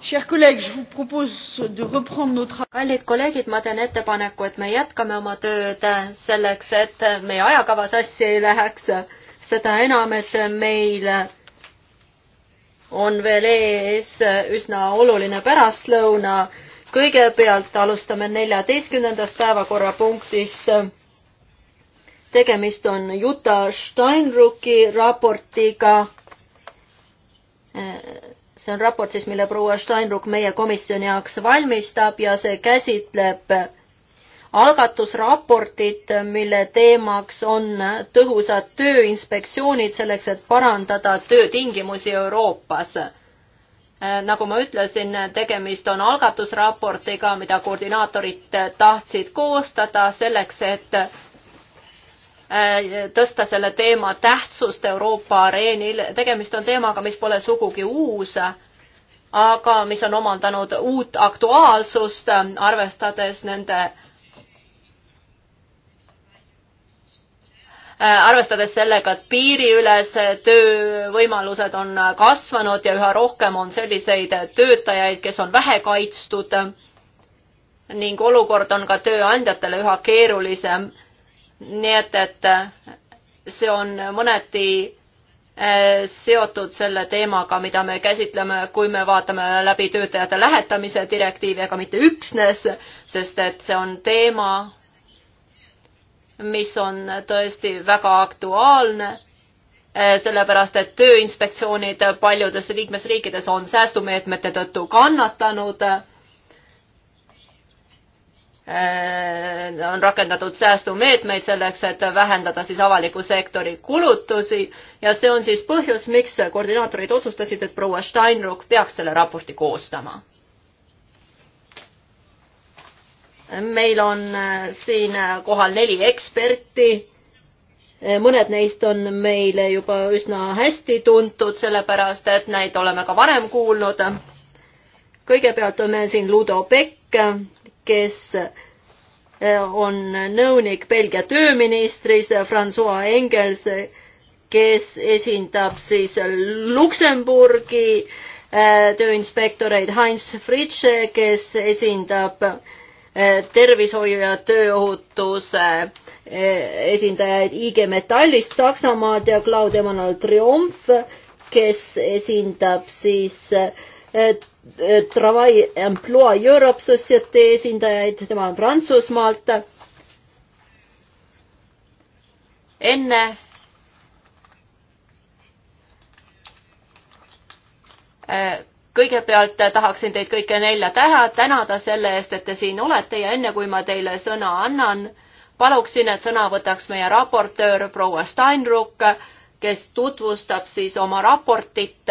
kallid kolleegid, ma teen ettepaneku, et me jätkame oma tööd selleks, et meie ajakava sassi ei läheks. seda enam, et meil on veel ees üsna oluline pärastlõuna. kõigepealt alustame neljateistkümnendast päevakorrapunktist. tegemist on Juta Steinrucki raportiga see on raport siis, mille proua Steinruck meie komisjoni jaoks valmistab ja see käsitleb algatusraportit, mille teemaks on tõhusad tööinspektsioonid selleks, et parandada töötingimusi Euroopas. nagu ma ütlesin, tegemist on algatusraportiga, mida koordinaatorid tahtsid koostada selleks, et Äh, tõsta selle teema tähtsust Euroopa areenil. tegemist on teemaga, mis pole sugugi uus, aga mis on omandanud uut aktuaalsust, arvestades nende äh, arvestades sellega, et piiriülese töövõimalused on kasvanud ja üha rohkem on selliseid töötajaid, kes on vähe kaitstud ning olukord on ka tööandjatele üha keerulisem nii et, et äh, see on mõneti äh, seotud selle teemaga, mida me käsitleme, kui me vaatame läbi töötajate lähetamise direktiivi, aga mitte üksnes, sest et see on teema, mis on tõesti väga aktuaalne, äh, sellepärast et tööinspektsioonid paljudes liikmesriikides on säästumeetmete tõttu kannatanud Äh, on rakendatud säästumeetmeid selleks, et vähendada siis avaliku sektori kulutusi ja see on siis põhjus, miks koordinaatorid otsustasid, et proua Steinruck peaks selle raporti koostama. meil on äh, siin äh, kohal neli eksperti. mõned neist on meile juba üsna hästi tuntud, sellepärast et neid oleme ka varem kuulnud. kõigepealt on meil siin Ludo Pekk, kes Eh, on nõunik Belgia tööministris eh, Francois Engels, eh, kes esindab siis Luksemburgi tööinspektoreid Heinz Fritsche, kes esindab tervishoiu ja tööohutuse esindajaid IG Metallist Saksamaad ja Claude Emmanuel Triumph, kes esindab siis äh, Travail Emploi Europe Societe esindajaid, tema on Prantsusmaalt. enne kõigepealt tahaksin teid kõiki nelja täha, tänada selle eest, et te siin olete ja enne kui ma teile sõna annan, paluksin, et sõna võtaks meie raportöör proua Steinruck, kes tutvustab siis oma raportit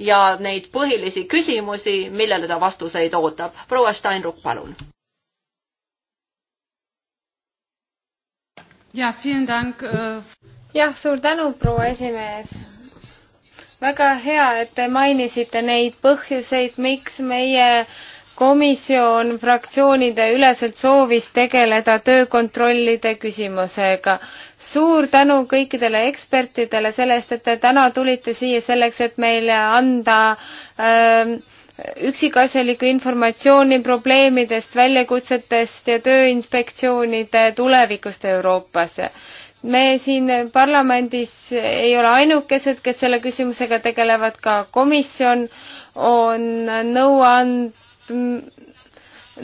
ja neid põhilisi küsimusi, millele ta vastuseid ootab. proua Steinruck, palun. Äh, jah, suur tänu, proua esimees. väga hea, et te mainisite neid põhjuseid, miks meie komisjon fraktsioonide üleselt soovis tegeleda töökontrollide küsimusega suur tänu kõikidele ekspertidele selle eest, et te täna tulite siia selleks, et meile anda ähm, üksikasjalikku informatsiooni probleemidest, väljakutsetest ja tööinspektsioonide tulevikust Euroopas me siin parlamendis ei ole ainukesed, kes selle küsimusega tegelevad, ka komisjon on nõuand-,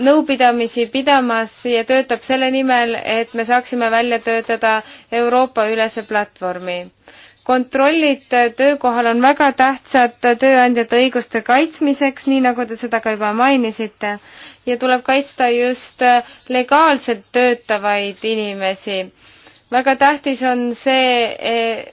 nõupidamisi pidamas ja töötab selle nimel, et me saaksime välja töötada Euroopa-ülese platvormi. kontrollid töökohal on väga tähtsad tööandjate õiguste kaitsmiseks, nii nagu te seda ka juba mainisite, ja tuleb kaitsta just legaalselt töötavaid inimesi. väga tähtis on see, e,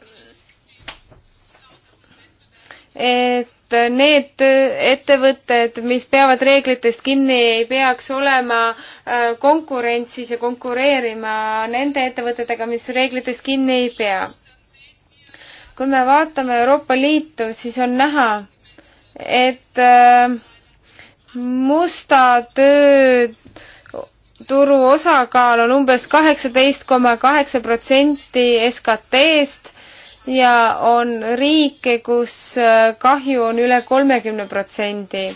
et et need ettevõtted, mis peavad reeglitest kinni, ei peaks olema äh, konkurentsis ja konkureerima nende ettevõtetega, mis reeglitest kinni ei pea. kui me vaatame Euroopa Liitu, siis on näha, et äh, musta töö turu osakaal on umbes kaheksateist koma kaheksa protsenti SKT-st ja on riike, kus äh, kahju on üle kolmekümne protsendi.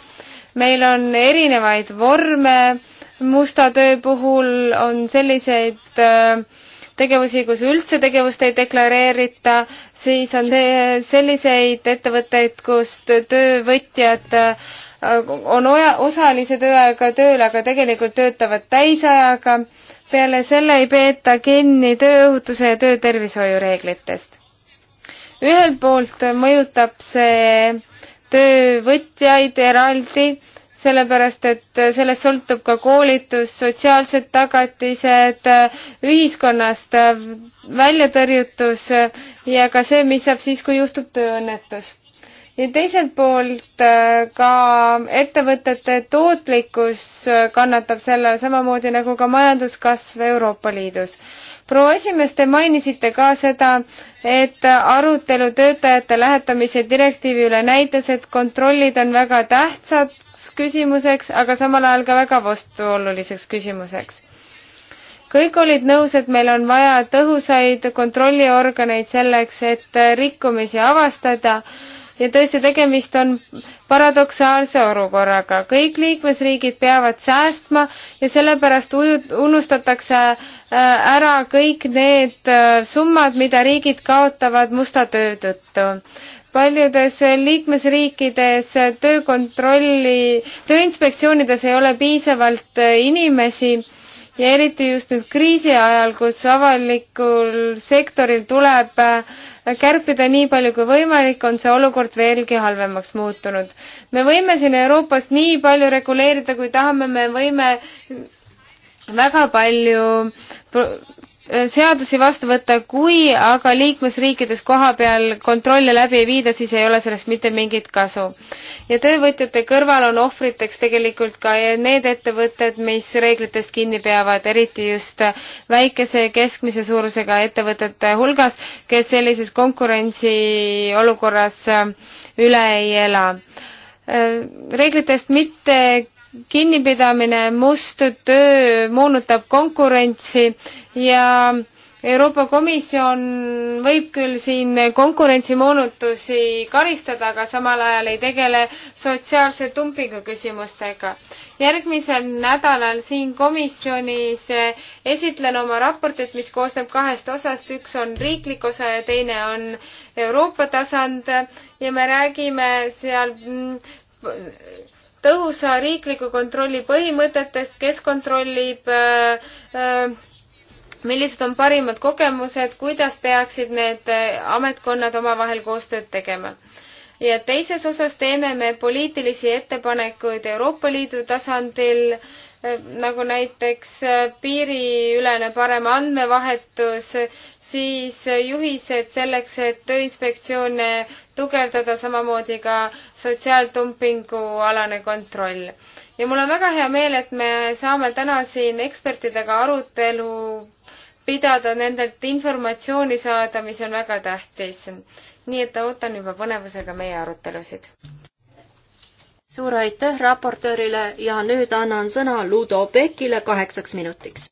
meil on erinevaid vorme musta töö puhul, on selliseid äh, tegevusi, kus üldse tegevust ei deklareerita, siis on selliseid ettevõtteid, kus töövõtjad äh, on osalise tööajaga tööl, aga tegelikult töötavad täisajaga. peale selle ei peeta kinni tööohutuse ja töötervishoiu reeglitest ühelt poolt mõjutab see töövõtjaid eraldi, sellepärast et sellest sõltub ka koolitus, sotsiaalsed tagatised, ühiskonnast väljatõrjutus ja ka see, mis saab siis, kui juhtub tööõnnetus ja teiselt poolt äh, ka ettevõtete tootlikkus kannatab selle samamoodi nagu ka majanduskasv Euroopa Liidus proua esimees, te mainisite ka seda, et arutelu töötajate lähetamise direktiivi üle näitas, et kontrollid on väga tähtsaks küsimuseks, aga samal ajal ka väga vastuoluliseks küsimuseks. kõik olid nõus, et meil on vaja tõhusaid kontrolliorganeid selleks, et rikkumisi avastada ja tõesti, tegemist on paradoksaalse olukorraga. kõik liikmesriigid peavad säästma ja sellepärast unustatakse äh, ära kõik need äh, summad, mida riigid kaotavad musta töö tõttu paljudes liikmesriikides töökontrolli, tööinspektsioonides ei ole piisavalt äh, inimesi ja eriti just nüüd kriisi ajal, kus avalikul sektoril tuleb äh, kärpida nii palju kui võimalik, on see olukord veelgi halvemaks muutunud. me võime siin Euroopas nii palju reguleerida, kui tahame, me võime väga palju Äh, seadusi vastu võtta, kui aga liikmesriikides kohapeal kontrolle läbi ei viida, siis ei ole sellest mitte mingit kasu. ja töövõtjate kõrval on ohvriteks tegelikult ka need ettevõtted, mis reeglitest kinni peavad, eriti just väikese ja keskmise suurusega ettevõtete hulgas, kes sellises konkurentsiolukorras üle ei ela äh, reeglitest mitte kinnipidamine, must töö moonutab konkurentsi ja Euroopa Komisjon võib küll siin konkurentsimoonutusi karistada, aga samal ajal ei tegele sotsiaalse dumpingu küsimustega. järgmisel nädalal siin komisjonis esitlen oma raportit, mis koosneb kahest osast, üks on riiklik osa ja teine on Euroopa tasand ja me räägime seal tõhusa riikliku kontrolli põhimõtetest, kes kontrollib äh, äh, millised on parimad kogemused, kuidas peaksid need äh, ametkonnad omavahel koostööd tegema. ja teises osas teeme me poliitilisi ettepanekuid Euroopa Liidu tasandil, nagu näiteks piiriülene parem andmevahetus, siis juhised selleks, et tööinspektsioone tugevdada, samamoodi ka sotsiaaltumpingu alane kontroll. ja mul on väga hea meel, et me saame täna siin ekspertidega arutelu pidada, nendelt informatsiooni saada, mis on väga tähtis. nii et ootan juba põnevusega meie arutelusid. suur aitäh raportöörile ja nüüd annan sõna Ludo Pekile kaheksaks minutiks.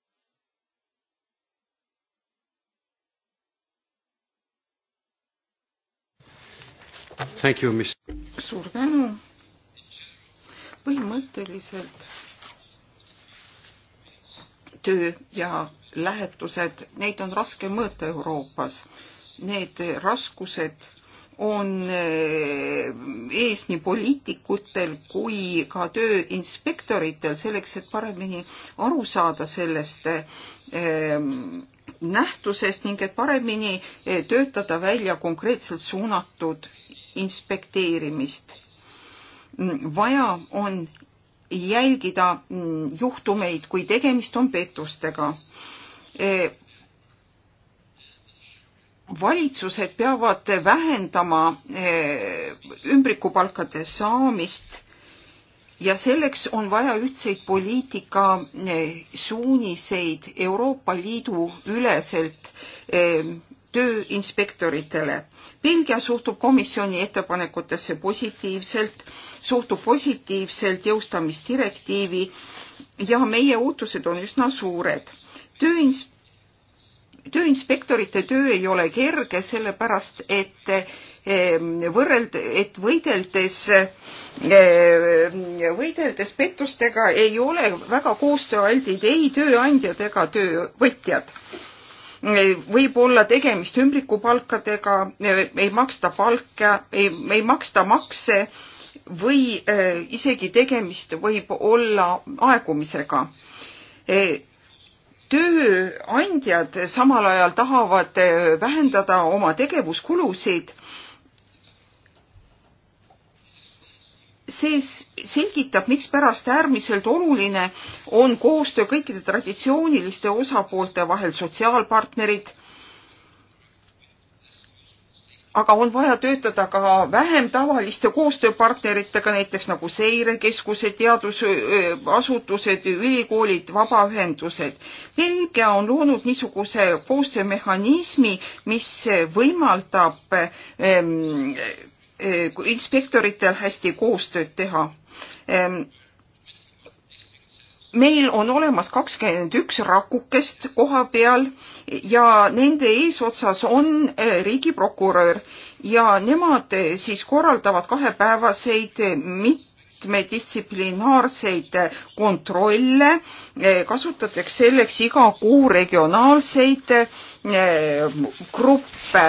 suur tänu. põhimõtteliselt töö ja lähetused, neid on raske mõõta Euroopas. Need raskused on eh, ees nii poliitikutel kui ka tööinspektoritel selleks, et paremini aru saada sellest eh, nähtusest ning et paremini eh, töötada välja konkreetselt suunatud inspekteerimist. vaja on jälgida juhtumeid, kui tegemist on pettustega. valitsused peavad vähendama ümbrikupalkade saamist ja selleks on vaja ühtseid poliitika suuniseid Euroopa Liidu üleselt tööinspektoritele. Belgia suhtub komisjoni ettepanekutesse positiivselt, suhtub positiivselt jõustamisdirektiivi ja meie ootused on üsna suured. tööins-, tööinspektorite töö ei ole kerge, sellepärast et ehm, võrreld-, et võideldes, ehm, võideldes pettustega ei ole väga koostööaldid ei tööandjad ega töövõtjad võib olla tegemist ümbrikupalkadega, ei maksta palka, ei, ei maksta makse või eh, isegi tegemist võib olla aegumisega. Eh, tööandjad samal ajal tahavad eh, vähendada oma tegevuskulusid see selgitab, mikspärast äärmiselt oluline on koostöö kõikide traditsiooniliste osapoolte vahel, sotsiaalpartnerid. aga on vaja töötada ka vähem tavaliste koostööpartneritega, näiteks nagu seirekeskused, teadusasutused, ülikoolid, vabaühendused. Belgia on loonud niisuguse koostöömehhanismi, mis võimaldab ähm, Eh, inspektoritel hästi koostööd teha. meil on olemas kakskümmend üks rakukest koha peal ja nende eesotsas on eh, riigiprokurör ja nemad eh, siis korraldavad kahepäevaseid mitte mitmedistsiplinaarseid kontrolle, kasutatakse selleks iga kuu regionaalseid gruppe.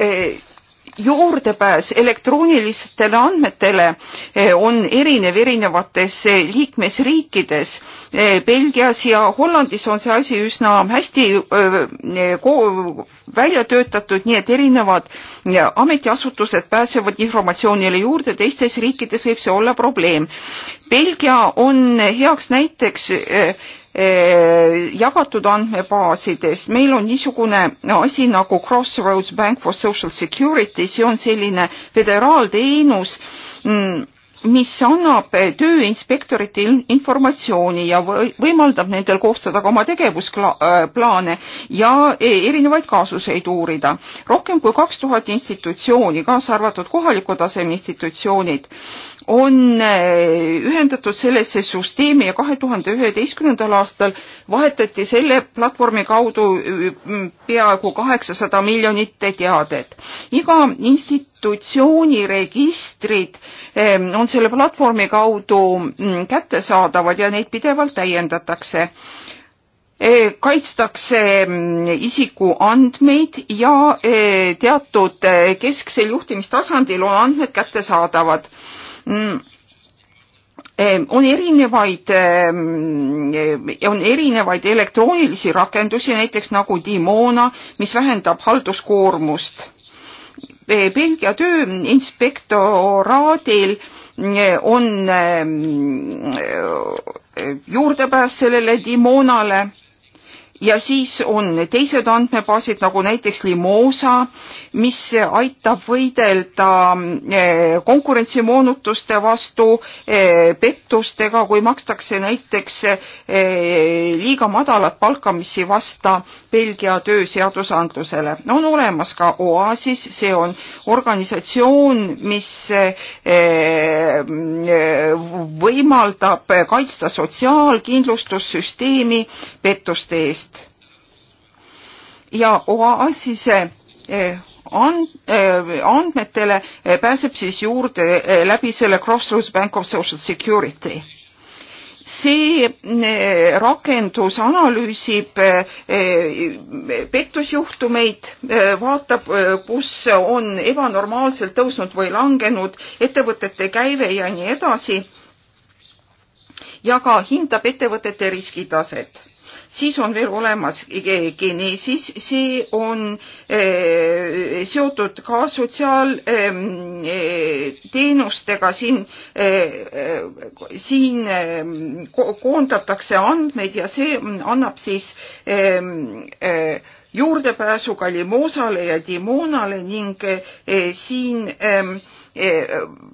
Eh, juurdepääs elektroonilistele andmetele eh, on erinev erinevates eh, liikmesriikides. Belgias ja Hollandis on see asi üsna hästi välja töötatud, nii et erinevad ametiasutused pääsevad informatsioonile juurde, teistes riikides võib see olla probleem. Belgia on heaks näiteks Eh, jagatud andmebaasidest. meil on niisugune asi nagu Crossroads Bank for Social Security, see on selline föderaalteenus mm, mis annab tööinspektoritel informatsiooni ja võimaldab nendel koostada ka oma tegevusplaane äh, ja e, erinevaid kaasuseid uurida. rohkem kui kaks tuhat institutsiooni, kaasa arvatud kohaliku taseme institutsioonid, on äh, ühendatud sellesse süsteemi ja kahe tuhande üheteistkümnendal aastal vahetati selle platvormi kaudu peaaegu kaheksasada miljonit teadet. iga instit-, institutsiooniregistrid ehm, on selle platvormi kaudu mm, kättesaadavad ja neid pidevalt täiendatakse e, kaitstakse mm, isikuandmeid ja e, teatud e, kesksel juhtimistasandil on andmed kättesaadavad. Mm. on erinevaid, on erinevaid elektroonilisi rakendusi, näiteks nagu Dimona, mis vähendab halduskoormust Belgia tööinspektoraadil on mm, juurdepääs sellele Dimonale ja siis on teised andmebaasid nagu näiteks Limosa, mis aitab võidelda eh, konkurentsimoonutuste vastu, eh, pettustega, kui makstakse näiteks eh, liiga madalat palka, mis ei vasta Belgia tööseadusandlusele. on olemas ka Oasis, see on organisatsioon, mis võimaldab kaitsta sotsiaalkindlustussüsteemi pettuste eest ja oasise eh, eh, andmetele eh, pääseb siis juurde läbi selle Crossroads Bank of Social Security. see rakendus analüüsib pettusjuhtumeid, vaatab, kus on ebanormaalselt tõusnud või langenud ettevõtete käive ja nii edasi ja ka hindab ettevõtete riskitaset siis on veel olemas geneesis, see on eh, seotud ka sotsiaalteenustega, ehm, eh, siin, eh, siin ehm, koondatakse andmeid ja see annab siis ehm, juurdepääsu Kalimoosale ja Dimonale ning siin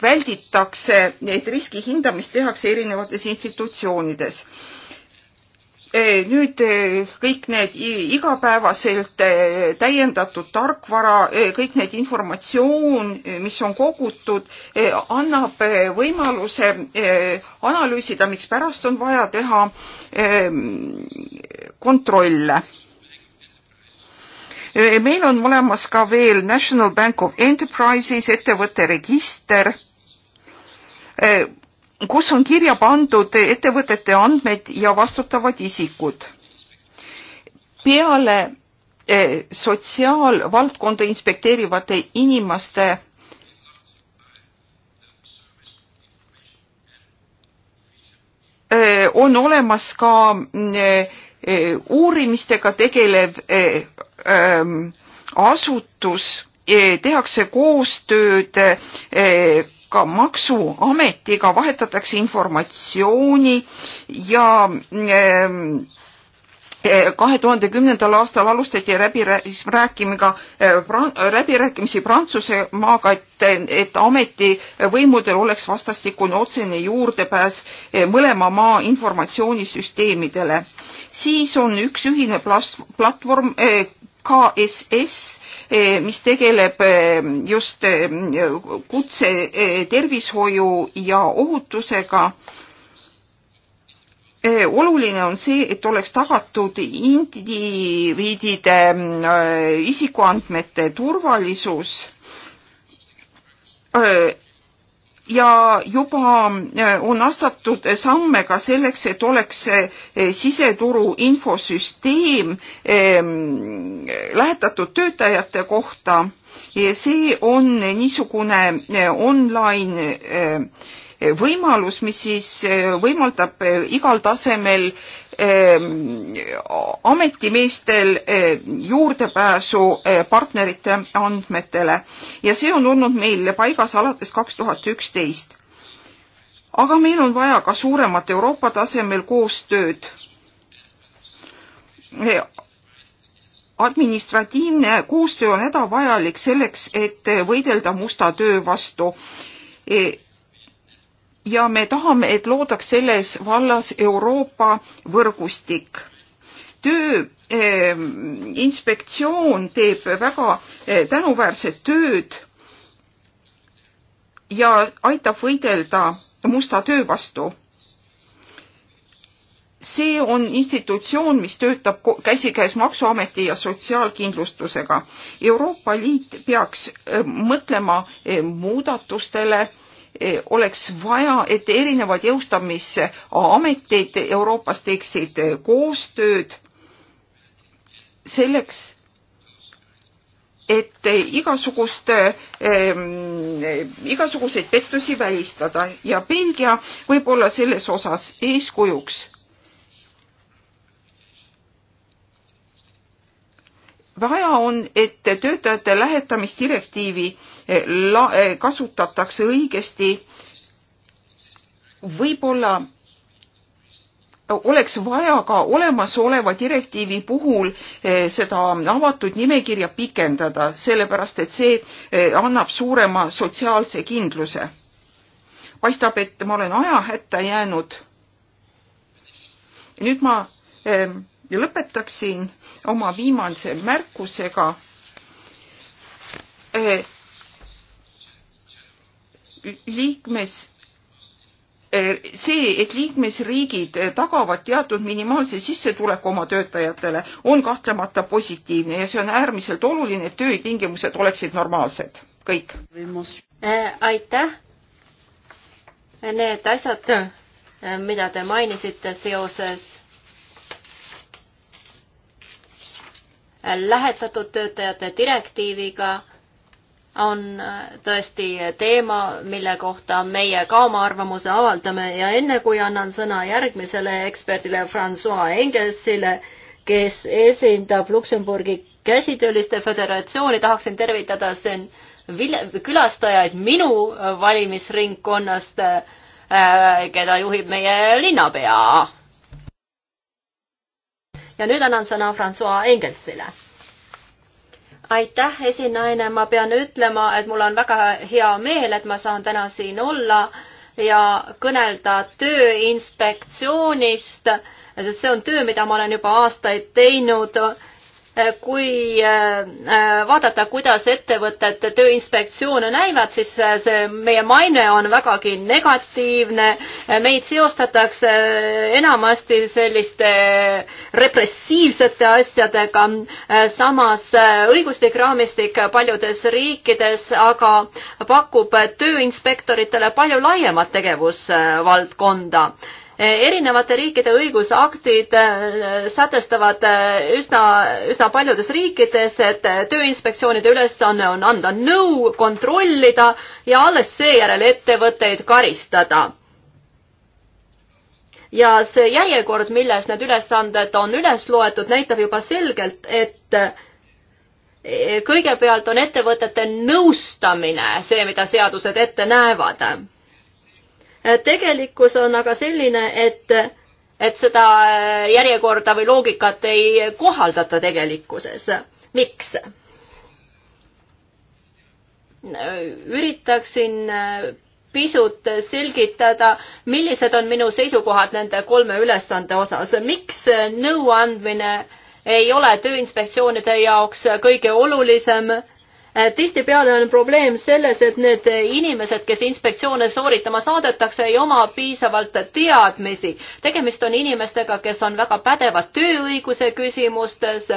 välditakse, et riski hindamist tehakse erinevates institutsioonides Eh, nüüd eh, kõik need igapäevaselt eh, täiendatud tarkvara, kõik need informatsioon, mis on kogutud, annab võimaluse analüüsida, mikspärast on vaja teha kontrolle. meil on olemas ka veel National Bank of Enterprises ettevõtte register kus on kirja pandud ettevõtete andmed ja vastutavad isikud. peale eh, sotsiaalvaldkonda inspekteerivate inimeste eh, on olemas ka eh, uurimistega tegelev asutus, tehakse koostööd ka Maksuametiga vahetatakse informatsiooni ja ehm, eh, kahe tuhande kümnendal aastal alustati läbirääkimiga, läbirääkimisi eh, Prantsusmaaga, et, et ametivõimudel oleks vastastikune otsene juurdepääs eh, mõlema maa informatsioonisüsteemidele. siis on üks ühine plas-, platvorm KSS, eh, mis tegeleb eh, just eh, kutse tervishoiu ja ohutusega. oluline on see, et oleks tagatud indiviidide isikuandmete turvalisus ja juba äh, on astutud samme ka selleks, et oleks äh, siseturu infosüsteem ähm, lähetatud töötajate kohta. see on niisugune äh, online võimalus, mis siis eh, võimaldab eh, igal tasemel eh, ametimeestel juurdepääsu partnerite andmetele ja see on olnud meil paigas alates kaks tuhat üksteist. aga meil on vaja ka suuremat Euroopa tasemel koostööd administratiivne koostöö on hädavajalik selleks, et võidelda musta töö vastu ja me tahame, et loodaks selles vallas Euroopa võrgustik. tööinspektsioon ehm, teeb väga eh, tänuväärset tööd ja aitab võidelda musta töö vastu. see on institutsioon, mis töötab käsikäes Maksuameti ja Sotsiaalkindlustusega. Euroopa Liit peaks eh, mõtlema eh, muudatustele Eh, oleks vaja, et erinevad jõustamisametid Euroopas teeksid eh, koostööd selleks, et igasugust ähm,, igasuguseid pettusi välistada ja Belgia võib olla selles osas eeskujuks vaja on, et töötajate lähetamisdirektiivi Eh, kasutatakse õigesti, võib-olla oleks vaja ka olemasoleva direktiivi puhul eh, seda avatud nimekirja pikendada, sellepärast et see eh, annab suurema sotsiaalse kindluse. paistab, et ma olen ajahätta jäänud. nüüd ma lõpetaksin oma viimase märkusega liikmes eh, see, et liikmesriigid eh, tagavad teatud minimaalse sissetuleku oma töötajatele, on kahtlemata positiivne ja see on äärmiselt oluline, et töötingimused oleksid normaalsed. kõik. Eh, aitäh. Need asjad, mida te mainisite seoses lähetatud töötajate direktiiviga on äh, tõesti teema, mille kohta meie ka oma arvamuse avaldame ja enne kui annan sõna järgmisele eksperdile Francois Engelsile, kes esindab Luksemburgi käsitööliste föderatsiooni, tahaksin tervitada siin külastajaid minu äh, valimisringkonnast, äh, keda juhib meie linnapea. ja nüüd annan sõna Francois Engelsile aitäh, esinaine, ma pean ütlema, et mul on väga hea meel, et ma saan täna siin olla ja kõnelda Tööinspektsioonist, sest see on töö, mida ma olen juba aastaid teinud Eh, kui eh, eh, vaadata, kuidas ettevõtete tööinspektsioone näivad, siis see meie maine on vägagi negatiivne. meid seostatakse enamasti selliste repressiivsete asjadega. samas õiguslik raamistik paljudes riikides aga pakub tööinspektoritele palju laiemat tegevusvaldkonda Eh, erinevate riikide õigusaktid eh, sätestavad eh, üsna, üsna paljudes riikides, et tööinspektsioonide ülesanne on anda nõu, kontrollida ja alles seejärel ettevõtteid karistada. ja see järjekord, milles need ülesanded on üles loetud, näitab juba selgelt, et kõigepealt on ettevõtete nõustamine see, mida seadused ette näevad Äh, tegelikkus on aga selline, et, et seda äh, järjekorda või loogikat ei kohaldata tegelikkuses. miks? Äh, üritaksin pisut selgitada, millised on minu seisukohad nende kolme ülesande osas, miks nõuandmine ei ole Tööinspektsioonide jaoks kõige olulisem Eh, tihtipeale on probleem selles, et need inimesed, kes inspektsioone sooritama saadetakse, ei oma piisavalt teadmisi. tegemist on inimestega, kes on väga pädevad tööõiguse küsimustes,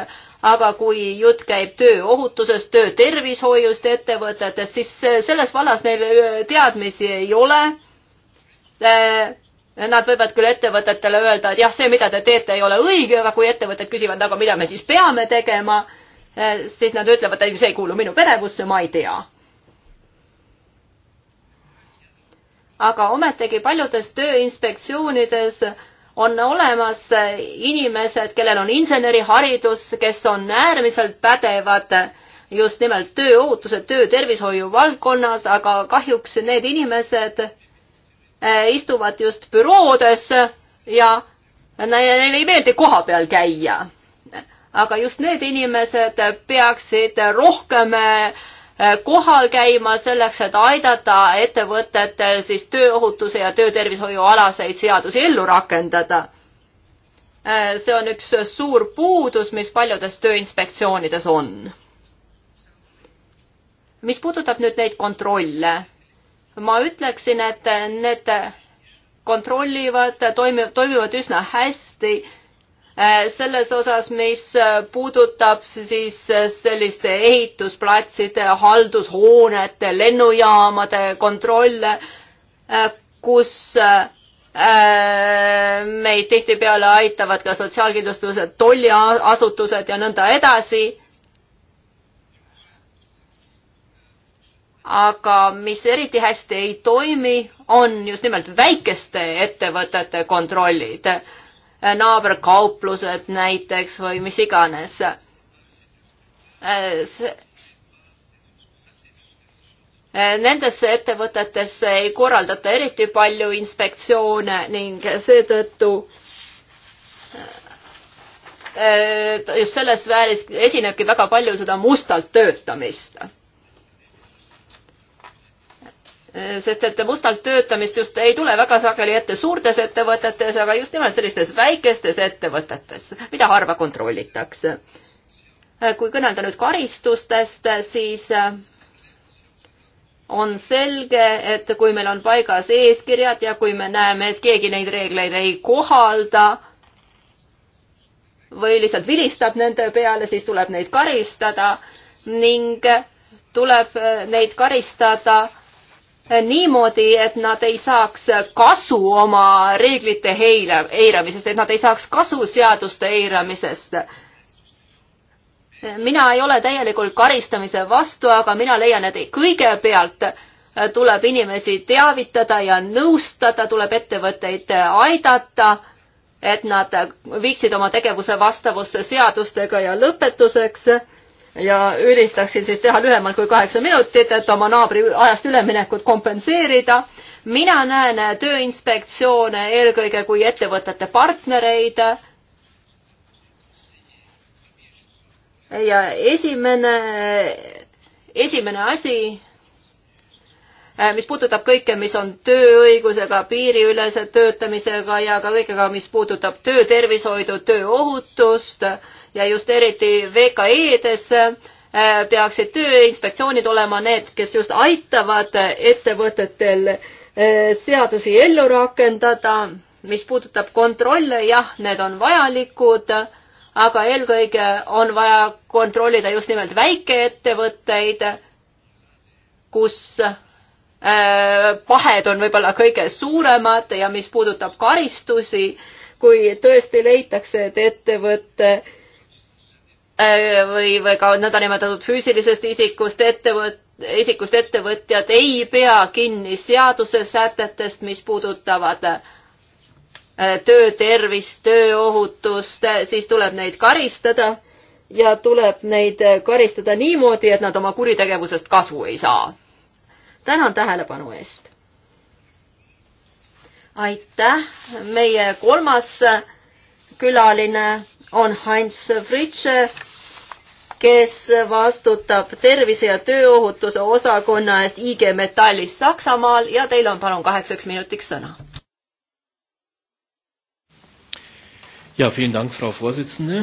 aga kui jutt käib tööohutusest, töötervishoiust ettevõtetest, siis selles vallas neil eh, teadmisi ei ole. Eh, nad võivad küll ettevõtetele öelda, et jah, see, mida te teete, ei ole õige, aga kui ettevõtted küsivad, aga mida me siis peame tegema Eh, siis nad ütlevad, ei, see ei kuulu minu pädevusse, ma ei tea. aga ometigi paljudes tööinspektsioonides on olemas inimesed, kellel on inseneriharidus, kes on äärmiselt pädevad just nimelt tööohutuse, töötervishoiu valdkonnas, aga kahjuks need inimesed eh, istuvad just büroodes ja neile ei meeldi koha peal käia aga just need inimesed peaksid rohkem eh, kohal käima selleks, et aidata ettevõtetel siis tööohutuse ja töötervishoiu alaseid seadusi ellu rakendada. Eh, see on üks suur puudus, mis paljudes tööinspektsioonides on. mis puudutab nüüd neid kontrolle, ma ütleksin, et need kontrollivad, toimivad, toimivad üsna hästi Äh, selles osas, mis äh, puudutab siis äh, selliste ehitusplatside, haldushoonete, lennujaamade kontrolle, kus meid tihtipeale aitavad ka sotsiaalkindlustused, tolliasutused ja nõnda edasi. aga mis eriti hästi ei toimi, on just nimelt väikeste ettevõtete kontrollid Äh, naaberkauplused näiteks või mis iganes. Äh, äh, nendesse ettevõtetesse ei korraldata eriti palju inspektsioone ning seetõttu just selles sfääris esinebki väga palju seda mustalt töötamist sest et mustalt töötamist just ei tule väga sageli ette suurtes ettevõtetes, aga just nimelt sellistes väikestes ettevõtetes, mida harva kontrollitakse. kui kõnelda nüüd karistustest, siis on selge, et kui meil on paigas eeskirjad ja kui me näeme, et keegi neid reegleid ei kohalda või lihtsalt vilistab nende peale, siis tuleb neid karistada ning tuleb neid karistada niimoodi, et nad ei saaks kasu oma reeglite eira-, eiramisest, et nad ei saaks kasu seaduste eiramisest. mina ei ole täielikult karistamise vastu, aga mina leian, et kõigepealt tuleb inimesi teavitada ja nõustada, tuleb ettevõtteid aidata, et nad viiksid oma tegevuse vastavusse seadustega ja lõpetuseks ja üritaksin siis teha lühemalt kui kaheksa minutit, et oma naabri ajast üleminekut kompenseerida. mina näen Tööinspektsioone eelkõige kui ettevõtete partnereid. ja esimene, esimene asi, mis puudutab kõike, mis on tööõigusega, piiriülese töötamisega ja ka kõigega, mis puudutab töötervishoidu, tööohutust ja just eriti VKE-des äh, peaksid tööinspektsioonid olema need, kes just aitavad ettevõtetel äh, seadusi ellu rakendada. mis puudutab kontrolle, jah, need on vajalikud, aga eelkõige on vaja kontrollida just nimelt väikeettevõtteid, kus pahed äh, on võib-olla kõige suuremad ja mis puudutab karistusi, kui tõesti leitakse, et ettevõte Äh, või, või ka nõndanimetatud füüsilisest isikust ettevõt-, isikust ettevõtjad ei pea kinni seaduse sätetest, mis puudutavad äh, töötervist, tööohutust, äh, siis tuleb neid karistada ja tuleb neid karistada niimoodi, et nad oma kuritegevusest kasu ei saa. tänan tähelepanu eest. aitäh, meie kolmas külaline on Heinz Fritsche, kes vastutab tervise ja tööohutuse osakonna eest IG Metallis Saksamaal ja teil on palun kaheksaks minutiks sõna. ja, vielen Dank, Frau Vorsitzende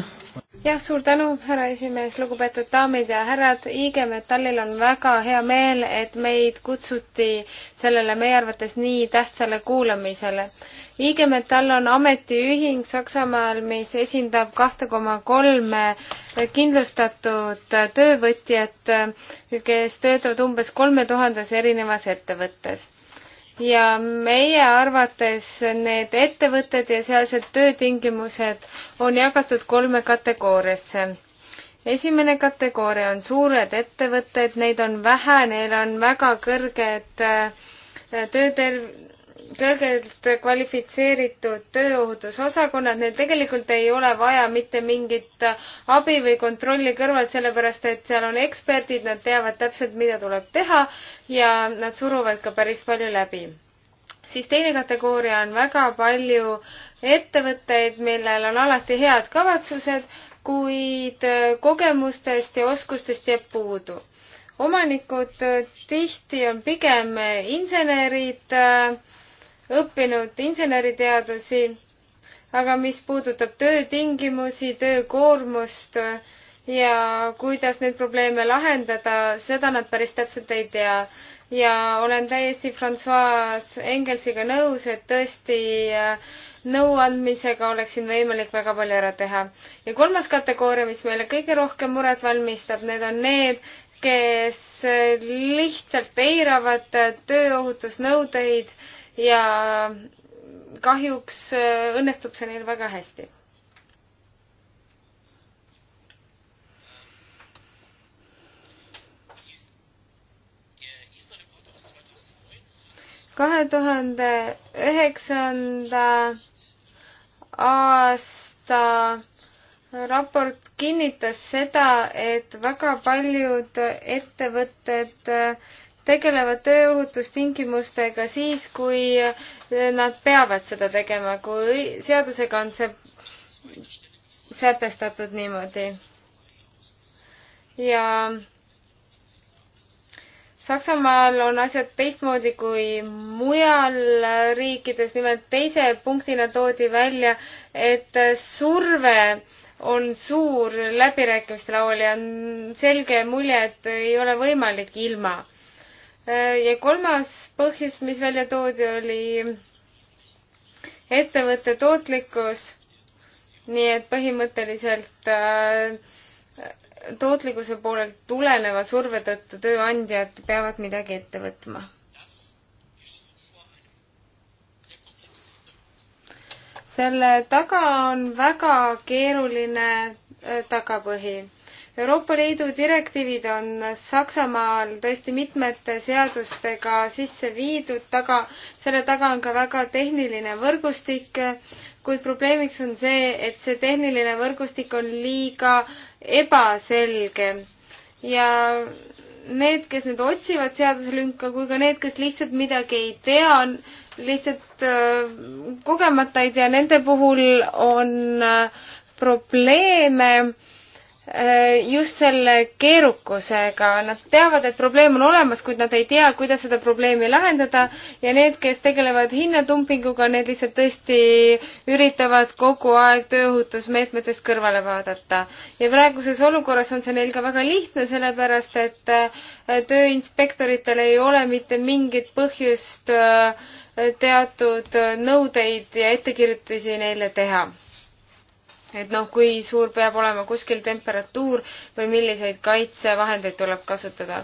jah, suur tänu, härra esimees, lugupeetud daamid ja härrad, IG Metallil on väga hea meel, et meid kutsuti sellele meie arvates nii tähtsale kuulamisele. IG Metall on ametiühing Saksamaal, mis esindab kahte koma kolme kindlustatud töövõtjat, kes töötavad umbes kolme tuhandes erinevas ettevõttes ja meie arvates need ettevõtted ja sealsed töötingimused on jagatud kolme kategooriasse. esimene kategooria on suured ettevõtted, neid on vähe, neil on väga kõrged äh, tööterv-, kõrgelt kvalifitseeritud tööohutusosakonnad, neil tegelikult ei ole vaja mitte mingit abi või kontrolli kõrvalt, sellepärast et seal on eksperdid, nad teavad täpselt, mida tuleb teha ja nad suruvad ka päris palju läbi. siis teine kategooria on väga palju ettevõtteid, millel on alati head kavatsused, kuid kogemustest ja oskustest jääb puudu omanikud tihti on pigem insenerid äh,, õppinud inseneriteadusi, aga mis puudutab töötingimusi, töökoormust ja kuidas neid probleeme lahendada, seda nad päris täpselt ei tea. ja olen täiesti Francois Engelsiga nõus, et tõesti äh, nõuandmisega oleks siin võimalik väga palju ära teha. ja kolmas kategooria, mis meile kõige rohkem muret valmistab, need on need, kes lihtsalt eiravad tööohutusnõudeid ja kahjuks äh, õnnestub see neil väga hästi. kahe tuhande üheksanda aasta raport kinnitas seda, et väga paljud ettevõtted et tegelevad tööohutustingimustega siis, kui nad peavad seda tegema, kui seadusega on see sätestatud niimoodi. ja Saksamaal on asjad teistmoodi kui mujal riikides, nimelt teise punktina toodi välja, et surve on suur läbirääkimistel laual ja on selge mulje, et ei ole võimalik ilma Äh, ja kolmas põhjus, mis välja toodi, oli ettevõtte tootlikkus. nii et põhimõtteliselt äh, tootlikkuse poolelt tuleneva surve tõttu tööandjad peavad midagi ette võtma. selle taga on väga keeruline äh, tagapõhi Euroopa Liidu direktiivid on Saksamaal tõesti mitmete seadustega sisse viidud, taga, selle taga on ka väga tehniline võrgustik, kuid probleemiks on see, et see tehniline võrgustik on liiga ebaselge ja need, kes nüüd otsivad seaduselünka, kui ka need, kes lihtsalt midagi ei tea, lihtsalt äh, kogemata ei tea, nende puhul on äh, probleeme äh, Äh, just selle keerukusega, nad teavad, et probleem on olemas, kuid nad ei tea, kuidas seda probleemi lahendada ja need, kes tegelevad hinnadumpinguga, need lihtsalt tõesti üritavad kogu aeg tööohutusmeetmetest kõrvale vaadata. ja praeguses olukorras on see neil ka väga lihtne, sellepärast et äh, tööinspektoritel ei ole mitte mingit põhjust äh, teatud nõudeid ja ettekirjutusi neile teha et noh, kui suur peab olema kuskil temperatuur või milliseid kaitsevahendeid tuleb kasutada.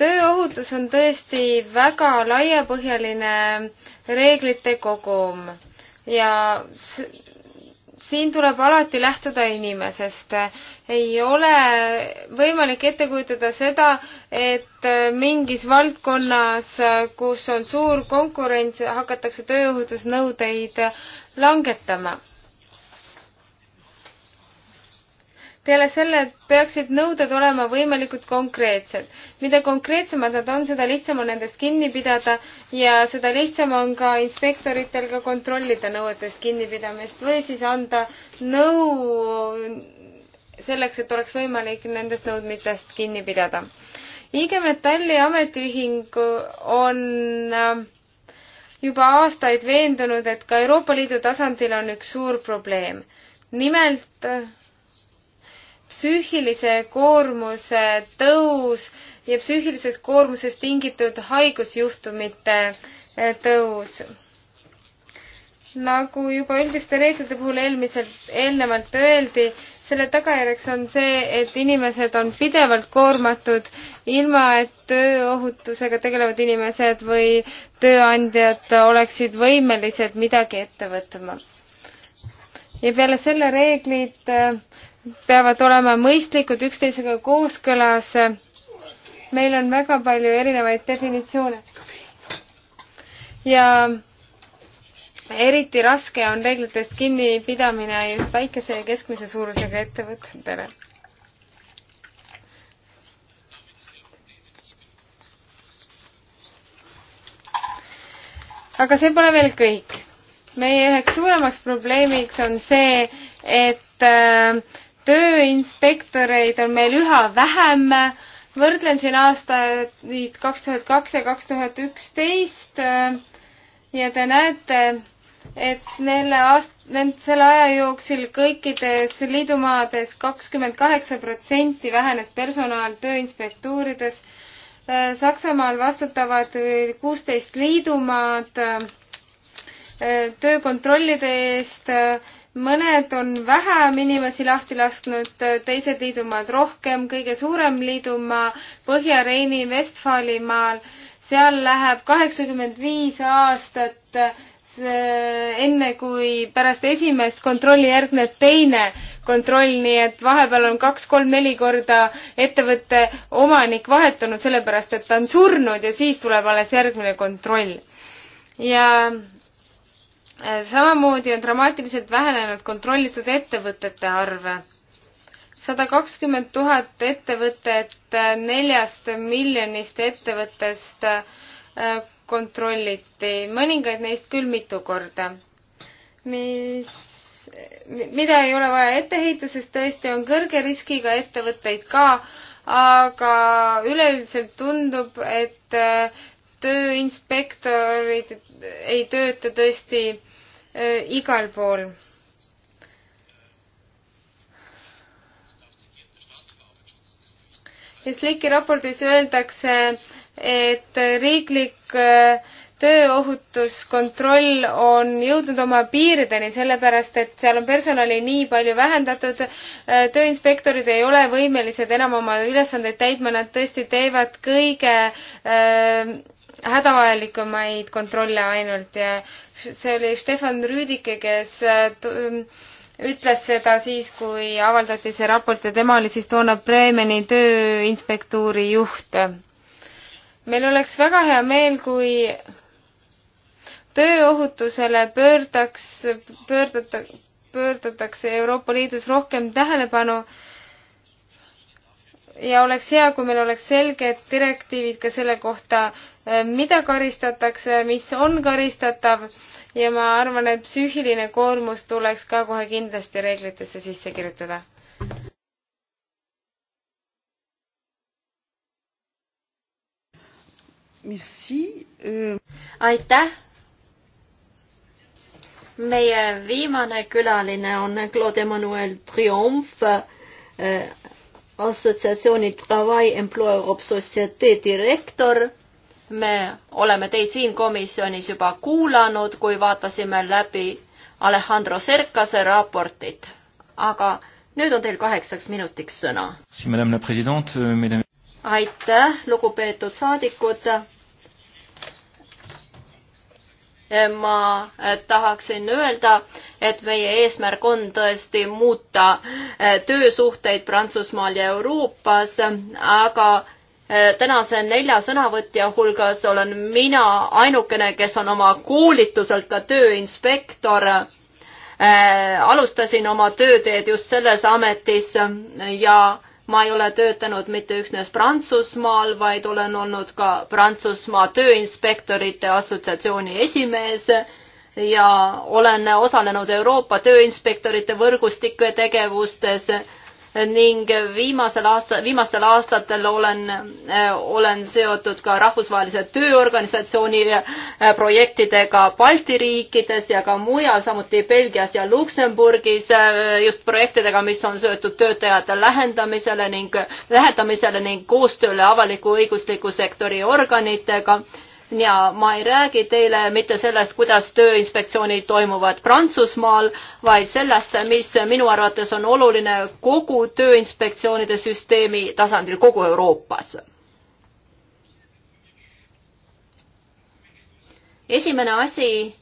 tööohutus on tõesti väga laiapõhjaline reeglite kogum ja siin tuleb alati lähtuda inimesest. ei ole võimalik ette kujutada seda, et mingis valdkonnas, kus on suur konkurents, hakatakse tööohutusnõudeid langetama. peale selle peaksid nõuded olema võimalikult konkreetsed. mida konkreetsemad nad on, seda lihtsam on nendest kinni pidada ja seda lihtsam on ka inspektoritel ka kontrollida nõuetest kinnipidamist või siis anda nõu selleks, et oleks võimalik nendest nõudmitest kinni pidada. IG Metalli ametiühing on äh, juba aastaid veendunud, et ka Euroopa Liidu tasandil on üks suur probleem. nimelt psüühilise koormuse tõus ja psüühilisest koormusest tingitud haigusjuhtumite eh, tõus. nagu juba üldiste reeglite puhul eelmiselt, eelnevalt öeldi, selle tagajärjeks on see, et inimesed on pidevalt koormatud, ilma et tööohutusega tegelevad inimesed või tööandjad oleksid võimelised midagi ette võtma. ja peale selle reeglid eh, peavad olema mõistlikud, üksteisega kooskõlas. meil on väga palju erinevaid definitsioone. ja eriti raske on reeglitest kinnipidamine just väikese ja keskmise suurusega ettevõtetele aga see pole veel kõik. meie üheks suuremaks probleemiks on see, et äh, tööinspektoreid on meil üha vähem. võrdlen siin aastaid kaks tuhat kaks ja kaks tuhat üksteist ja te näete, et nelle aast-, nend-, selle aja jooksul kõikides liidumaades kakskümmend kaheksa protsenti vähenes personal tööinspektuurides. Saksamaal vastutavad kuusteist liidumaad töökontrollide eest mõned on vähem inimesi lahti lasknud, teised liidumaad rohkem, kõige suurem liidumaa Põhja-Reini Vestfalimaal, seal läheb kaheksakümmend viis aastat enne, kui pärast esimest kontrolli järgneb teine kontroll, nii et vahepeal on kaks-kolm-neli korda ettevõtte omanik vahetunud, sellepärast et ta on surnud ja siis tuleb alles järgmine kontroll. ja Äh, samamoodi on dramaatiliselt vähenenud kontrollitud ettevõtete arv. sada kakskümmend tuhat ettevõtet äh, neljast miljonist ettevõttest äh, kontrolliti, mõningaid neist küll mitu korda. mis, mida ei ole vaja ette heita, sest tõesti on kõrge riskiga ettevõtteid ka, aga üleüldiselt tundub, et tööinspektorid ei tööta tõesti Äh, igal pool. Sliki raportis öeldakse, et riiklik äh, tööohutuskontroll on jõudnud oma piirideni, sellepärast et seal on personali nii palju vähendatud, äh, tööinspektorid ei ole võimelised enam oma ülesandeid täitma, nad tõesti teevad kõige hädavajalikumaid kontrolle ainult ja see oli Stefan Rüüdike, kes äh, ütles seda siis, kui avaldati see raport ja tema oli siis toona Bremeni tööinspektuuri juht. meil oleks väga hea meel, kui tööohutusele pöördaks, pöördata, pöördatakse Euroopa Liidus rohkem tähelepanu äh, ja oleks hea, kui meil oleks selged direktiivid ka selle kohta, eh, mida karistatakse, mis on karistatav ja ma arvan, et psüühiline koormus tuleks ka kohe kindlasti reeglitesse sisse kirjutada. Euh. aitäh. meie viimane külaline on Claude Emmanuel Triomf euh, assotsiatsiooni Travai Emploi Euroope Societe direktor. me oleme teid siin komisjonis juba kuulanud, kui vaatasime läbi Alejandro Serkase raportit, aga nüüd on teil kaheksaks minutiks sõna. aitäh, lugupeetud saadikud ma tahaksin öelda, et meie eesmärk on tõesti muuta eh, töösuhteid Prantsusmaal ja Euroopas, aga eh, tänase nelja sõnavõtja hulgas olen mina ainukene, kes on oma koolituselt ka tööinspektor. Eh, alustasin oma tööteed just selles ametis ja ma ei ole töötanud mitte üksnes Prantsusmaal, vaid olen olnud ka Prantsusmaa Tööinspektorite Assotsiatsiooni esimees ja olen osalenud Euroopa Tööinspektorite võrgustike tegevustes ning viimasel aasta, viimastel aastatel olen, äh, olen seotud ka Rahvusvahelise Tööorganisatsiooni äh, projektidega Balti riikides ja ka mujal, samuti Belgias ja Luksemburgis äh, just projektidega, mis on seotud töötajate lähendamisele ning, lähendamisele ning koostööle avaliku õigusliku sektori organitega ja ma ei räägi teile mitte sellest, kuidas tööinspektsioonid toimuvad Prantsusmaal, vaid sellest, mis minu arvates on oluline kogu tööinspektsioonide süsteemi tasandil kogu Euroopas. esimene asi,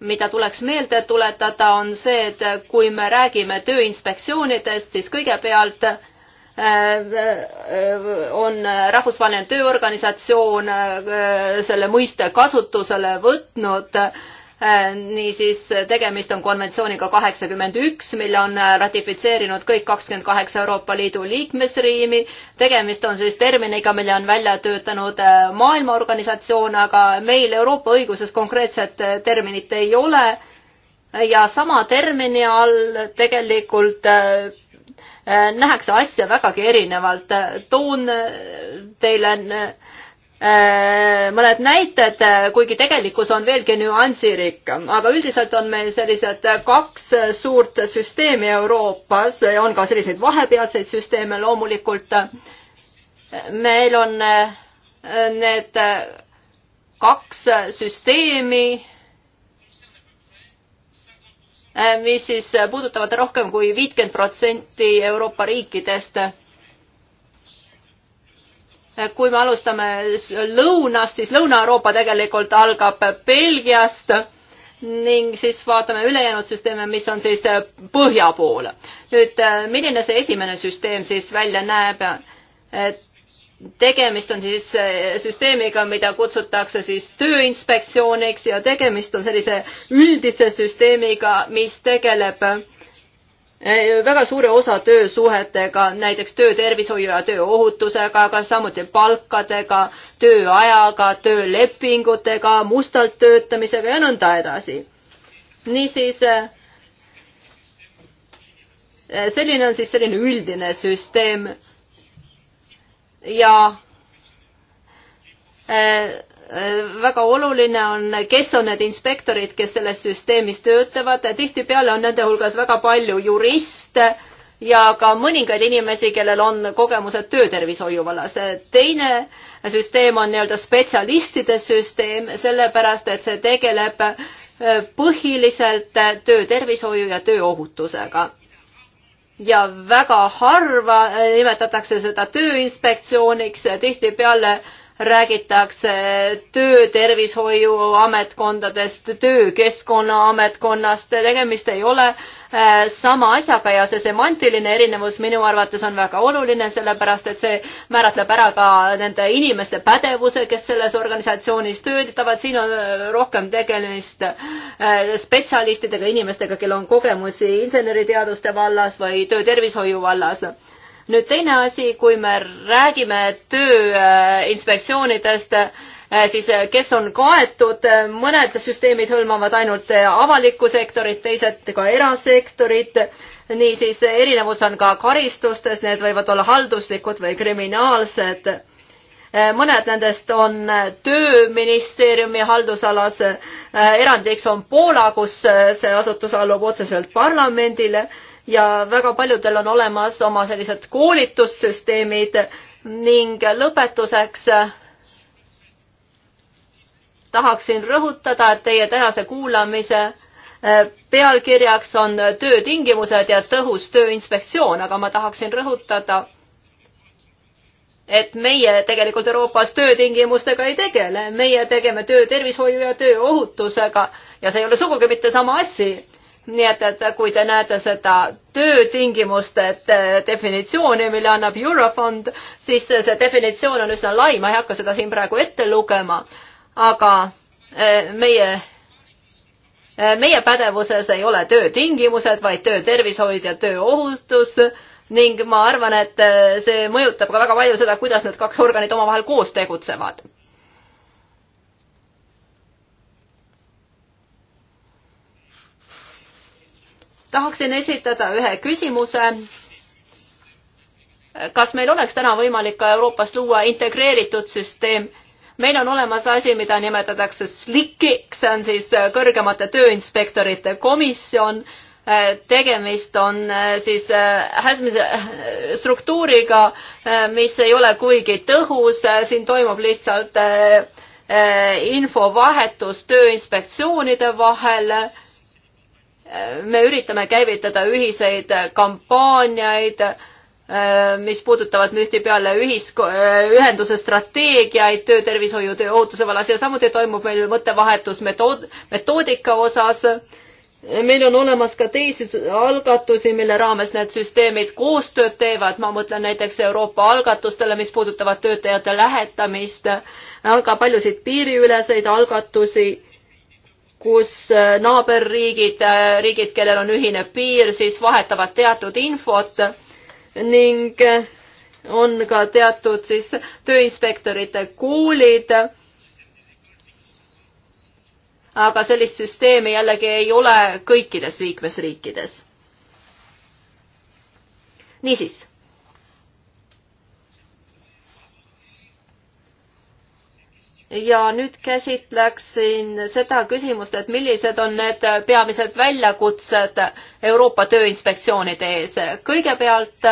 mida tuleks meelde tuletada, on see, et kui me räägime tööinspektsioonidest, siis kõigepealt Äh, äh, on Rahvusvaheline Tööorganisatsioon äh, selle mõiste kasutusele võtnud. niisiis, tegemist on konventsiooniga kaheksakümmend üks, mille on ratifitseerinud kõik kakskümmend kaheksa Euroopa Liidu liikmesriimi. tegemist on siis terminiga, mille on välja töötanud maailmaorganisatsioon, aga meil Euroopa õiguses konkreetset terminit ei ole ja sama termini all tegelikult Äh, nähakse asja vägagi erinevalt. toon äh, teile äh, mõned näited, kuigi tegelikkus on veelgi nüansirikkam, aga üldiselt on meil sellised kaks suurt süsteemi Euroopas, on ka selliseid vahepealseid süsteeme loomulikult. meil on need kaks süsteemi Äh, mis siis äh, puudutavad rohkem kui viitkümmend protsenti Euroopa riikidest. Äh, kui me alustame lõunast, siis Lõuna-Euroopa tegelikult algab Belgiast ning siis vaatame ülejäänud süsteeme, mis on siis põhja pool. nüüd milline see esimene süsteem siis välja näeb? et tegemist on siis eh, süsteemiga, mida kutsutakse siis tööinspektsiooniks ja tegemist on sellise üldise süsteemiga, mis tegeleb eh, väga suure osa töösuhetega, näiteks töötervishoiu ja tööohutusega, aga samuti palkadega, tööajaga, töölepingutega, mustalt töötamisega ja nõnda edasi. niisiis eh, selline on siis selline üldine süsteem ja äh, äh, väga oluline on, kes on need inspektorid, kes selles süsteemis töötavad, tihtipeale on nende hulgas väga palju juriste ja ka mõningaid inimesi, kellel on kogemused töötervishoiu vallas. teine süsteem on nii-öelda spetsialistide süsteem, sellepärast et see tegeleb põhiliselt töötervishoiu ja tööohutusega ja väga harva äh, nimetatakse seda tööinspektsiooniks, tihtipeale räägitakse töötervishoiu ametkondadest, töökeskkonna ametkonnast, tegemist ei ole äh, Äh, sama asjaga ja see semantiline erinevus minu arvates on väga oluline, sellepärast et see määratleb ära ka nende inimeste pädevuse, kes selles organisatsioonis töötavad, siin on äh, rohkem tegemist äh, spetsialistidega, inimestega, kellel on kogemusi inseneriteaduste vallas või töötervishoiu vallas nüüd teine asi, kui me räägime tööinspektsioonidest äh,, Äh, siis äh, kes on kaetud, äh, mõned süsteemid hõlmavad ainult avalikku sektorit, teised ka erasektorit, niisiis erinevus on ka karistustes, need võivad olla halduslikud või kriminaalsed. mõned nendest on Tööministeeriumi haldusalas, erandiks on Poola, kus see asutus allub otseselt parlamendile ja väga paljudel on olemas oma sellised koolitussüsteemid ning lõpetuseks tahaksin rõhutada, et teie tänase kuulamise äh, pealkirjaks on töötingimused ja tõhus tööinspektsioon, aga ma tahaksin rõhutada, et meie tegelikult Euroopas töötingimustega ei tegele, meie tegeme töötervishoiu ja tööohutusega ja see ei ole sugugi mitte sama asi. nii et, et kui te näete seda töötingimuste äh, definitsiooni, mille annab Eurofond, siis see definitsioon on üsna lai, ma ei hakka seda siin praegu ette lugema aga äh, meie, äh, meie pädevuses ei ole töötingimused, vaid töötervishoid ja tööohutus ning ma arvan, et äh, see mõjutab ka väga palju seda, kuidas need kaks organit omavahel koos tegutsevad. tahaksin esitada ühe küsimuse kas meil oleks täna võimalik ka Euroopas luua integreeritud süsteem, meil on olemas asi, mida nimetatakse SLIK-iks, see on siis äh, kõrgemate tööinspektorite komisjon. Äh, tegemist on äh, siis häsmise struktuuriga, mis ei ole kuigi tõhus, siin toimub lihtsalt infovahetus tööinspektsioonide vahel me üritame käivitada ühiseid kampaaniaid Äh, mis puudutavad tihtipeale ühis-, äh, ühenduse strateegiaid töötervishoiu, tööohutuse vallas ja samuti toimub meil mõttevahetus metood-, metoodika osas. meil on olemas ka teisi algatusi, mille raames need süsteemid koostööd teevad, ma mõtlen näiteks Euroopa algatustele, mis puudutavad töötajate lähetamist, aga paljusid piiriüleseid algatusi kus äh, naaberriigid, riigid, kellel on ühine piir, siis vahetavad teatud infot ning on ka teatud siis tööinspektorite koolid. aga sellist süsteemi jällegi ei ole kõikides liikmesriikides. niisiis ja nüüd käsitleksin seda küsimust, et millised on need peamised väljakutsed Euroopa Tööinspektsioonide ees. kõigepealt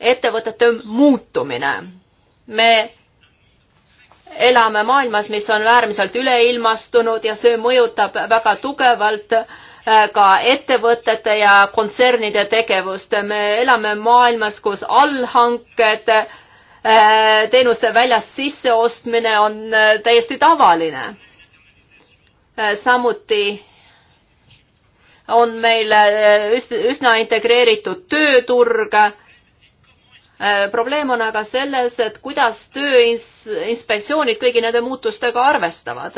ettevõtete muutumine. me elame maailmas, mis on äärmiselt üleilmastunud ja see mõjutab väga tugevalt äh, ka ettevõtete ja kontsernide tegevust. me elame maailmas, kus allhanked Äh, teenuste väljast sisseostmine on äh, täiesti tavaline. Äh, samuti on meil üsna integreeritud tööturg. probleem on aga selles, et kuidas tööinspektsioonid kõigi nende muutustega arvestavad.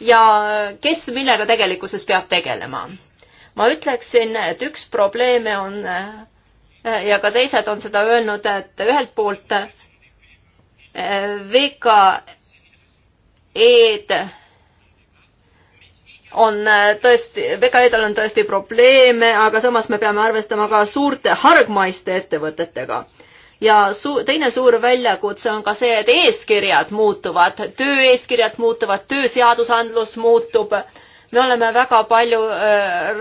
ja kes millega tegelikkuses peab tegelema? ma ütleksin, et üks probleeme on ja ka teised on seda öelnud, et ühelt poolt eh, VKE-d on eh, tõesti, VKE-del on tõesti probleeme, aga samas me peame arvestama ka suurte hargmaiste ettevõtetega. ja su-, teine suur väljakutse on ka see, et eeskirjad muutuvad, tööeeskirjad muutuvad, tööseadusandlus muutub, me oleme väga palju äh,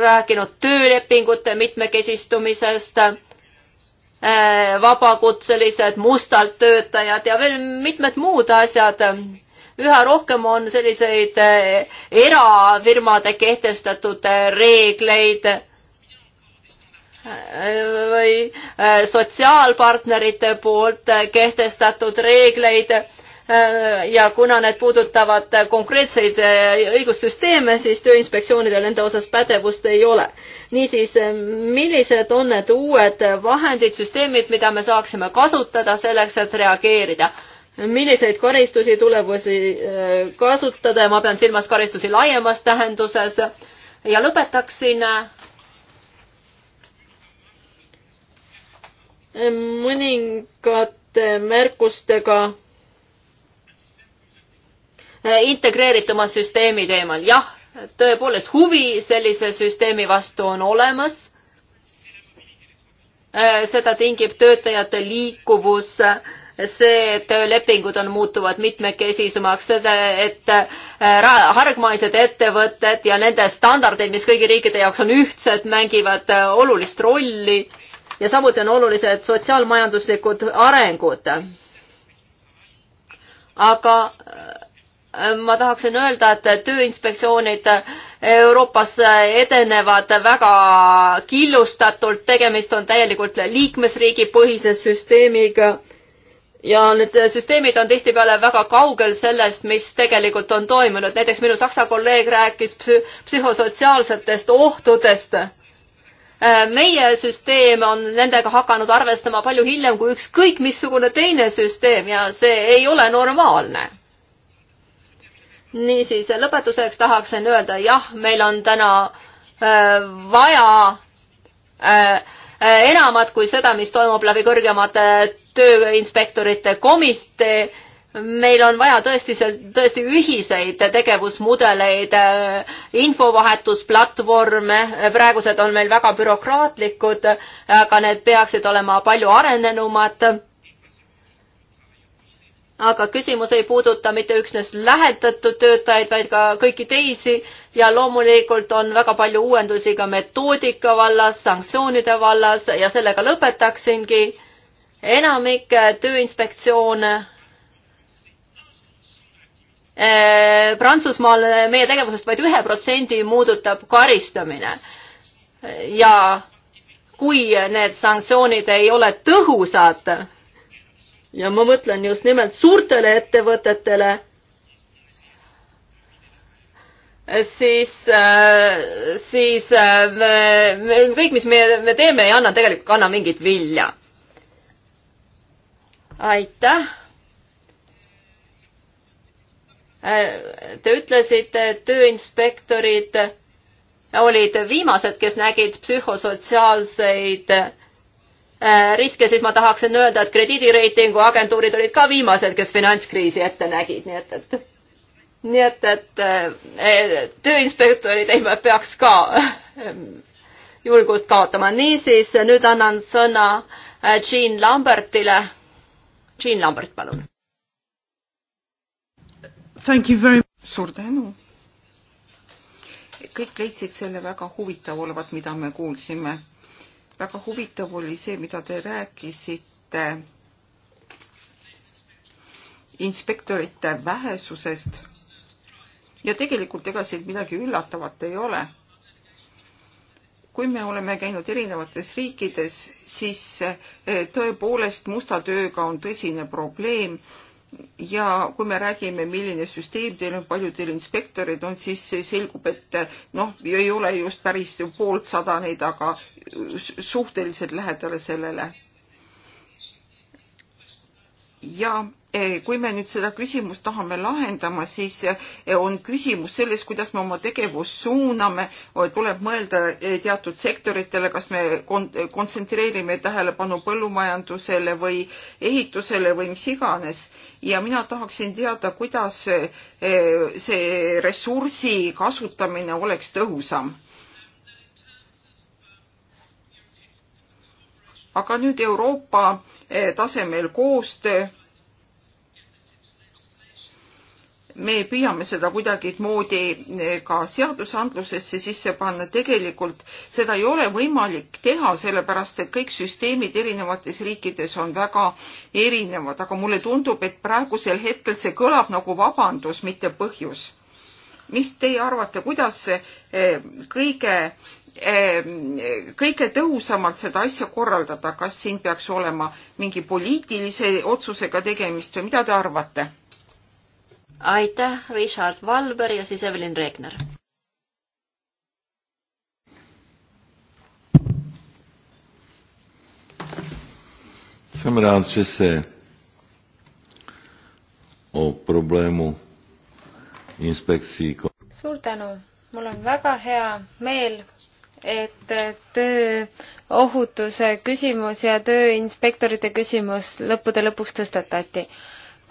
rääkinud töölepingute mitmekesistumisest äh,, Äh, vabakutselised, mustalt töötajad ja veel mitmed muud asjad. üha rohkem on selliseid äh, erafirmade kehtestatud äh, reegleid või sotsiaalpartnerite poolt kehtestatud reegleid Äh, ja kuna need puudutavad konkreetseid äh, õigussüsteeme, siis Tööinspektsioonidel nende osas pädevust ei ole. niisiis, äh, millised on need uued vahendid, süsteemid, mida me saaksime kasutada selleks, et reageerida? milliseid karistusi tulevusi kasutada ja ma pean silmas karistusi laiemas tähenduses ja lõpetaksin mõningate märkustega integreerituma süsteemi teemal. jah, tõepoolest huvi sellise süsteemi vastu on olemas. Äh, seda tingib töötajate liikuvus see, et lepingud on, muutuvad mitmekesisemaks, et äh, hargmaised ettevõtted ja nende standardid, mis kõigi riikide jaoks on ühtsed, mängivad äh, olulist rolli ja samuti on olulised sotsiaalmajanduslikud arengud. aga ma tahaksin öelda, et tööinspektsioonid Euroopas edenevad väga killustatult, tegemist on täielikult liikmesriigi põhise süsteemiga. ja need süsteemid on tihtipeale väga kaugel sellest, mis tegelikult on toimunud, näiteks minu saksa kolleeg rääkis psühhosotsiaalsetest ohtudest meie süsteem on nendega hakanud arvestama palju hiljem kui ükskõik missugune teine süsteem ja see ei ole normaalne niisiis, lõpetuseks tahaksin öelda, jah, meil on täna äh, vaja äh, äh, enamat kui seda, mis toimub läbi kõrgemate tööinspektorite komitee. meil on vaja tõesti, tõesti ühiseid tegevusmudeleid, äh, infovahetusplatvorme, praegused on meil väga bürokraatlikud, aga need peaksid olema palju arenenumad aga küsimus ei puuduta mitte üksnes lähetatud töötajaid, vaid ka kõiki teisi ja loomulikult on väga palju uuendusi ka metoodika vallas, sanktsioonide vallas ja sellega lõpetaksingi. enamik tööinspektsioone eh, Prantsusmaal meie tegevusest vaid ühe protsendi muudutab karistamine ja kui need sanktsioonid ei ole tõhusad, ja ma mõtlen just nimelt suurtele ettevõtetele, siis, äh, siis äh, me, me, kõik, mis me, me teeme, ei anna tegelikult, anna mingit vilja. aitäh äh, Te ütlesite, et tööinspektorid olid viimased, kes nägid psühhosotsiaalseid Äh, riske, siis ma tahaksin öelda, et krediidireitingu agentuurid olid ka viimased, kes finantskriisi ette nägid, nii et, et nii et, et äh, tööinspektorid ei peaks ka ähm, julgust kaotama. niisiis, nüüd annan sõna äh, Jean Lambertile. Jean Lambert, palun. Thank you very much. suur tänu. kõik leidsid selle väga huvitav olevat, mida me kuulsime väga huvitav oli see, mida te rääkisite inspektorite vähesusest. ja tegelikult ega siin midagi üllatavat ei ole. kui me oleme käinud erinevates riikides, siis eh, tõepoolest musta tööga on tõsine probleem ja kui me räägime, milline süsteem teil on, palju teil inspektoreid on, siis selgub, et noh, ei ole just päris pooltsada neid, aga suhteliselt lähedale sellele ja eh, kui me nüüd seda küsimust tahame lahendama, siis eh, on küsimus selles, kuidas me oma tegevust suuname, tuleb mõelda eh, teatud sektoritele, kas me kontsentreerime tähelepanu põllumajandusele või ehitusele või mis iganes. ja mina tahaksin teada, kuidas see ressursi kasutamine oleks tõhusam. aga nüüd Euroopa tasemel koostöö. me püüame seda kuidagimoodi eh, ka seadusandlusesse sisse panna, tegelikult seda ei ole võimalik teha, sellepärast et kõik süsteemid erinevates riikides on väga erinevad, aga mulle tundub, et praegusel hetkel see kõlab nagu vabandus, mitte põhjus mis teie arvate, kuidas eh, kõige Ehm, kõige tõhusamalt seda asja korraldada, kas siin peaks olema mingi poliitilise otsusega tegemist või mida te arvate? aitäh, Richard Valber ja siis Evelyn Regner. Jsem rád, že se o problému inspekcí. suur tänu, mul on väga hea meel et tööohutuse küsimus ja tööinspektorite küsimus lõppude lõpuks tõstatati.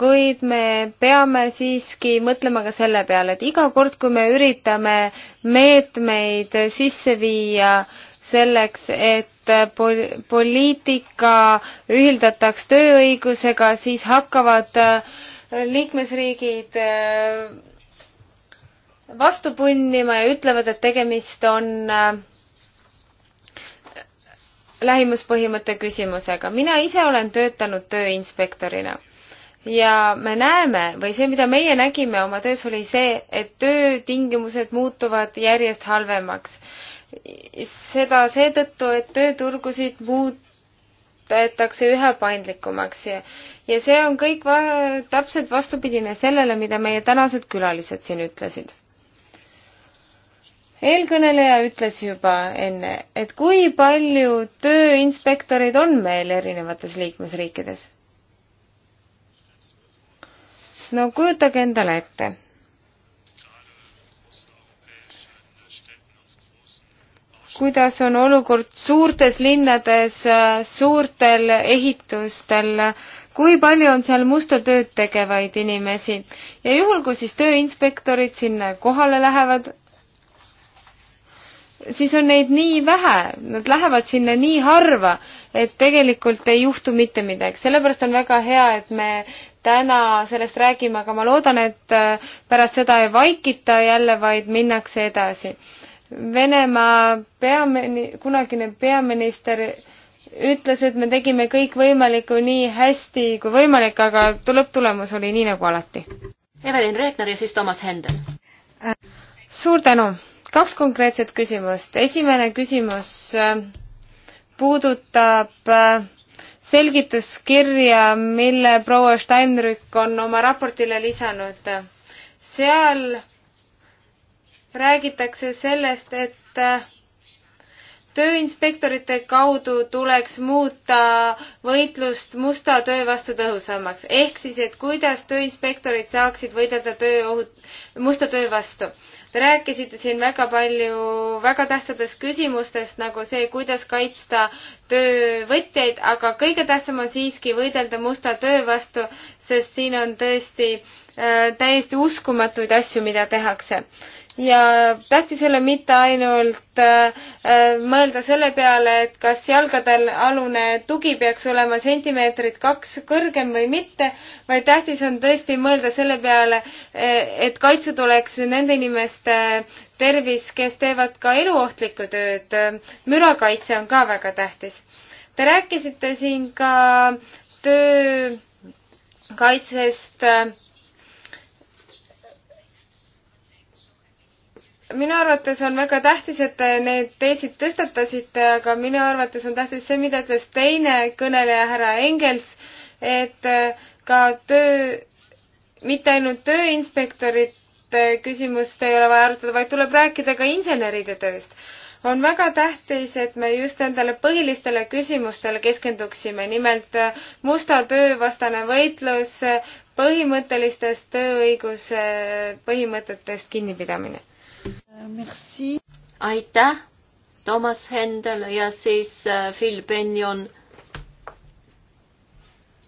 kuid me peame siiski mõtlema ka selle peale, et iga kord, kui me üritame meetmeid sisse viia selleks, et pol-, poliitika ühildataks tööõigusega, siis hakkavad äh, liikmesriigid äh, vastu punnima ja ütlevad, et tegemist on äh, lähimuspõhimõtte küsimusega. mina ise olen töötanud tööinspektorina ja me näeme või see, mida meie nägime oma töös, oli see, et töötingimused muutuvad järjest halvemaks. seda seetõttu, et tööturgusid muudetakse üha paindlikumaks ja, ja see on kõik va täpselt vastupidine sellele, mida meie tänased külalised siin ütlesid eelkõneleja ütles juba enne, et kui palju tööinspektoreid on meil erinevates liikmesriikides? no kujutage endale ette. kuidas on olukord suurtes linnades, suurtel ehitustel, kui palju on seal musta tööd tegevaid inimesi ja juhul, kui siis tööinspektorid sinna kohale lähevad, siis on neid nii vähe, nad lähevad sinna nii harva, et tegelikult ei juhtu mitte midagi, sellepärast on väga hea, et me täna sellest räägime, aga ma loodan, et äh, pärast seda ei vaikita jälle, vaid minnakse edasi. Venemaa peamini-, kunagine peaminister ütles, et me tegime kõik võimalikku nii hästi kui võimalik, aga lõpptulemus oli nii nagu alati. Evelin Reegner ja siis Toomas Hendel. suur tänu kaks konkreetset küsimust. esimene küsimus äh, puudutab äh, selgituskirja, mille proua Steinrück on oma raportile lisanud. seal räägitakse sellest, et äh, tööinspektorite kaudu tuleks muuta võitlust musta töö vastu tõhusamaks. ehk siis, et kuidas tööinspektorid saaksid võidelda tööohut-, musta töö vastu Te rääkisite siin väga palju väga tähtsatest küsimustest, nagu see, kuidas kaitsta töövõtjaid, aga kõige tähtsam on siiski võidelda musta töö vastu, sest siin on tõesti äh, täiesti uskumatuid asju, mida tehakse ja tähtis ei ole mitte ainult äh, äh, mõelda selle peale, et kas jalgadel alune tugi peaks olema sentimeetrit kaks kõrgem või mitte, vaid tähtis on tõesti mõelda selle peale, äh, et kaitsud oleks nende inimeste tervis, kes teevad ka eluohtlikku tööd. mürakaitse on ka väga tähtis. Te rääkisite siin ka töökaitsest äh, minu arvates on väga tähtis, et te need teesid tõstatasite, aga minu arvates on tähtis see, mida ütles teine kõneleja, härra Engels, et äh, ka töö, mitte ainult tööinspektorite küsimust ei ole vaja arutada, vaid tuleb rääkida ka inseneride tööst. on väga tähtis, et me just nendele põhilistele küsimustele keskenduksime, nimelt äh, musta töö vastane võitlus, äh, põhimõttelistest tööõiguse põhimõtetest kinnipidamine aitäh, Toomas Hendel ja siis äh, Phil Benjon.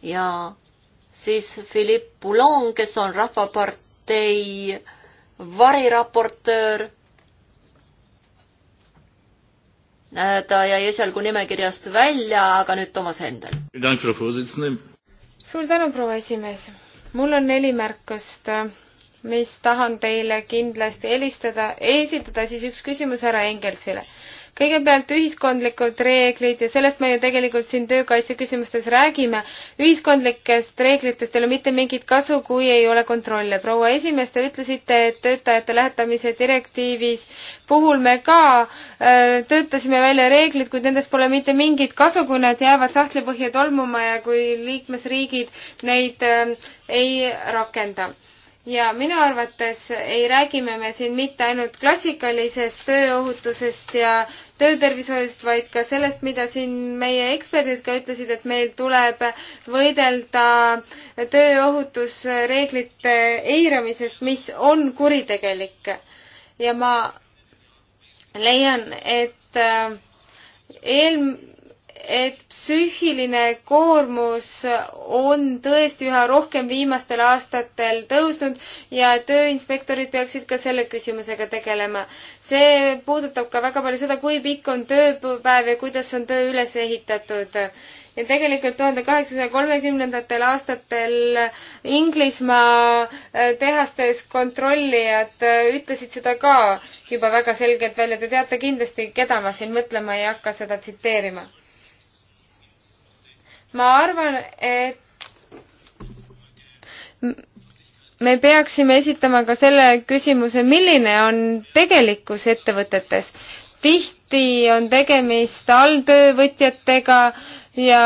ja siis Philippe Boulon, kes on Rahvapartei variraportöör. Äh, ta jäi esialgu nimekirjast välja, aga nüüd Toomas Hendel. suur tänu, proua esimees. mul on neli märkust mis tahan teile kindlasti helistada, esitada siis üks küsimus härra Engelsile. kõigepealt ühiskondlikud reeglid ja sellest me ju tegelikult siin töökaitse küsimustes räägime. ühiskondlikest reeglitest ei ole mitte mingit kasu, kui ei ole kontrolle. proua esimees, te ütlesite, et töötajate lähetamise direktiivis puhul me ka öö, äh, töötasime välja reeglid, kuid nendest pole mitte mingit kasu, kui nad jäävad sahtlipõhja tolmuma ja kui liikmesriigid neid öö, äh, ei rakenda ja minu arvates ei räägi me siin mitte ainult klassikalisest tööohutusest ja töötervishoiust, vaid ka sellest, mida siin meie eksperdid ka ütlesid, et meil tuleb võidelda tööohutusreeglite eiramisest, mis on kuritegelik. ja ma leian, et äh, eel-, et psüühiline koormus on tõesti üha rohkem viimastel aastatel tõusnud ja tööinspektorid peaksid ka selle küsimusega tegelema. see puudutab ka väga palju seda, kui pikk on tööpäev ja kuidas on töö üles ehitatud ja tegelikult tuhande kaheksasaja kolmekümnendatel aastatel Inglismaa äh, tehastes kontrollijad äh, ütlesid seda ka juba väga selgelt välja. Te teate kindlasti, keda ma siin mõtlema ei hakka seda tsiteerima ma arvan, et me peaksime esitama ka selle küsimuse, milline on tegelikkus ettevõtetes. tihti on tegemist alltöövõtjatega ja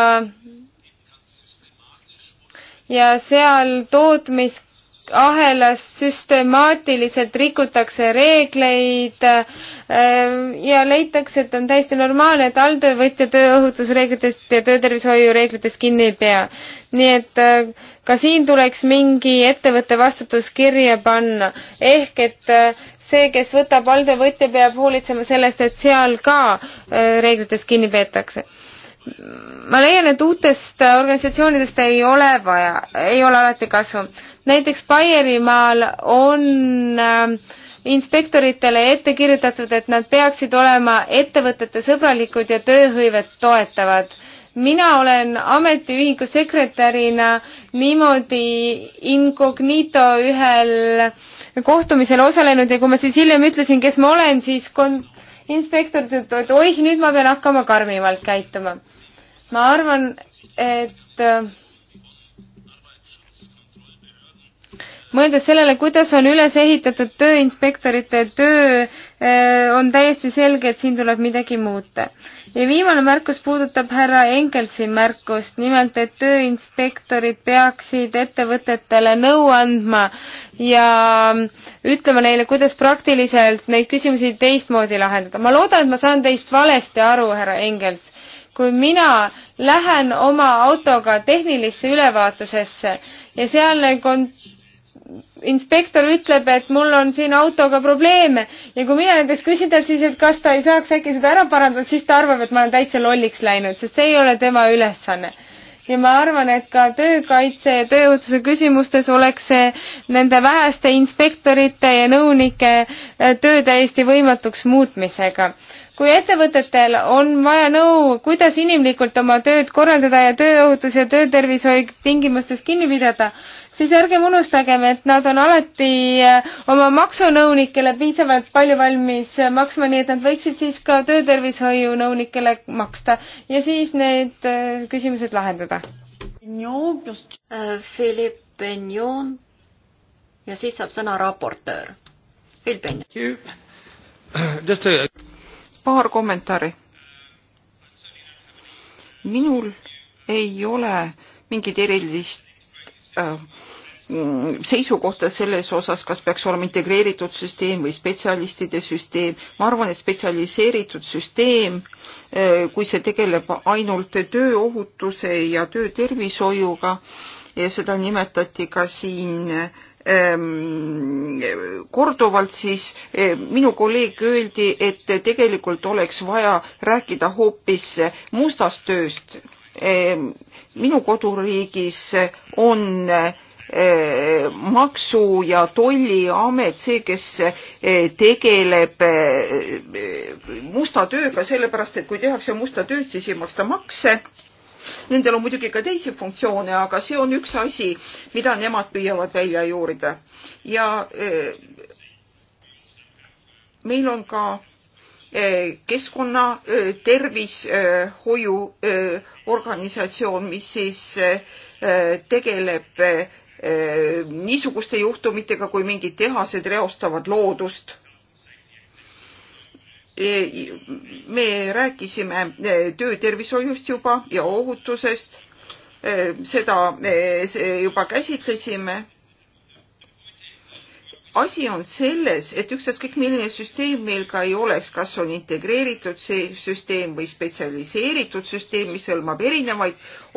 ja seal tootmis ahelast süstemaatiliselt rikutakse reegleid äh, ja leitakse, et on täiesti normaalne, et alltöövõtja tööohutusreeglitest ja töötervishoiureeglitest kinni ei pea. nii et äh, ka siin tuleks mingi ettevõtte vastutus kirja panna, ehk et äh, see, kes võtab alltöövõtja, peab hoolitsema sellest, et seal ka reeglitest kinni peetakse ma leian, et uutest organisatsioonidest ei ole vaja, ei ole alati kasu. näiteks Baierimaal on ähm, inspektoritele ette kirjutatud, et nad peaksid olema ettevõtete sõbralikud ja tööhõivet toetavad. mina olen ametiühingu sekretärina niimoodi incognito ühel kohtumisel osalenud ja kui ma siis hiljem ütlesin, kes ma olen, siis kon-, inspektor ütles, et oih, nüüd ma pean hakkama karmimalt käituma ma arvan, et äh, mõeldes sellele, kuidas on üles ehitatud tööinspektorite töö, äh, on täiesti selge, et siin tuleb midagi muuta. ja viimane märkus puudutab härra Engelsi märkust, nimelt et tööinspektorid peaksid ettevõtetele nõu andma ja ütlema neile, kuidas praktiliselt neid küsimusi teistmoodi lahendada. ma loodan, et ma saan teist valesti aru, härra Engels kui mina lähen oma autoga tehnilisse ülevaatusesse ja sealne kon-, inspektor ütleb, et mul on siin autoga probleeme ja kui mina näiteks küsin talt siis, et kas ta ei saaks äkki seda ära parandada, siis ta arvab, et ma olen täitsa lolliks läinud, sest see ei ole tema ülesanne. ja ma arvan, et ka töökaitse ja tööohutuse küsimustes oleks see nende väheste inspektorite ja nõunike äh, töö täiesti võimatuks muutmisega kui ettevõtetel on vaja nõu, kuidas inimlikult oma tööd korraldada ja tööohutus ja töötervishoid tingimustest kinni pidada, siis ärgem unustagem, et nad on alati äh, oma maksunõunikele piisavalt palju valmis maksma, nii et nad võiksid siis ka töötervishoiu nõunikele maksta ja siis need äh, küsimused lahendada. Äh, Philippe Benjon ja siis saab sõna raportöör. Phil Benjon. paar kommentaari. minul ei ole mingit erilist äh, mm, seisukohta selles osas, kas peaks olema integreeritud süsteem või spetsialistide süsteem. ma arvan, et spetsialiseeritud süsteem, äh, kui see tegeleb ainult tööohutuse ja töötervishoiuga ja seda nimetati ka siin äh, Ehm, korduvalt siis eh, minu kolleeg öeldi, et tegelikult oleks vaja rääkida hoopis mustast tööst. Ehm, minu koduriigis on eh, maksu- ja tolliamet see, kes eh, tegeleb musta tööga, sellepärast et kui tehakse musta tööd, siis ei maksta makse Nendel on muidugi ka teisi funktsioone, aga see on üks asi, mida nemad püüavad välja juurida. ja eh, meil on ka eh, keskkonna eh, tervishoiu organisatsioon, mis siis tegeleb niisuguste juhtumitega, kui mingid tehased reostavad loodust Eh, me rääkisime eh, töötervishoiust juba ja ohutusest, eh, seda me juba käsitlesime. asi on selles, et ükstaskõik milline süsteem meil ka ei oleks, kas on integreeritud see süsteem või spetsialiseeritud süsteem, mis hõlmab erinevaid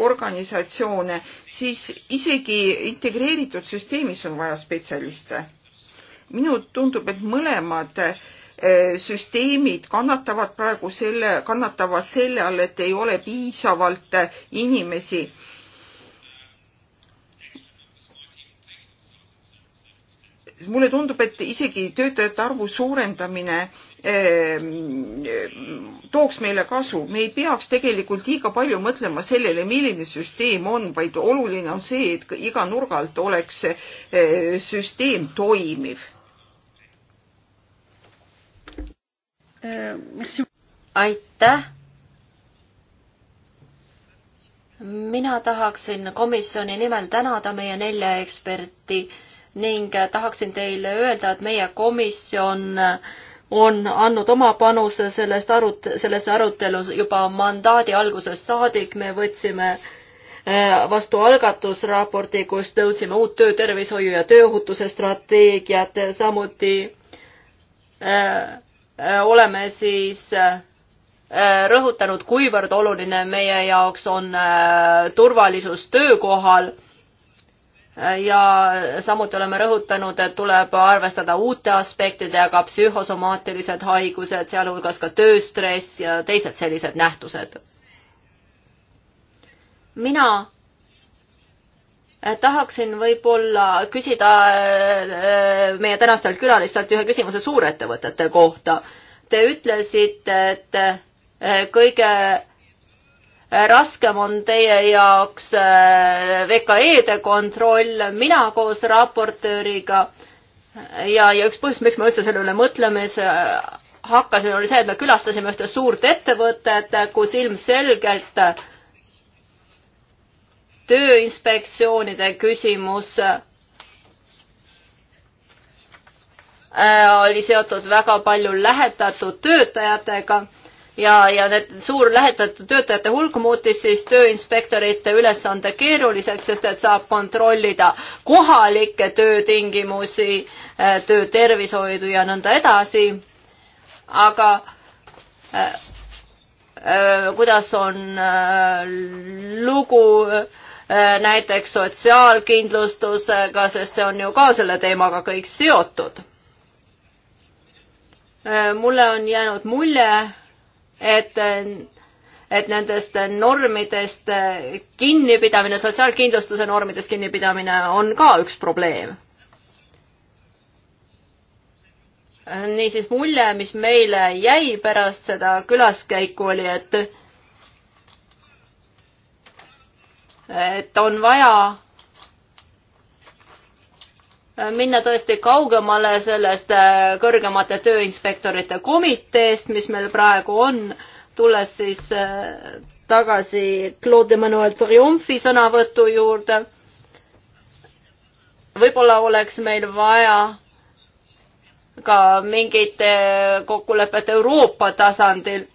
organisatsioone, siis isegi integreeritud süsteemis on vaja spetsialiste. minu tundub, et mõlemad äh, Äh, süsteemid kannatavad praegu selle, kannatavad selle all, et ei ole piisavalt äh, inimesi mulle tundub, et isegi töötajate arvu suurendamine ähm, tooks meile kasu. me ei peaks tegelikult liiga palju mõtlema sellele, milline süsteem on, vaid oluline on see, et iga nurga alt oleks äh, süsteem toimiv aitäh. mina tahaksin komisjoni nimel tänada meie nelja eksperti ning tahaksin teile öelda, et meie komisjon on andnud oma panuse sellest arut-, sellesse arutelu juba mandaadi algusest saadik, me võtsime äh, vastu algatusraporti, kus nõudsime uut töötervishoiu ja tööohutuse strateegiat, samuti äh, Äh, oleme siis äh, äh, rõhutanud, kuivõrd oluline meie jaoks on turvalisus töökohal ja samuti oleme rõhutanud, et tuleb arvestada uute aspektidega, psühhosomaatilised haigused, sealhulgas ka tööstress ja teised sellised nähtused. mina Äh, tahaksin võib-olla küsida äh, meie tänastelt külalistelt ühe küsimuse suurettevõtete kohta. Te ütlesite, et äh, kõige raskem on teie jaoks VKE-de kontroll, mina koos raportööriga ja, ja üks põhjus, miks me üldse selle üle mõtleme, hakkasime, oli see, et me külastasime ühte suurt ettevõtet, kus ilmselgelt äh, tööinspektsioonide küsimus äh, oli seotud väga palju lähetatud töötajatega ja, ja need suur lähetatud töötajate hulk muutis siis tööinspektorite ülesande keeruliseks, sest et saab kontrollida kohalikke töötingimusi, äh, töötervishoidu ja nõnda edasi. aga äh, äh, kuidas on äh, lugu äh, Äh, näiteks sotsiaalkindlustusega, sest see on ju ka selle teemaga kõik seotud. Äh, mulle on jäänud mulje, et et nendest normidest kinnipidamine, sotsiaalkindlustuse normidest kinnipidamine on ka üks probleem. niisiis mulje, mis meile jäi pärast seda külaskäiku, oli, et et on vaja minna tõesti kaugemale sellest äh, kõrgemate tööinspektorite komiteest, mis meil praegu on, tulles siis äh, tagasi Claude Emmanuel Triumfi sõnavõtu juurde. võib-olla oleks meil vaja ka mingit kokkulepet Euroopa tasandil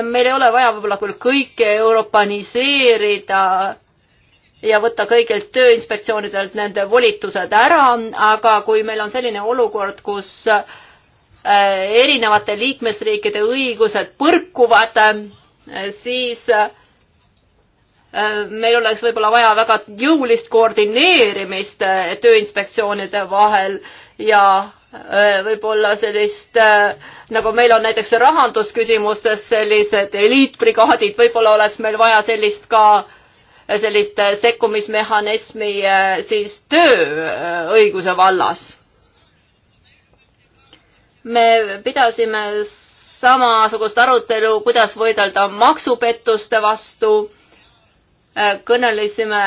meil ei ole vaja võib-olla küll kõike europaniseerida ja võtta kõigilt tööinspektsioonidelt nende volitused ära, aga kui meil on selline olukord, kus äh, erinevate liikmesriikide õigused põrkuvad, äh, siis äh, meil oleks võib-olla vaja väga jõulist koordineerimist tööinspektsioonide vahel ja Äh, võib-olla sellist, äh, nagu meil on näiteks rahandusküsimustes sellised eliitbrigaadid, võib-olla oleks meil vaja sellist ka, äh, sellist sekkumismehhanismi siis tööõiguse vallas. me pidasime samasugust arutelu, kuidas võidelda maksupettuste vastu, kõnelesime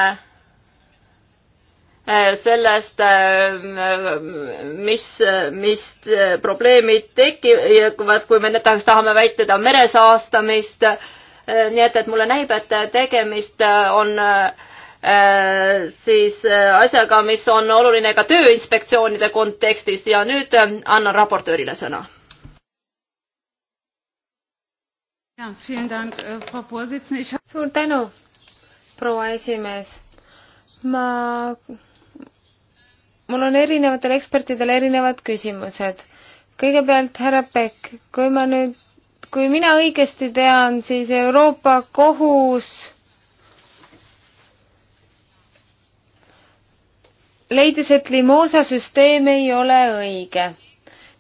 Eh, sellest, eh, mis, mis eh, probleemid tekivad, kui me näiteks tahame väitleda mere saastamist. nii et, et mulle näib, et tegemist on siis asjaga, mis on oluline ka tööinspektsioonide kontekstis ja nüüd annan raportöörile sõna. Äh, suur tänu, proua esimees. ma mul on erinevatel ekspertidel erinevad küsimused. kõigepealt härra Pekk, kui ma nüüd, kui mina õigesti tean, siis Euroopa Kohus leidis, et Limosa süsteem ei ole õige.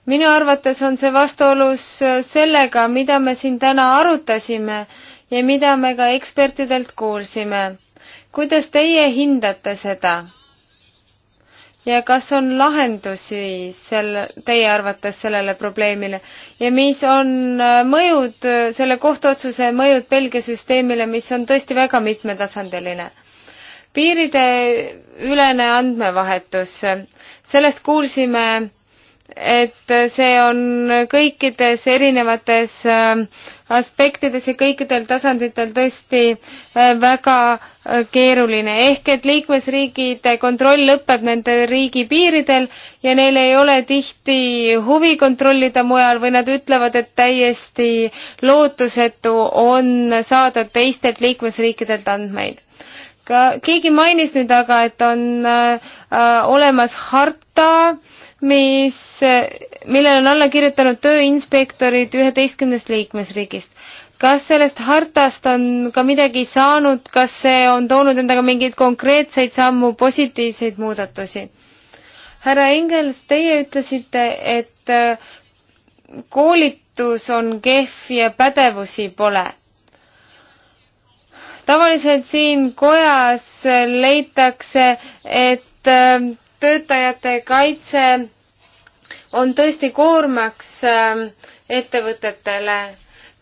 minu arvates on see vastuolus sellega, mida me siin täna arutasime ja mida me ka ekspertidelt kuulsime. kuidas teie hindate seda? ja kas on lahendusi selle, teie arvates sellele probleemile ja mis on äh, mõjud, selle kohtuotsuse mõjud Belgia süsteemile, mis on tõesti väga mitmetasandiline? piirideülene andmevahetus, sellest kuulsime, et see on kõikides erinevates äh, aspektides ja kõikidel tasanditel tõesti äh, väga äh, keeruline, ehk et liikmesriigide kontroll lõpeb nende riigi piiridel ja neil ei ole tihti huvi kontrollida mujal või nad ütlevad, et täiesti lootusetu on saada teistelt liikmesriikidelt andmeid ka keegi mainis nüüd aga, et on äh, äh olemas harta mis, millele on alla kirjutanud tööinspektorid üheteistkümnest liikmesriigist. kas sellest hartast on ka midagi saanud, kas see on toonud endaga mingeid konkreetseid sammu, positiivseid muudatusi? härra Engels, teie ütlesite, et äh, koolitus on kehv ja pädevusi pole. tavaliselt siin kojas leitakse, et äh, töötajate kaitse on tõesti koormaks ähm, ettevõtetele.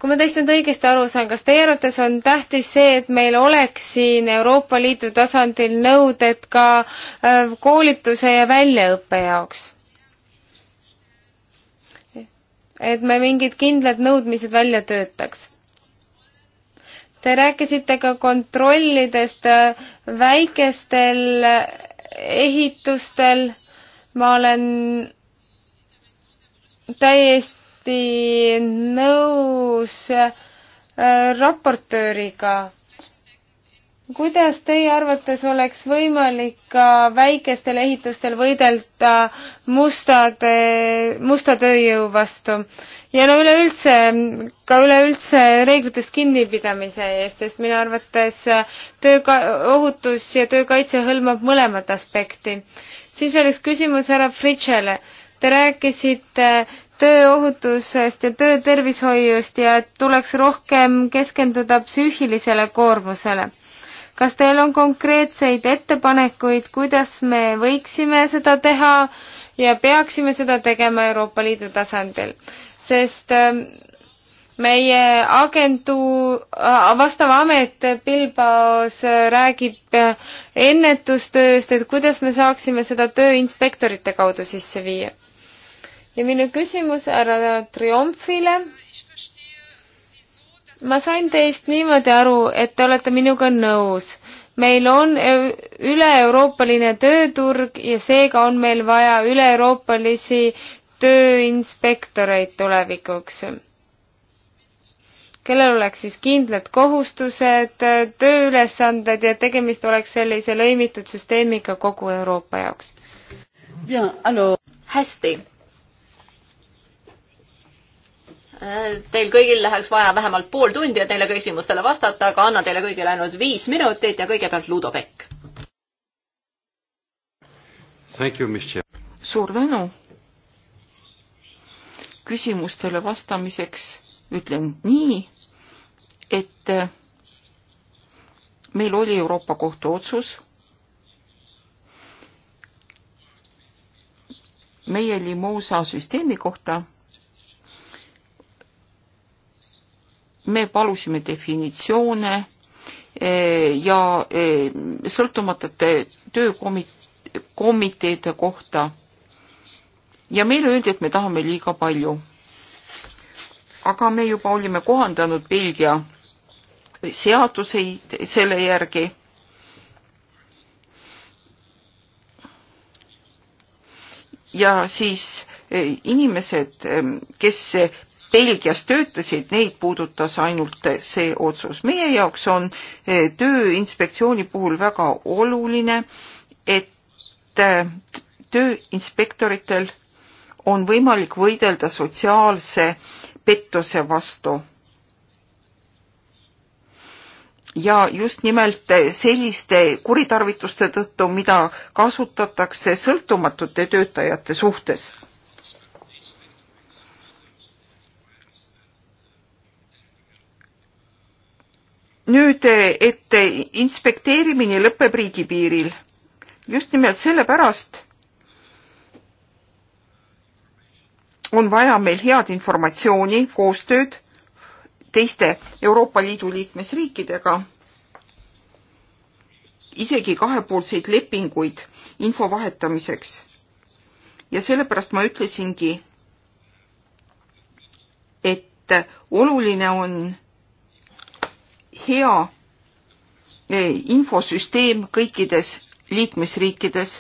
kui ma teist nüüd õigesti aru saan, kas teie arvates on tähtis see, et meil oleks siin Euroopa Liidu tasandil nõuded ka äh, koolituse ja väljaõppe jaoks? et me mingid kindlad nõudmised välja töötaks Te rääkisite ka kontrollidest äh, väikestel ehitustel. ma olen täiesti nõus äh, raportööriga. kuidas teie arvates oleks võimalik ka väikestel ehitustel võidelda mustade, musta tööjõu vastu? ja no üleüldse, ka üleüldse reeglitest kinnipidamise eest, sest minu arvates tööohutus ja töökaitse hõlmab mõlemat aspekti. siis veel üks küsimus härra Fritšele. Te rääkisite tööohutusest ja töötervishoiust ja et tuleks rohkem keskenduda psüühilisele koormusele. kas teil on konkreetseid ettepanekuid, kuidas me võiksime seda teha ja peaksime seda tegema Euroopa Liidu tasandil? sest ähm, meie agentuur, äh, vastav amet äh, Bilbaos äh, räägib ennetustööst, et kuidas me saaksime seda tööinspektorite kaudu sisse viia. ja minu küsimus härra Triumfile. ma sain teist niimoodi aru, et te olete minuga nõus meil on üle-euroopaline tööturg ja seega on meil vaja üle-euroopalisi tööinspektoreid tulevikuks, kellel oleks siis kindlad kohustused, tööülesanded ja tegemist oleks sellise lõimitud süsteemiga kogu Euroopa jaoks. hästi Teil kõigil läheks vaja vähemalt pool tundi, et neile küsimustele vastata, aga annan teile kõigile ainult viis minutit ja kõigepealt Ludo Pekk. suur tänu, küsimustele vastamiseks ütlen nii, et äh, meil oli Euroopa Kohtu otsus. meie Limosa süsteemi kohta me palusime definitsioone äh, ja äh, sõltumatute töökomiteede kohta ja meile öeldi, et me tahame liiga palju. aga me juba olime kohandanud Belgia seaduseid selle järgi. ja siis e, inimesed, e, kes Belgias töötasid, neid puudutas ainult see otsus. meie jaoks on e, Tööinspektsiooni puhul väga oluline, et tööinspektoritel on võimalik võidelda sotsiaalse pettuse vastu. ja just nimelt selliste kuritarvituste tõttu, mida kasutatakse sõltumatute töötajate suhtes. nüüd, et inspekteerimine lõpeb riigipiiril just nimelt sellepärast on vaja meil head informatsiooni, koostööd teiste Euroopa Liidu liikmesriikidega, isegi kahepoolseid lepinguid info vahetamiseks. ja sellepärast ma ütlesingi, et oluline on hea eh, infosüsteem kõikides liikmesriikides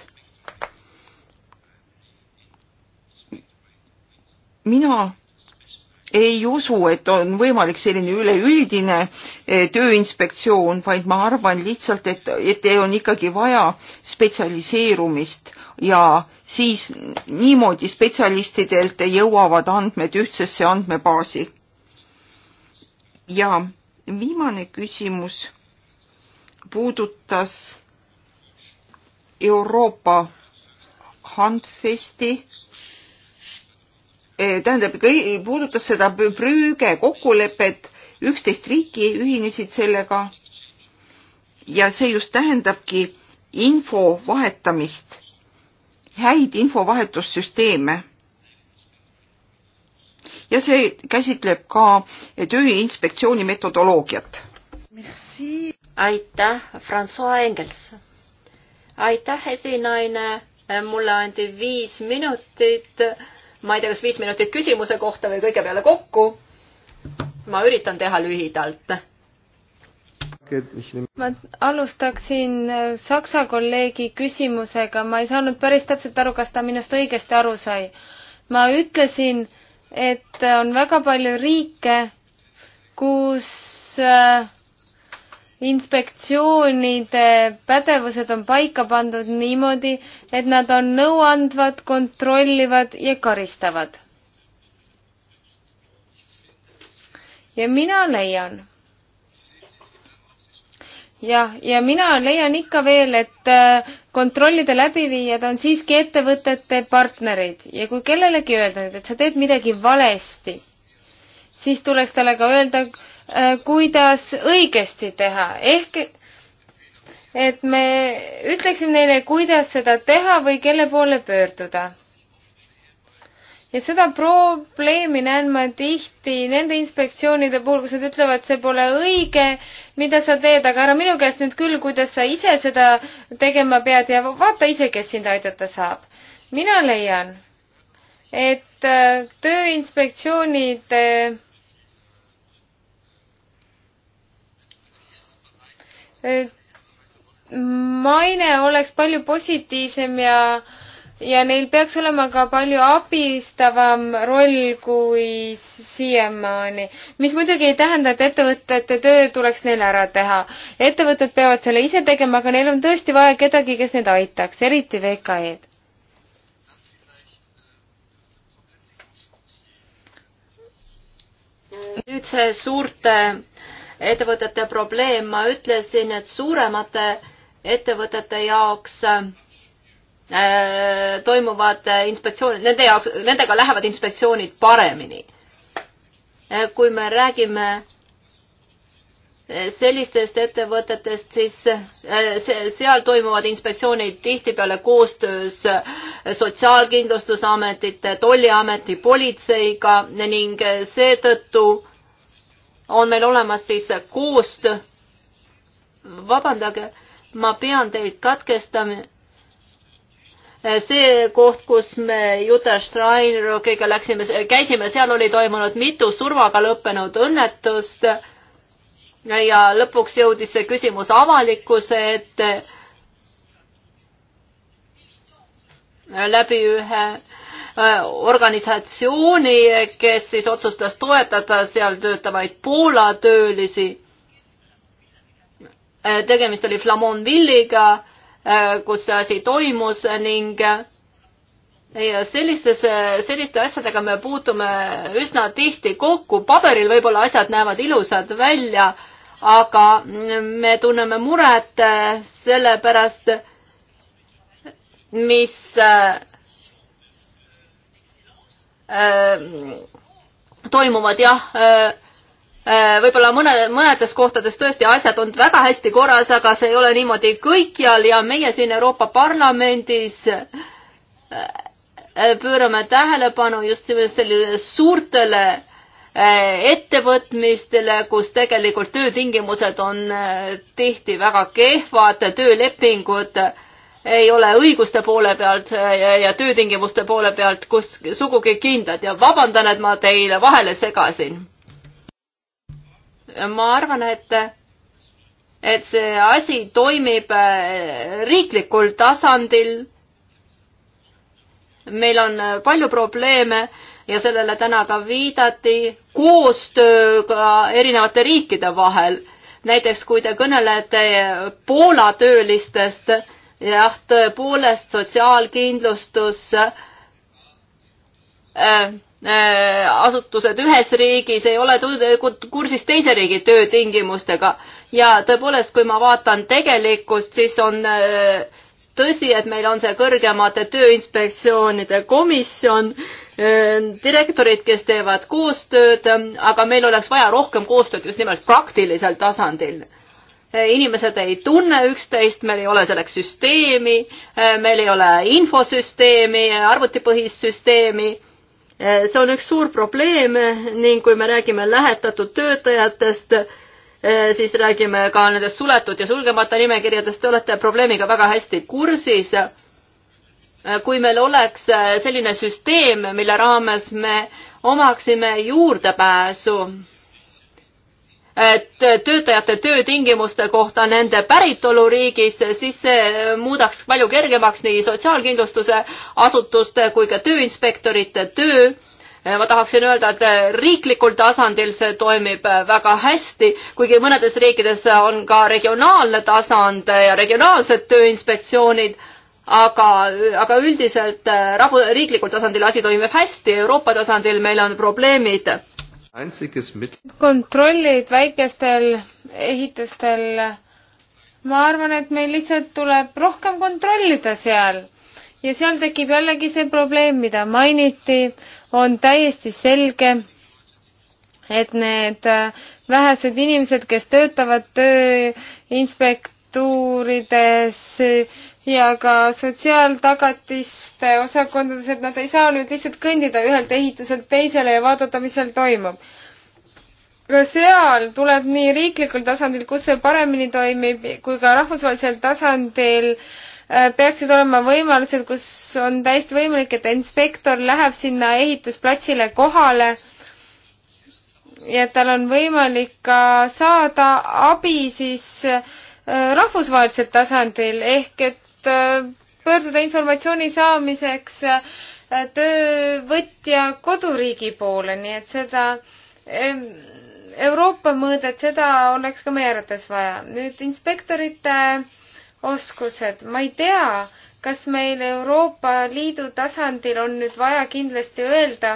mina ei usu, et on võimalik selline üleüldine eh, tööinspektsioon, vaid ma arvan lihtsalt, et, et on ikkagi vaja spetsialiseerumist ja siis niimoodi spetsialistidelt jõuavad andmed ühtsesse andmebaasi. ja viimane küsimus puudutas Euroopa Handfesti Eh, tähendab, puudutas seda prüüge kokkulepet, üksteist riiki ühinesid sellega. ja see just tähendabki info vahetamist, häid infovahetussüsteeme. ja see käsitleb ka Tööinspektsiooni metodoloogiat. aitäh, Francois Engels. aitäh, esinaine. mulle anti viis minutit ma ei tea, kas viis minutit küsimuse kohta või kõige peale kokku. ma üritan teha lühidalt. ma alustaksin äh, Saksa kolleegi küsimusega, ma ei saanud päris täpselt aru, kas ta minust õigesti aru sai. ma ütlesin, et on väga palju riike, kus äh, inspektsioonide pädevused on paika pandud niimoodi, et nad on nõuandvad, kontrollivad ja karistavad. ja mina leian. jah, ja mina leian ikka veel, et äh, kontrollide läbiviijad on siiski ettevõtete partnerid ja kui kellelegi öelda nüüd, et sa teed midagi valesti, siis tuleks talle ka öelda, Äh, kuidas õigesti teha, ehk et me ütleksime neile, kuidas seda teha või kelle poole pöörduda. ja seda probleemi näen ma tihti nende inspektsioonide puhul, kus nad ütlevad, see pole õige, mida sa teed, aga ära minu käest nüüd küll, kuidas sa ise seda tegema pead ja vaata ise, kes sind aidata saab. mina leian, et äh, Tööinspektsioonide äh, maine oleks palju positiivsem ja, ja neil peaks olema ka palju abistavam roll kui siiamaani. mis muidugi ei tähenda, et ettevõtete töö tuleks neil ära teha. ettevõtted peavad selle ise tegema, aga neil on tõesti vaja kedagi, kes neid aitaks, eriti VKE-d. nüüd see suurte ettevõtete probleem, ma ütlesin, et suuremate ettevõtete jaoks äh, toimuvad inspektsioonid, nende jaoks, nendega lähevad inspektsioonid paremini. Äh, kui me räägime äh, sellistest ettevõtetest, siis seal toimuvad inspektsioonid tihtipeale koostöös Sotsiaalkindlustusametite, Tolliameti, politseiga ning seetõttu on meil olemas siis koostöö. vabandage, ma pean teid katkestama. see koht, kus me Juta Steinrockiga läksime, käisime, seal oli toimunud mitu surmaga lõppenud õnnetust. ja lõpuks jõudis see küsimus avalikkuse ette läbi ühe Äh, organisatsiooni, kes siis otsustas toetada seal töötavaid Poola töölisi. Äh, tegemist oli Flamonvilliga, äh, kus see asi toimus ning ja sellistes, selliste asjadega me puutume üsna tihti kokku, paberil võib-olla asjad näevad ilusad välja, aga me tunneme muret selle pärast, mis Äh, toimuvad jah, äh, äh, võib-olla mõne, mõnedes kohtades tõesti asjad on väga hästi korras, aga see ei ole niimoodi kõikjal ja meie siin Euroopa Parlamendis pöörame tähelepanu just nimelt sellisele suurtele ettevõtmistele, kus tegelikult töötingimused on tihti väga kehvad, töölepingud ei ole õiguste poole pealt äh, ja töötingimuste poole pealt kus sugugi kindlad ja vabandan, et ma teile vahele segasin. ma arvan, et, et see asi toimib äh, riiklikul tasandil. meil on äh, palju probleeme ja sellele täna ka viidati koostööga erinevate riikide vahel näiteks kui te kõnelete Poola töölistest, jah, tõepoolest sotsiaalkindlustus äh, äh, asutused ühes riigis ei ole kursis teise riigi töötingimustega ja tõepoolest, kui ma vaatan tegelikkust, siis on äh, tõsi, et meil on see kõrgemate tööinspektsioonide komisjon, äh, direktorid, kes teevad koostööd, aga meil oleks vaja rohkem koostööd just nimelt praktilisel tasandil inimesed ei tunne üksteist, meil ei ole selleks süsteemi, eh, meil ei ole infosüsteemi, arvutipõhist süsteemi. Eh, see on üks suur probleem ning kui me räägime lähetatud töötajatest, eh, siis räägime ka nendest suletud ja sulgemata nimekirjadest, te olete probleemiga väga hästi kursis kui meil oleks selline süsteem, mille raames me omaksime juurdepääsu et töötajate töötingimuste kohta nende päritoluriigis, siis see muudaks palju kergemaks nii sotsiaalkindlustuse asutuste kui ka tööinspektorite töö ma tahaksin öelda, et riiklikul tasandil see toimib väga hästi, kuigi mõnedes riikides on ka regionaalne tasand ja regionaalsed tööinspektsioonid, aga, aga üldiselt rahvu-, riiklikul tasandil asi toimib hästi, Euroopa tasandil meil on probleemid kontrollid väikestel ehitustel, ma arvan, et meil lihtsalt tuleb rohkem kontrollida seal ja seal tekib jällegi see probleem, mida mainiti, on täiesti selge, et need äh, vähesed inimesed, kes töötavad tööinspektuurides, ja ka sotsiaaltagatiste osakondades, et nad ei saa nüüd lihtsalt kõndida ühelt ehituselt teisele ja vaadata, mis seal toimub. ka seal tuleb nii riiklikul tasandil, kus see paremini toimib, kui ka rahvusvahelisel tasandil äh, peaksid olema võimalused, kus on täiesti võimalik, et inspektor läheb sinna ehitusplatsile kohale ja et tal on võimalik ka saada abi siis äh, rahvusvahelisel tasandil ehk et pöörduda äh, informatsiooni saamiseks äh, töövõtja koduriigi poole, nii et seda Euroopa mõõdet, seda oleks ka meie arvates vaja. nüüd inspektorite oskused, ma ei tea, kas meil Euroopa Liidu tasandil on nüüd vaja kindlasti öelda,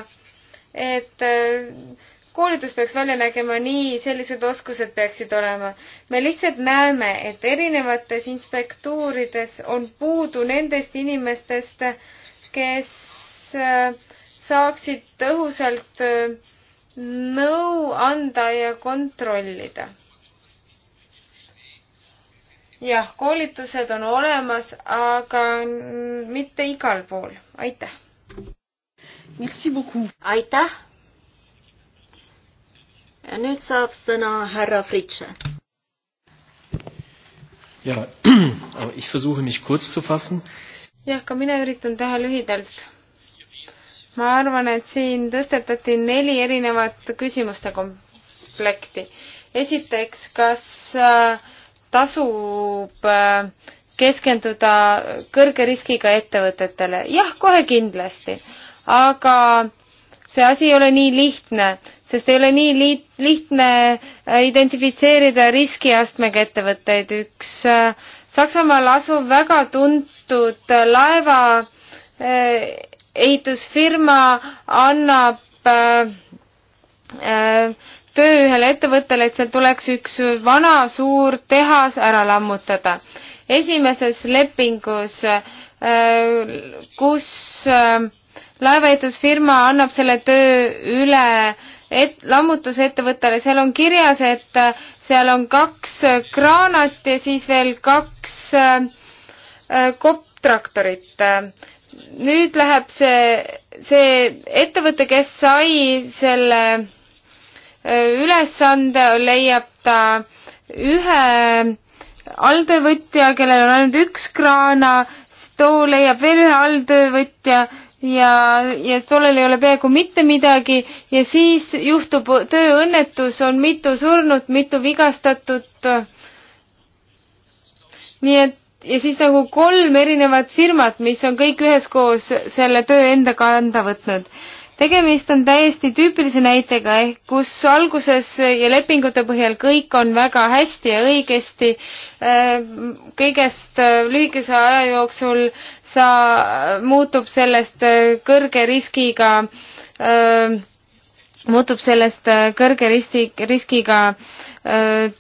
et äh, koolitus peaks välja nägema nii, sellised oskused peaksid olema. me lihtsalt näeme, et erinevates inspektuurides on puudu nendest inimestest, kes äh, saaksid tõhusalt äh, nõu anda ja kontrollida. jah, koolitused on olemas, aga mitte igal pool. aitäh! aitäh! ja nüüd saab sõna härra Fritsche. ja, ich versuche mich kurz zu fassen. jah, ka mina üritan teha lühidalt. ma arvan, et siin tõstetati neli erinevat küsimuste komplekti. esiteks, kas äh, tasub äh, keskenduda kõrge riskiga ettevõtetele? jah, kohe kindlasti, aga see asi ei ole nii lihtne sest ei ole nii liit-, lihtne äh, identifitseerida riskiastmega ettevõtteid. üks äh, Saksamaal asuv väga tuntud äh, laeva ehitusfirma annab töö ühele ettevõttele, et seal tuleks üks vana suur tehas ära lammutada. esimeses lepingus, kus laevaehitusfirma annab selle töö üle et-, lammutusettevõttele, seal on kirjas, et äh, seal on kaks äh, kraanat ja siis veel kaks äh, kopptraktorit. nüüd läheb see, see ettevõte, kes sai selle ülesande, leiab ta ühe alltöövõtja, kellel on ainult üks kraana, too leiab veel ühe alltöövõtja ja, ja tollel ei ole peaaegu mitte midagi ja siis juhtub tööõnnetus, on mitu surnut, mitu vigastatut. nii et ja siis nagu kolm erinevat firmat, mis on kõik üheskoos selle töö enda kanda võtnud tegemist on täiesti tüüpilise näitega ehk kus alguses ja lepingute põhjal kõik on väga hästi ja õigesti. Äh, kõigest äh, lühikese aja jooksul sa, äh, muutub sellest kõrge riskiga, muutub sellest kõrge risti, riskiga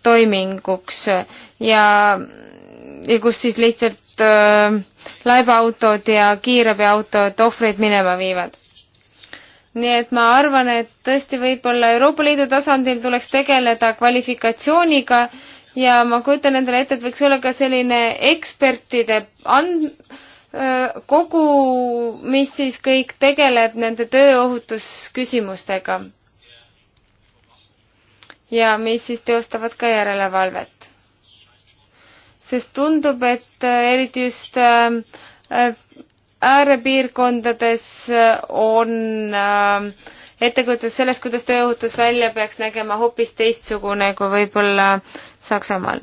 toiminguks ja, ja kus siis lihtsalt laevaautod ja kiirabiautod ohvreid minema viivad nii et ma arvan, et tõesti võib-olla Euroopa Liidu tasandil tuleks tegeleda kvalifikatsiooniga ja ma kujutan endale ette, et võiks olla ka selline ekspertide and-, kogu, mis siis kõik tegeleb nende tööohutusküsimustega. ja mis siis teostavad ka järelevalvet. sest tundub, et äh, eriti just äh, äh äärepiirkondades äh, on äh, ettekujutus sellest, kuidas tööohutus välja peaks nägema, hoopis teistsugune kui võib-olla Saksamaal.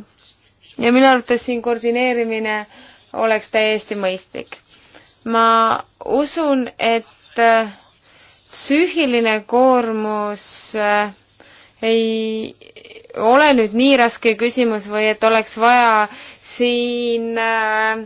ja minu arvates siin koordineerimine oleks täiesti mõistlik. ma usun, et äh, psüühiline koormus ei ole nüüd nii raske küsimus või et oleks vaja siin äh,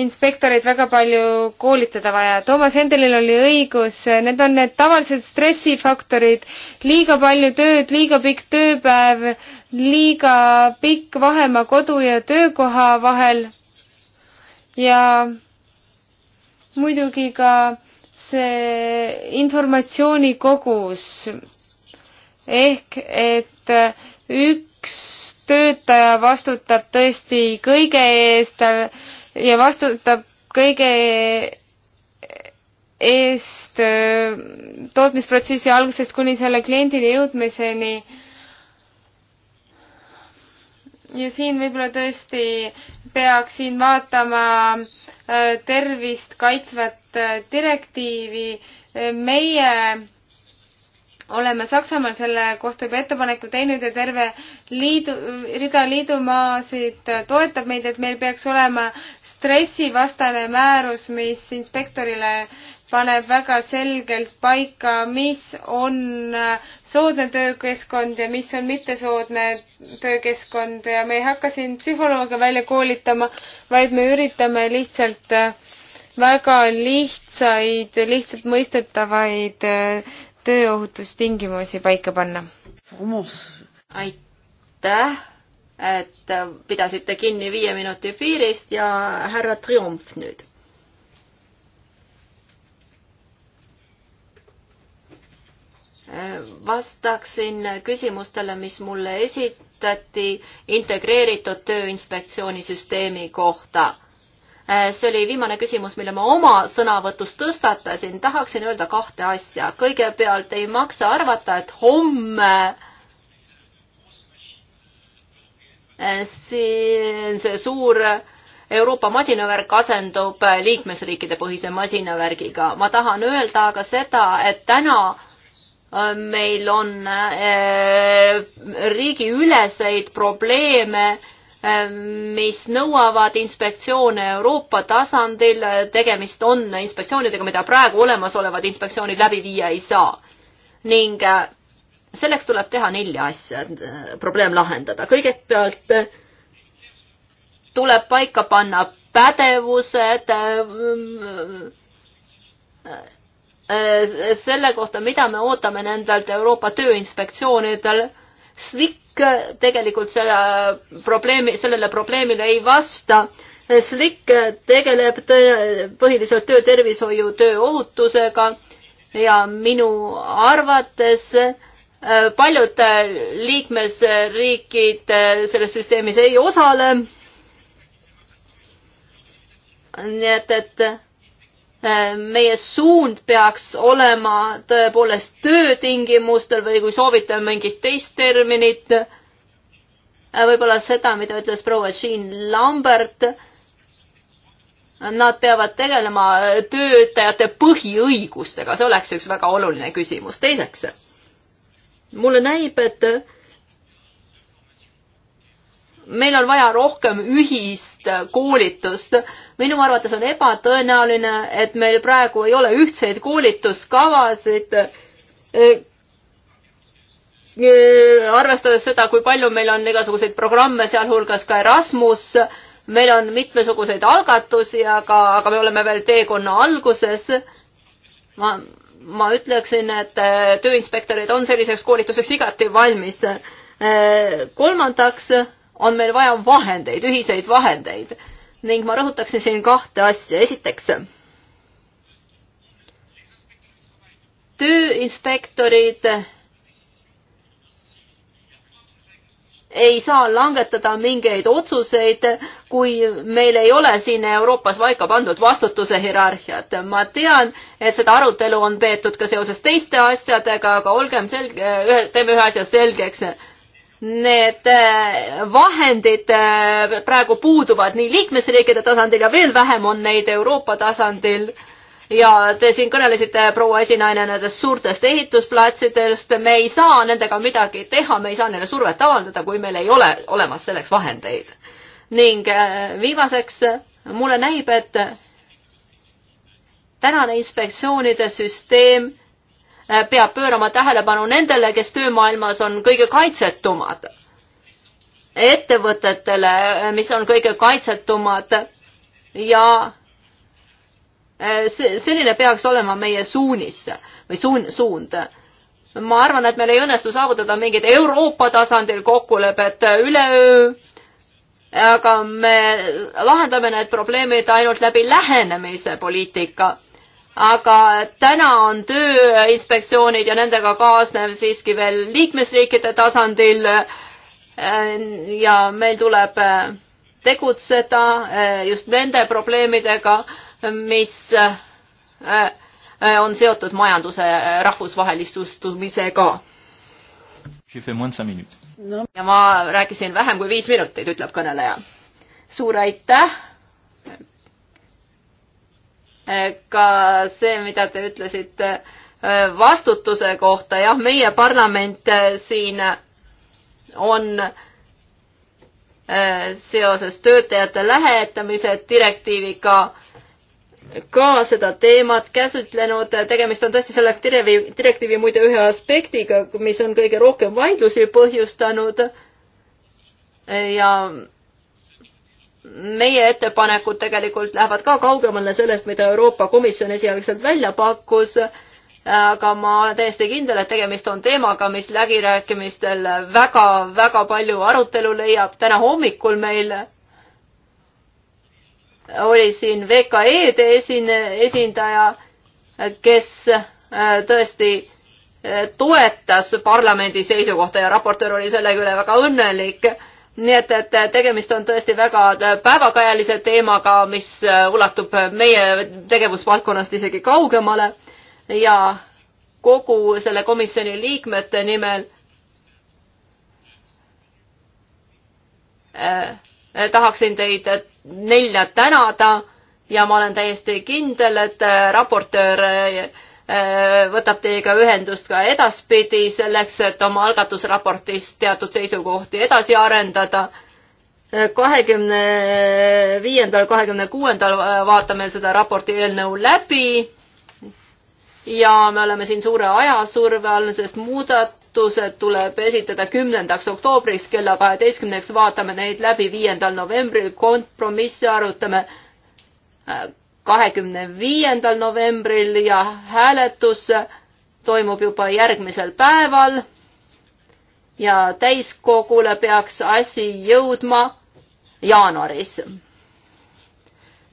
inspektoreid väga palju koolitada vaja. Toomas Hendelil oli õigus, need on need tavalised stressifaktorid, liiga palju tööd, liiga pikk tööpäev, liiga pikk vahemaa kodu ja töökoha vahel ja muidugi ka see informatsiooni kogus ehk et üks töötaja vastutab tõesti kõige eest, tal ja vastutab kõige eest äh, tootmisprotsessi algusest kuni selle kliendini jõudmiseni. ja siin võib-olla tõesti peaks siin vaatama äh, tervist kaitsvat äh, direktiivi. meie oleme Saksamaal selle kohta juba ettepaneku teinud ja terve liidu, rida liidumaasid toetab meid, et meil peaks olema stressivastane määrus, mis inspektorile paneb väga selgelt paika, mis on soodne töökeskkond ja mis on mittesoodne töökeskkond ja me ei hakka siin psühholooge välja koolitama, vaid me üritame lihtsalt äh, väga lihtsaid, lihtsalt mõistetavaid äh, tööohutustingimusi paika panna. aitäh! et pidasite kinni viie minuti piirist ja härra Triumf nüüd. vastaksin küsimustele, mis mulle esitati integreeritud tööinspektsiooni süsteemi kohta. see oli viimane küsimus, mille ma oma sõnavõtus tõstatasin. tahaksin öelda kahte asja. kõigepealt ei maksa arvata, et homme äh, Eh, siin see suur Euroopa masinavärk asendub liikmesriikide põhise masinavärgiga. ma tahan öelda aga seda, et täna eh, meil on eh, riigiüleseid probleeme, mis nõuavad inspektsioone Euroopa tasandil. tegemist on inspektsioonidega, mida praegu olemasolevad inspektsioonid läbi viia ei saa. ning selleks tuleb teha nelja asja, et äh, probleem lahendada. kõigepealt äh, tuleb paika panna pädevused äh, selle kohta, mida me ootame nendelt Euroopa tööinspektsioonidel. SLIK tegelikult selle probleemi, sellele probleemile ei vasta. SLIK tegeleb tõe, põhiliselt töötervishoiu, tööohutusega ja minu arvates äh, Äh, paljud äh, liikmesriigid äh, selles süsteemis ei osale. nii et, et meie suund peaks olema tõepoolest töötingimustel või kui soovite mingit teist terminit, võib-olla seda, mida ütles proua Jean Lambert, nad peavad tegelema töötajate põhiõigustega, see oleks üks väga oluline küsimus. teiseks mulle näib, et meil on vaja rohkem ühist koolitust. minu arvates on ebatõenäoline, et meil praegu ei ole ühtseid koolituskavasid. E, arvestades seda, kui palju meil on igasuguseid programme, sealhulgas ka Erasmus, meil on mitmesuguseid algatusi, aga, aga me oleme veel teekonna alguses. ma ma ütleksin, et eh, tööinspektorid on selliseks koolituseks igati valmis. Eh, kolmandaks on meil vaja vahendeid, ühiseid vahendeid ning ma rõhutaksin siin kahte asja. esiteks, tööinspektorid ei saa langetada mingeid otsuseid, kui meil ei ole siin Euroopas paika pandud vastutuse hierarhiat. ma tean, et seda arutelu on peetud ka seoses teiste asjadega, aga olgem selge, teeme ühe asja selgeks need äh, vahendid äh, praegu puuduvad nii liikmesriikide tasandil ja veel vähem on neid Euroopa tasandil ja te siin kõnelesite, proua esinaine, nendest suurtest ehitusplatsidest, me ei saa nendega midagi teha, me ei saa neile survet avaldada, kui meil ei ole olemas selleks vahendeid. ning äh, viimaseks, mulle näib, et tänane inspektsioonide süsteem äh, peab pöörama tähelepanu nendele, kes töömaailmas on kõige kaitsetumad. ettevõtetele, mis on kõige kaitsetumad ja Äh, see, selline peaks olema meie suunis või suun-, suund. ma arvan, et meil ei õnnestu saavutada mingit Euroopa tasandil kokkulepet üleöö, aga me lahendame need probleemid ainult läbi lähenemise poliitika aga täna on tööinspektsioonid ja nendega kaasnev siiski veel liikmesriikide tasandil äh, ja meil tuleb äh, tegutseda just nende probleemidega mis äh, äh, on seotud majanduse äh, rahvusvahelistustumisega. No. ja ma rääkisin vähem kui viis minutit, ütleb kõneleja. suur aitäh ka see, mida te ütlesite vastutuse kohta, jah, meie parlament siin on seoses töötajate lähetamise direktiiviga ka seda teemat käsitlenud, tegemist on tõesti selle direktiivi, direktiivi muide ühe aspektiga, mis on kõige rohkem vaidlusi põhjustanud ja meie ettepanekud tegelikult lähevad ka kaugemale sellest, mida Euroopa Komisjon esialgselt välja pakkus, aga ma olen täiesti kindel, et tegemist on teemaga, mis läbirääkimistel väga-väga palju arutelu leiab. täna hommikul meil oli siin VKE-de esine, esindaja, kes äh, tõesti äh, toetas parlamendi seisukohta ja raportöör oli selle üle väga õnnelik. nii et, et tegemist on tõesti väga äh, päevakajalise teemaga, mis ulatub meie tegevusvaldkonnast isegi kaugemale ja kogu selle komisjoni liikmete nimel äh, Eh, tahaksin teid eh, nelja tänada ja ma olen täiesti kindel, et eh, raportöör võtab teiega ühendust ka edaspidi selleks, et oma algatusraportis teatud seisukohti edasi arendada. kahekümne viiendal, kahekümne kuuendal vaatame seda raporti eelnõu läbi ja me oleme siin suure ajasurve all, sest muudat-, muudatused tuleb esitada kümnendaks oktoobriks kella kaheteistkümneks, vaatame neid läbi viiendal novembril, kompromisse arutame äh, kahekümne viiendal novembril ja hääletus toimub juba järgmisel päeval. ja täiskogule peaks asi jõudma jaanuaris.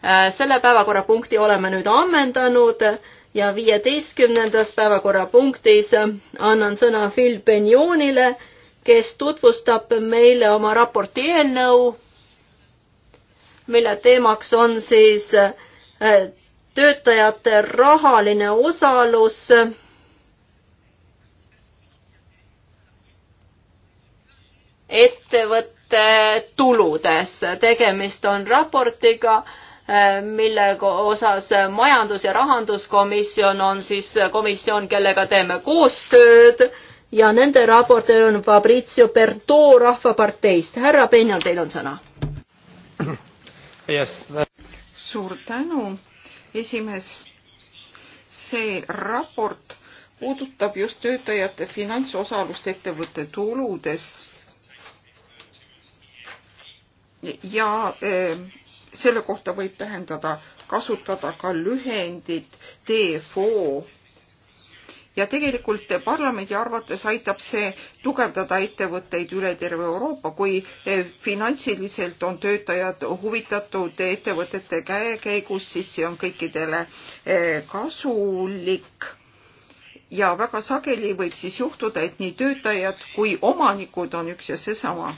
Äh, selle päevakorrapunkti oleme nüüd ammendanud ja viieteistkümnendas päevakorrapunktis annan sõna Phil Benjonile, kes tutvustab meile oma raporti eelnõu, mille teemaks on siis äh, töötajate rahaline osalus ettevõtte tuludes. tegemist on raportiga, Äh, mille osas majandus- ja rahanduskomisjon on siis komisjon, kellega teeme koostööd ja nende raportöör on Fabrizio Berto Rahvaparteist. härra Penjal, teil on sõna yes,. suur tänu, esimees. see raport puudutab just töötajate finantsosalust ettevõtte tuludes ja äh, selle kohta võib tähendada kasutada ka lühendit DFO. ja tegelikult parlamendi arvates aitab see tugevdada ettevõtteid üle terve Euroopa, kui eh, finantsiliselt on töötajad huvitatud ettevõtete käekäigust, siis see on kõikidele eh, kasulik ja väga sageli võib siis juhtuda, et nii töötajad kui omanikud on üks ja seesama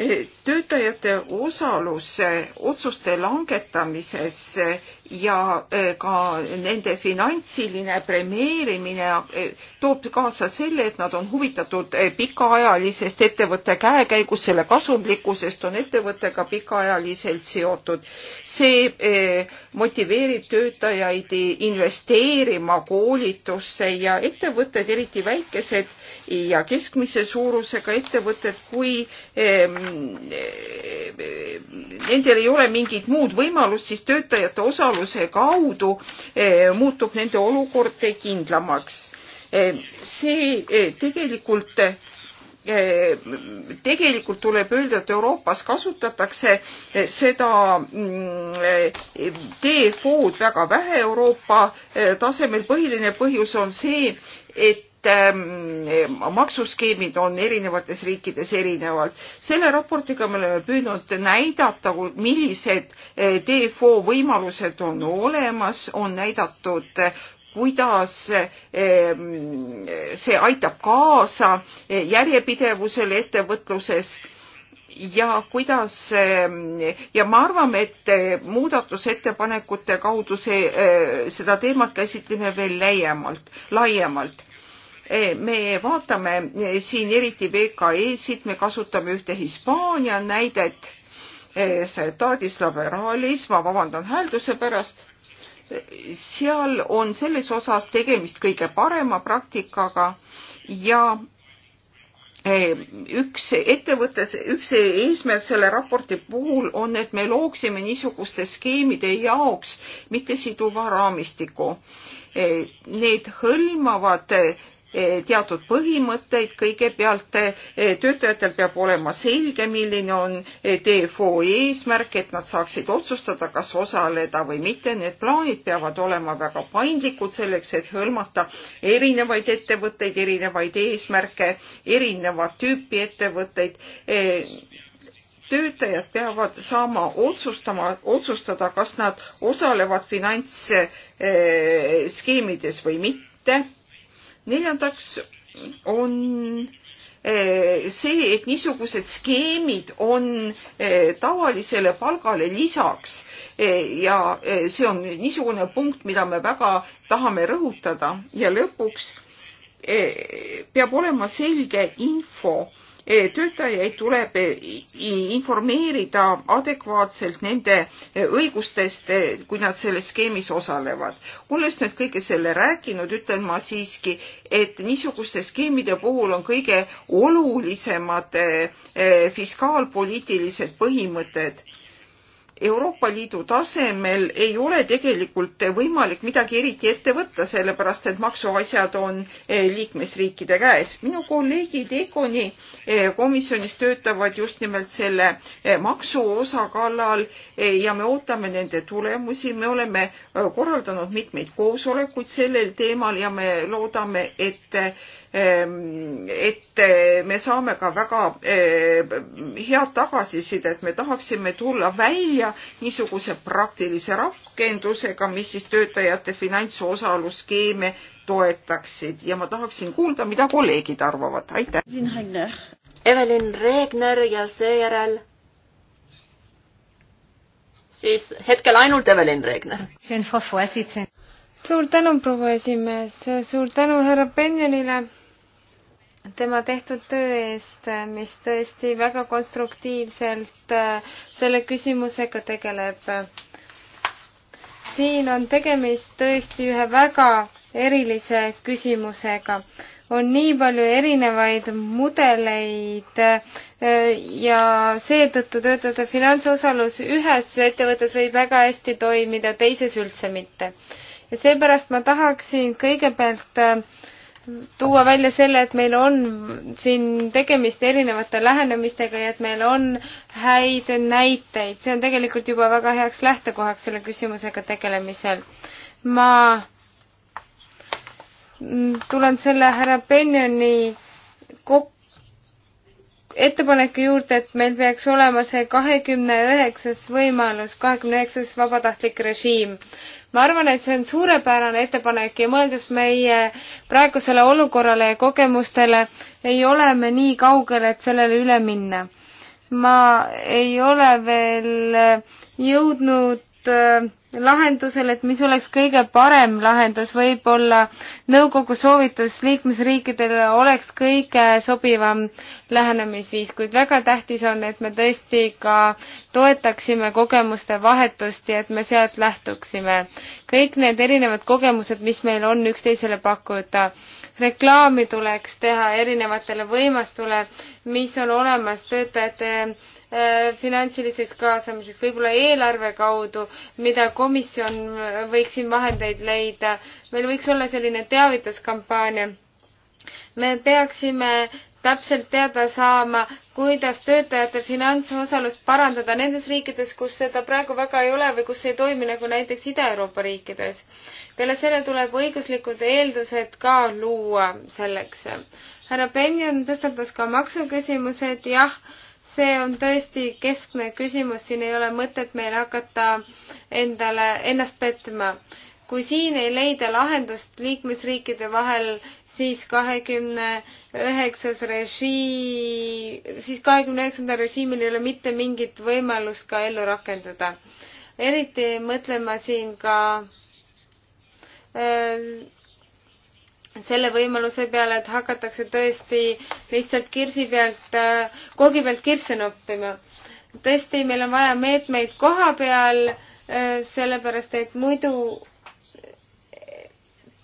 et eh, töötajate osalus otsuste langetamises ja eh, ka nende finantsiline premeerimine eh, toob kaasa selle, et nad on huvitatud eh, pikaajalisest ettevõtte käekäigust, selle kasumlikkusest on ettevõttega pikaajaliselt seotud. see motiveerib töötajaid investeerima koolitusse ja ettevõtted, eriti väikesed ja keskmise suurusega ettevõtted, kui Eh, nendel ei ole mingit muud võimalust, siis töötajate osaluse kaudu eh, muutub nende olukord kindlamaks. Eh, see tegelikult tegelikult tuleb öelda, et Euroopas kasutatakse seda DFO-d mm, väga vähe Euroopa tasemel. põhiline põhjus on see, et et ähm, maksuskeemid on erinevates riikides erinevad. selle raportiga me oleme püüdnud näidata, millised äh, DFO võimalused on olemas, on näidatud kuidas ähm, see aitab kaasa äh, järjepidevusele ettevõtluses ja kuidas ähm, ja me arvame, et äh, muudatusettepanekute kaudu see, seda teemat käsitleme veel laiemalt, laiemalt. Eh, me vaatame eh, siin eriti VKE-sid, me kasutame ühte Hispaania näidet, eh, Sedadis Laberalis, ma vabandan häälduse pärast, seal on selles osas tegemist kõige parema praktikaga ja üks ettevõte, üks eesmärk selle raporti puhul on, et me looksime niisuguste skeemide jaoks mittesiduva raamistiku. Need hõlmavad Eh, teatud põhimõtteid, kõigepealt eh, töötajatel peab olema selge, milline on DFO eh, e eesmärk, et nad saaksid otsustada, kas osaleda või mitte. Need plaanid peavad olema väga paindlikud selleks, et hõlmata erinevaid ettevõtteid, erinevaid eesmärke, erinevat tüüpi ettevõtteid töötajad peavad saama otsustama, otsustada, kas nad osalevad finantsskeemides või mitte neljandaks on eh, see, et niisugused skeemid on eh, tavalisele palgale lisaks eh, ja see on niisugune punkt, mida me väga tahame rõhutada ja lõpuks peab olema selge info töötajaid tuleb informeerida adekvaatselt nende õigustest, kui nad selles skeemis osalevad. olles nüüd kõige selle rääkinud, ütlen ma siiski, et niisuguste skeemide puhul on kõige olulisemad eh, eh, fiskaalpoliitilised põhimõtted Euroopa Liidu tasemel ei ole tegelikult võimalik midagi eriti ette võtta, sellepärast et maksuasjad on eh, liikmesriikide käes. minu kolleegid EKONi eh, komisjonis töötavad just nimelt selle eh, maksu osa kallal ja me ootame nende tulemusi. me oleme korraldanud mitmeid koosolekuid sellel teemal ja me loodame, et Ehm, et me saame ka väga eh, head tagasisidet, me tahaksime tulla välja niisuguse praktilise rakendusega, mis siis töötajate finantsosalusskeeme toetaksid ja ma tahaksin kuulda, mida kolleegid arvavad, aitäh. Evelyn Regner ja seejärel siis hetkel ainult Evelyn Regner. suur tänu, proua esimees, suur tänu härra Benjanile tema tehtud töö eest, mis tõesti väga konstruktiivselt äh, selle küsimusega tegeleb. siin on tegemist tõesti ühe väga erilise küsimusega. on nii palju erinevaid mudeleid äh, ja seetõttu töötajate finantsosalus ühes ettevõttes võib väga hästi toimida, teises üldse mitte. ja seepärast ma tahaksin kõigepealt äh, tuua välja selle, et meil on siin tegemist erinevate lähenemistega ja et meil on häid näiteid, see on tegelikult juba väga heaks lähtekohaks selle küsimusega tegelemisel. ma tulen selle härra Benjoni kokku ettepaneku juurde, et meil peaks olema see kahekümne üheksas võimalus, kahekümne üheksas vabatahtlik režiim ma arvan, et see on suurepärane ettepanek ja mõeldes meie praegusele olukorrale ja kogemustele, ei ole me nii kaugel, et sellele üle minna. ma ei ole veel jõudnud Äh, lahendusele, et mis oleks kõige parem lahendus, võib-olla nõukogu soovitus liikmesriikidele oleks kõige sobivam lähenemisviis, kuid väga tähtis on, et me tõesti ka toetaksime kogemuste vahetust ja et me sealt lähtuksime. kõik need erinevad kogemused, mis meil on üksteisele pakkuda, reklaami tuleks teha erinevatele võimastule, mis on olemas töötajate Äh, finantsiliseks kaasamiseks, võib-olla eelarve kaudu, mida komisjon äh, võiks siin vahendeid leida. meil võiks olla selline teavituskampaania. me peaksime täpselt teada saama, kuidas töötajate finantsosalust parandada nendes riikides, kus seda praegu väga ei ole või kus ei toimi, nagu näiteks Ida-Euroopa riikides. peale selle tuleb õiguslikud eeldused ka luua selleks. härra Benjon tõstatas ka maksuküsimused, jah see on tõesti keskne küsimus, siin ei ole mõtet meil hakata endale, ennast petma. kui siin ei leida lahendust liikmesriikide vahel, siis kahekümne üheksas režiim, siis kahekümne üheksandal režiimil ei ole mitte mingit võimalust ka ellu rakendada. eriti mõtlen ma siin ka öö, äh, selle võimaluse peale, et hakatakse tõesti lihtsalt kirsi pealt, koogi pealt kirsse noppima. tõesti, meil on vaja meetmeid koha peal, eh, sellepärast et muidu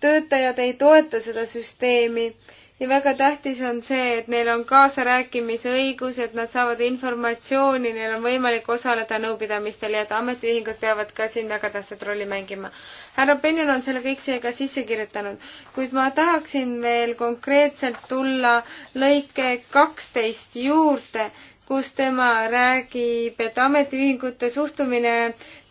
töötajad ei toeta seda süsteemi ja väga tähtis on see, et neil on kaasarääkimise õigus, et nad saavad informatsiooni, neil on võimalik osaleda nõupidamistel ja et ametiühingud peavad ka siin väga tähtsat rolli mängima. härra Penjon on selle kõik siia ka sisse kirjutanud, kuid ma tahaksin veel konkreetselt tulla lõike kaksteist juurde, kus tema räägib, et ametiühingute suhtumine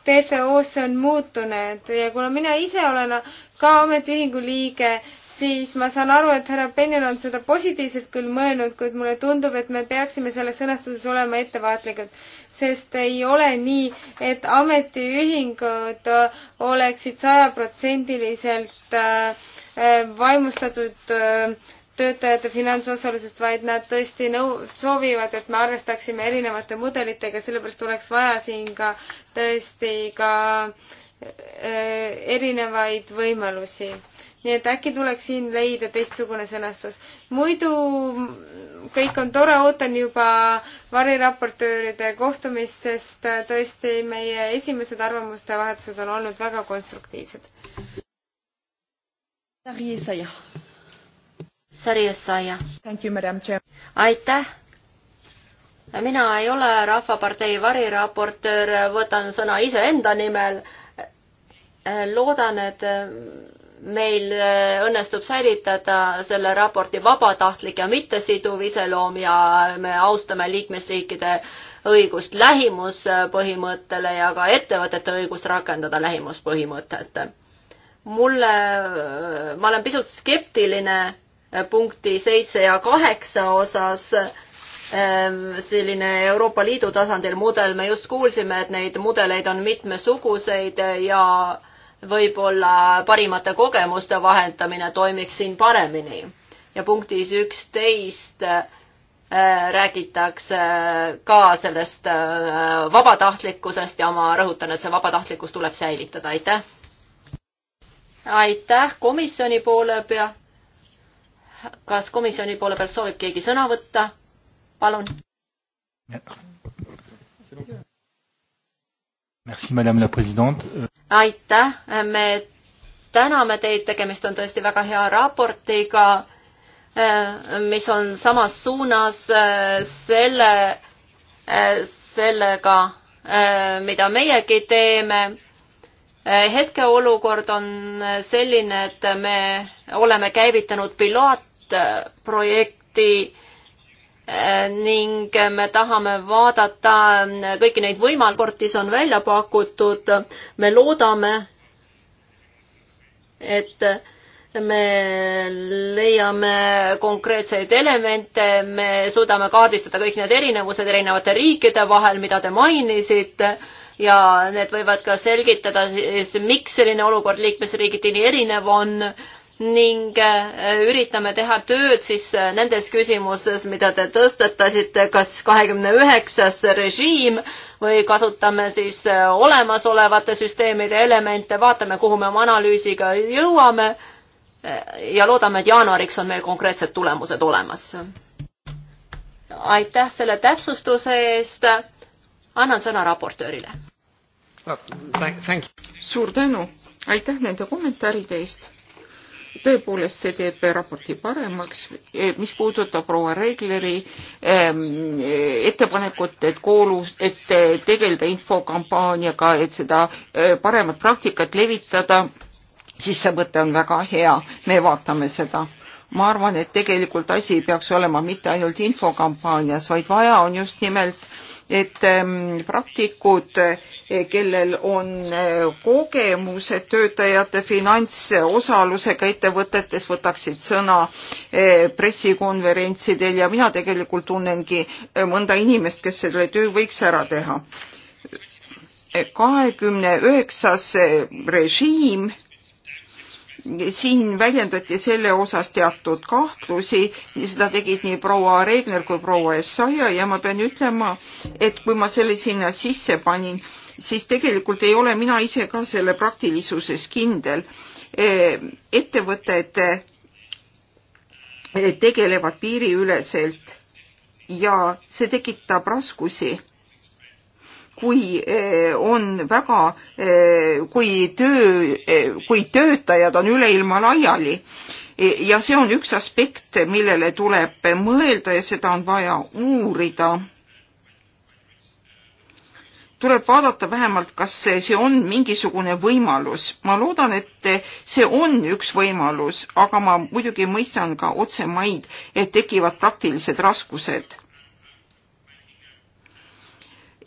TTO-sse on muutunud ja kuna mina ise olen ka ametiühingu liige, siis ma saan aru, et härra Penjal on seda positiivselt küll mõelnud, kuid mulle tundub, et me peaksime selles sõnastuses olema ettevaatlikud, sest ei ole nii, et ametiühingud oleksid sajaprotsendiliselt äh, äh, vaimustatud äh, töötajate finantsosalusest, vaid nad tõesti nõu-, soovivad, et me arvestaksime erinevate mudelitega, sellepärast oleks vaja siin ka tõesti ka erinevaid võimalusi nii et äkki tuleks siin leida teistsugune sõnastus. muidu kõik on tore, ootan juba variraportööride kohtumist, sest äh, tõesti meie esimesed arvamuste vahetused on olnud väga konstruktiivsed. Sari Essaia. aitäh mina ei ole Rahvapartei variraportöör, võtan sõna iseenda nimel. loodan, et meil äh, õnnestub säilitada selle raporti vabatahtlik ja mittesiduv iseloom ja me austame liikmesriikide õigust lähimuspõhimõttele ja ka ettevõtete õigust rakendada lähimuspõhimõtet. mulle, äh, ma olen pisut skeptiline äh, punkti seitse ja kaheksa osas ähm, selline Euroopa Liidu tasandil mudel, me just kuulsime, et neid mudeleid on mitmesuguseid ja võib-olla parimate kogemuste vahendamine toimiks siin paremini. ja punktis üksteist äh, räägitakse ka sellest äh, vabatahtlikkusest ja ma rõhutan, et see vabatahtlikkus tuleb säilitada, aitäh. aitäh komisjoni poole pealt. kas komisjoni poole pealt soovib keegi sõna võtta? palun aitäh, me täname teid, tegemist on tõesti väga hea raportiga, eh, mis on samas suunas eh, selle, eh, sellega, mida meiegi teeme. hetkeolukord on selline, et me oleme käivitanud pilootprojekti ning me tahame vaadata kõiki neid võimalusi, mis on välja pakutud. me loodame, et me leiame konkreetseid elemente, me suudame kaardistada kõik need erinevused erinevate riikide vahel, mida te mainisite ja need võivad ka selgitada siis, miks selline olukord liikmesriigiti nii erinev on ning äh, üritame teha tööd siis äh, nendes küsimuses, mida te tõstatasite, kas kahekümne üheksas režiim või kasutame siis äh, olemasolevate süsteemide elemente, vaatame, kuhu me oma analüüsiga jõuame ja loodame, et jaanuariks on meil konkreetsed tulemused olemas. aitäh selle täpsustuse eest. annan sõna raportöörile. Oh, suur tänu, aitäh nende kommentaaride eest tõepoolest see teeb raporti paremaks, eh, mis puudutab proua Reigleri ehm, ettepanekut, et koolus, et eh, tegeleda infokampaaniaga, et seda eh, paremat praktikat levitada, siis see mõte on väga hea, me vaatame seda ma arvan, et tegelikult asi ei peaks olema mitte ainult infokampaanias, vaid vaja on just nimelt, et ehm, praktikud äh, Eh, kellel on eh, kogemused töötajate finantsosalusega ettevõtetes, võtaksid sõna eh, pressikonverentsidel ja mina tegelikult tunnengi mõnda inimest, kes selle töö võiks ära teha. kahekümne üheksas režiim siin väljendati selle osas teatud kahtlusi, seda tegid nii proua Regner kui proua Essaja ja ma pean ütlema, et kui ma selle sinna sisse panin, siis tegelikult ei ole mina ise ka selle praktilisuses kindel. Eh, ettevõtted eh, tegelevad piiriüleselt ja see tekitab raskusi. kui eh, on väga, kui töö, kui töötajad on üle ilma laiali ja see on üks aspekt, millele tuleb mõelda ja seda on vaja uurida tuleb vaadata vähemalt, kas see on mingisugune võimalus. ma loodan, et see on üks võimalus, aga ma muidugi mõistan ka otsemaid, et tekivad praktilised raskused.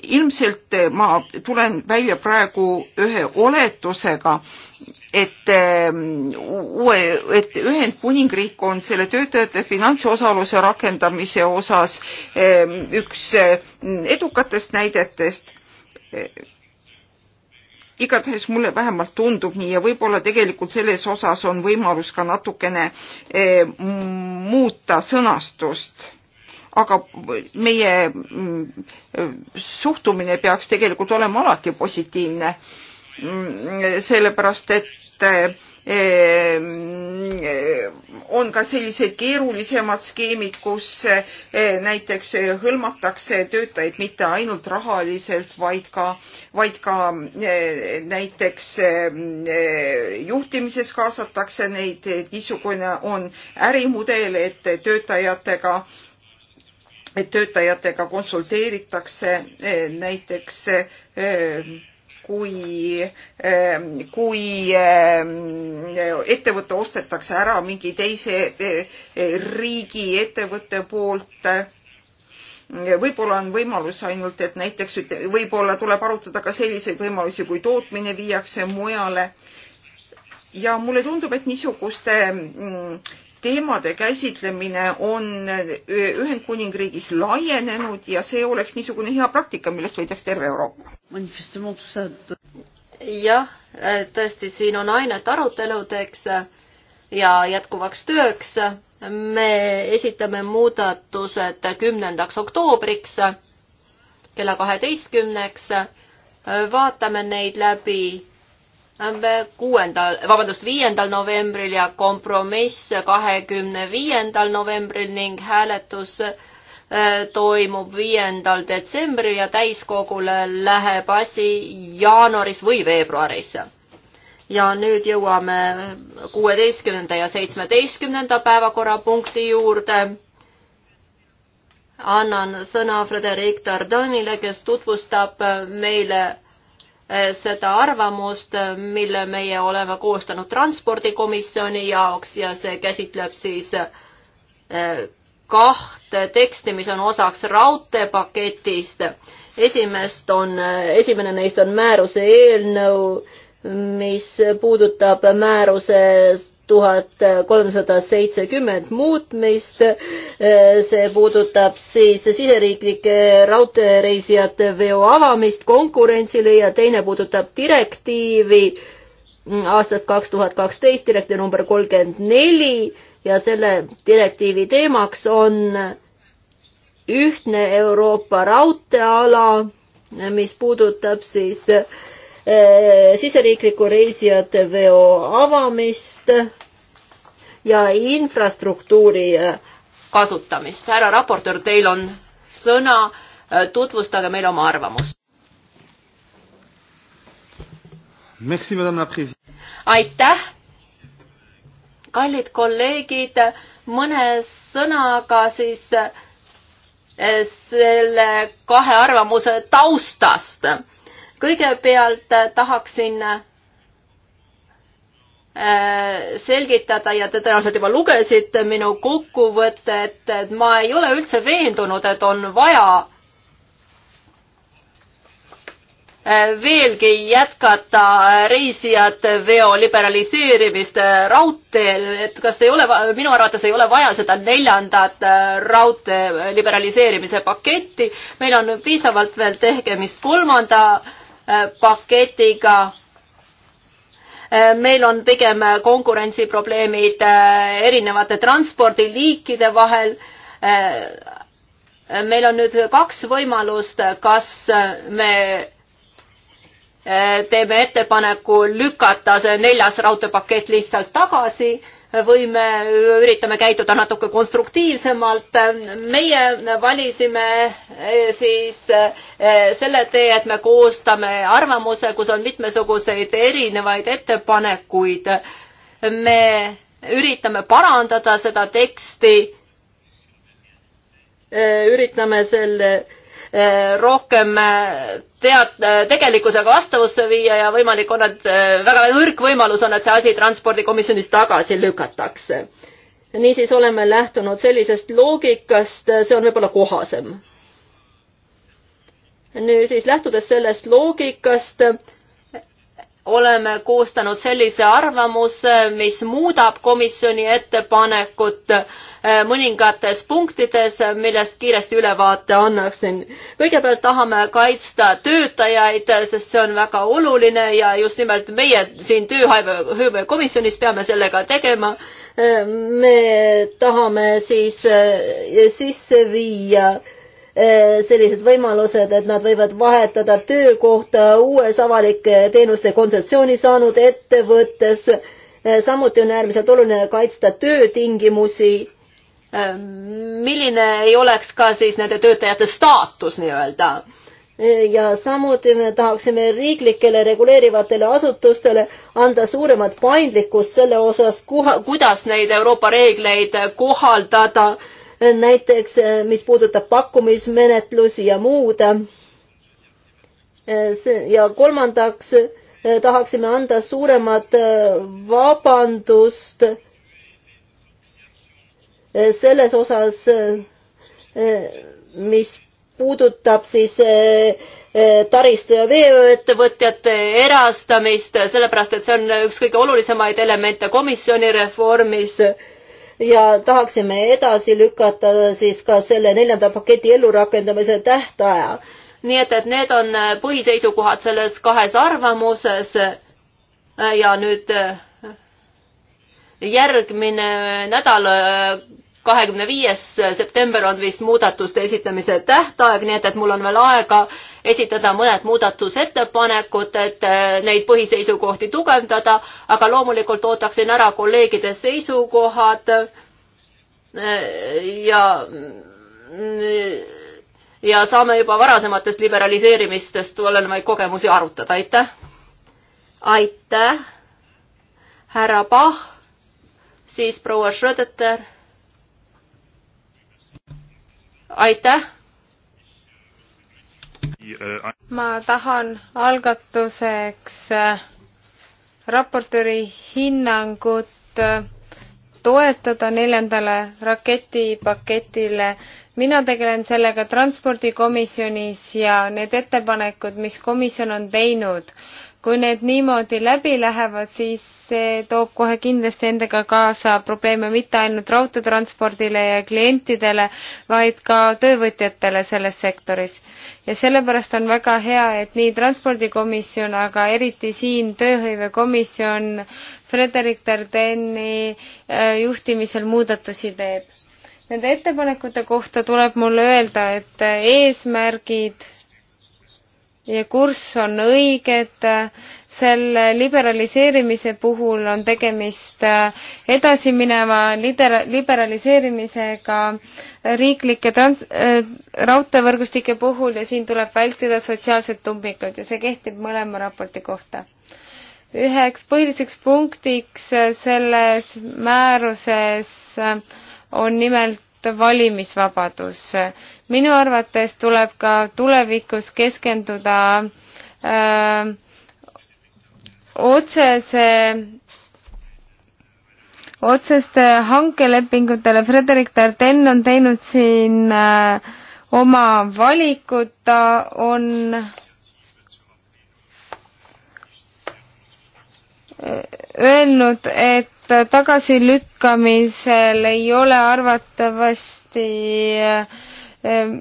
ilmselt ma tulen välja praegu ühe oletusega, et ähm, uue, et Ühendkuningriik on selle töötajate finantsosaluse rakendamise osas ähm, üks äh, edukatest näidetest igatahes mulle vähemalt tundub nii ja võib-olla tegelikult selles osas on võimalus ka natukene eh, muuta sõnastust aga meie mm, suhtumine peaks tegelikult olema alati positiivne, mm, sellepärast et eh, Ehm, eh, on ka sellised keerulisemad skeemid, kus eh, näiteks eh, hõlmatakse töötajaid mitte ainult rahaliselt, vaid ka, vaid ka näiteks juhtimises kaasatakse neid, niisugune on ärimudel, et töötajatega et töötajatega konsulteeritakse näiteks kui, ehm, kui ehm, ettevõte ostetakse ära mingi teise eh, riigi ettevõtte poolt võib-olla on võimalus ainult, et näiteks võib-olla tuleb arutada ka selliseid võimalusi, kui tootmine viiakse mujale. ja mulle tundub, et niisuguste mm, teemade käsitlemine on Ühendkuningriigis laienenud ja see oleks niisugune hea praktika, millest võidaks terve Euroopa. jah, tõesti, siin on ainet aruteludeks ja jätkuvaks tööks. me esitame muudatused kümnendaks oktoobriks kella kaheteistkümneks. vaatame neid läbi kuuendal, vabandust, viiendal novembril ja kompromiss kahekümne viiendal novembril ning hääletus äh, toimub viiendal detsembril ja täiskogule läheb asi jaanuaris või veebruaris. ja nüüd jõuame kuueteistkümnenda ja seitsmeteistkümnenda päevakorrapunkti juurde. annan sõna Frederic Dardanile, kes tutvustab meile Eh, seda arvamust, eh, mille meie oleme koostanud transpordikomisjoni jaoks ja see käsitleb siis eh, kahte teksti, mis on osaks raudteepaketist. esimest on, esimene neist on määruse eelnõu, mis puudutab määruses tuhat kolmsada seitsekümmend muutmist. see puudutab siis siseriiklike raudteereisijate veo avamist konkurentsile ja teine puudutab direktiivi aastast kaks tuhat kaksteist, direktiiv number kolmkümmend neli ja selle direktiivi teemaks on ühtne Euroopa raudteeala, mis puudutab siis äh, Äh, siseriikliku reisijate veo avamist ja infrastruktuuri äh, kasutamist. härra raportöör, teil on sõna, äh, tutvustage meile oma arvamust. aitäh, kallid kolleegid, mõne sõnaga siis selle kahe arvamuse taustast kõigepealt äh, tahaksin äh, selgitada ja te tõenäoliselt juba lugesite minu kokkuvõtet, et ma ei ole üldse veendunud, et on vaja äh, veelgi jätkata reisijate veo liberaliseerimist raudteel, et kas ei ole, minu arvates ei ole vaja seda neljandat raudtee liberaliseerimise paketti, meil on piisavalt veel tegemist kolmanda Äh, paketiga. Äh, meil on pigem konkurentsiprobleemid äh, erinevate transpordiliikide vahel. meil on nüüd kaks võimalust, kas me teeme ettepaneku lükata see neljas raudteepakett lihtsalt tagasi või me üritame käituda natuke konstruktiivsemalt. meie valisime eh, siis eh, selle tee, et me koostame arvamuse, kus on mitmesuguseid erinevaid ettepanekuid. me üritame parandada seda teksti. Eh, üritame selle Eh, rohkem eh, tead-, eh, tegelikkusega vastavusse viia ja võimalik on, et väga nõrk võimalus on, et see asi transpordikomisjonis tagasi lükatakse. niisiis oleme lähtunud sellisest loogikast, see on võib-olla kohasem. nüüd siis lähtudes sellest loogikast oleme koostanud sellise arvamuse, mis muudab komisjoni ettepanekut eh, mõningates punktides, millest kiiresti ülevaate annaksin. kõigepealt tahame kaitsta töötajaid, sest see on väga oluline ja just nimelt meie siin tööhõive komisjonis peame sellega tegema. Eh, me tahame siis eh, sisse viia äh, Äh, sellised võimalused, et nad võivad vahetada töökohta uues avalike teenuste kontsessiooni saanud ettevõttes. Äh, samuti on äärmiselt oluline kaitsta töötingimusi. Äh, milline ei oleks ka siis nende töötajate staatus nii-öelda ja samuti me tahaksime riiklikele reguleerivatele asutustele anda suuremat paindlikkust selle osas, kuidas neid Euroopa reegleid kohaldada Äh, näiteks äh, mis puudutab pakkumismenetlusi ja muud. Äh, ja kolmandaks tahaksime anda suuremat vabandust selles osas, mis puudutab siis taristu ja veoettevõtjate erastamist, sellepärast et see on üks kõige olulisemaid elemente komisjoni reformis ja tahaksime edasi lükata siis ka selle neljanda paketi ellurakendamise tähtaja. nii et, et need on põhiseisukohad selles kahes arvamuses ja nüüd järgmine nädal, kahekümne viies september on vist muudatuste esitamise tähtaeg, nii et, et mul on veel aega esitada mõned muudatusettepanekud, et äh, neid põhiseisukohti tugevdada, aga loomulikult ootaksin ära kolleegide seisukohad äh, ja mm, ja saame juba varasematest liberaliseerimistest olenevaid kogemusi arutada, aitäh! aitäh, härra Pahh, siis proua Schröder. aitäh! ma tahan algatuseks äh, raportööri hinnangut äh, toetada neljandale raketipaketile. mina tegelen sellega transpordikomisjonis ja need ettepanekud, mis komisjon on teinud, kui need niimoodi läbi lähevad, siis see toob kohe kindlasti endaga kaasa probleeme mitte ainult raudteetranspordile ja klientidele, vaid ka töövõtjatele selles sektoris. ja sellepärast on väga hea, et nii Transpordikomisjon, aga eriti siin Tööhõivekomisjon Frederik Dardeni äh, juhtimisel muudatusi teeb. Nende ettepanekute kohta tuleb mulle öelda, et äh, eesmärgid ja kurss on õiged. Äh, selle liberaliseerimise puhul on tegemist äh, edasimineva lider-, liberaliseerimisega riiklike trans-, äh, raudteevõrgustike puhul ja siin tuleb vältida sotsiaalset tummikut ja see kehtib mõlema raporti kohta üheks põhiliseks punktiks selles määruses on nimelt valimisvabadus. minu arvates tuleb ka tulevikus keskenduda öö, äh, otsese otseste hankelepingutele, Frederik Tarten on teinud siin äh, oma valikud, ta on äh, öelnud, et tagasilükkamisel ei ole arvatavasti ähm,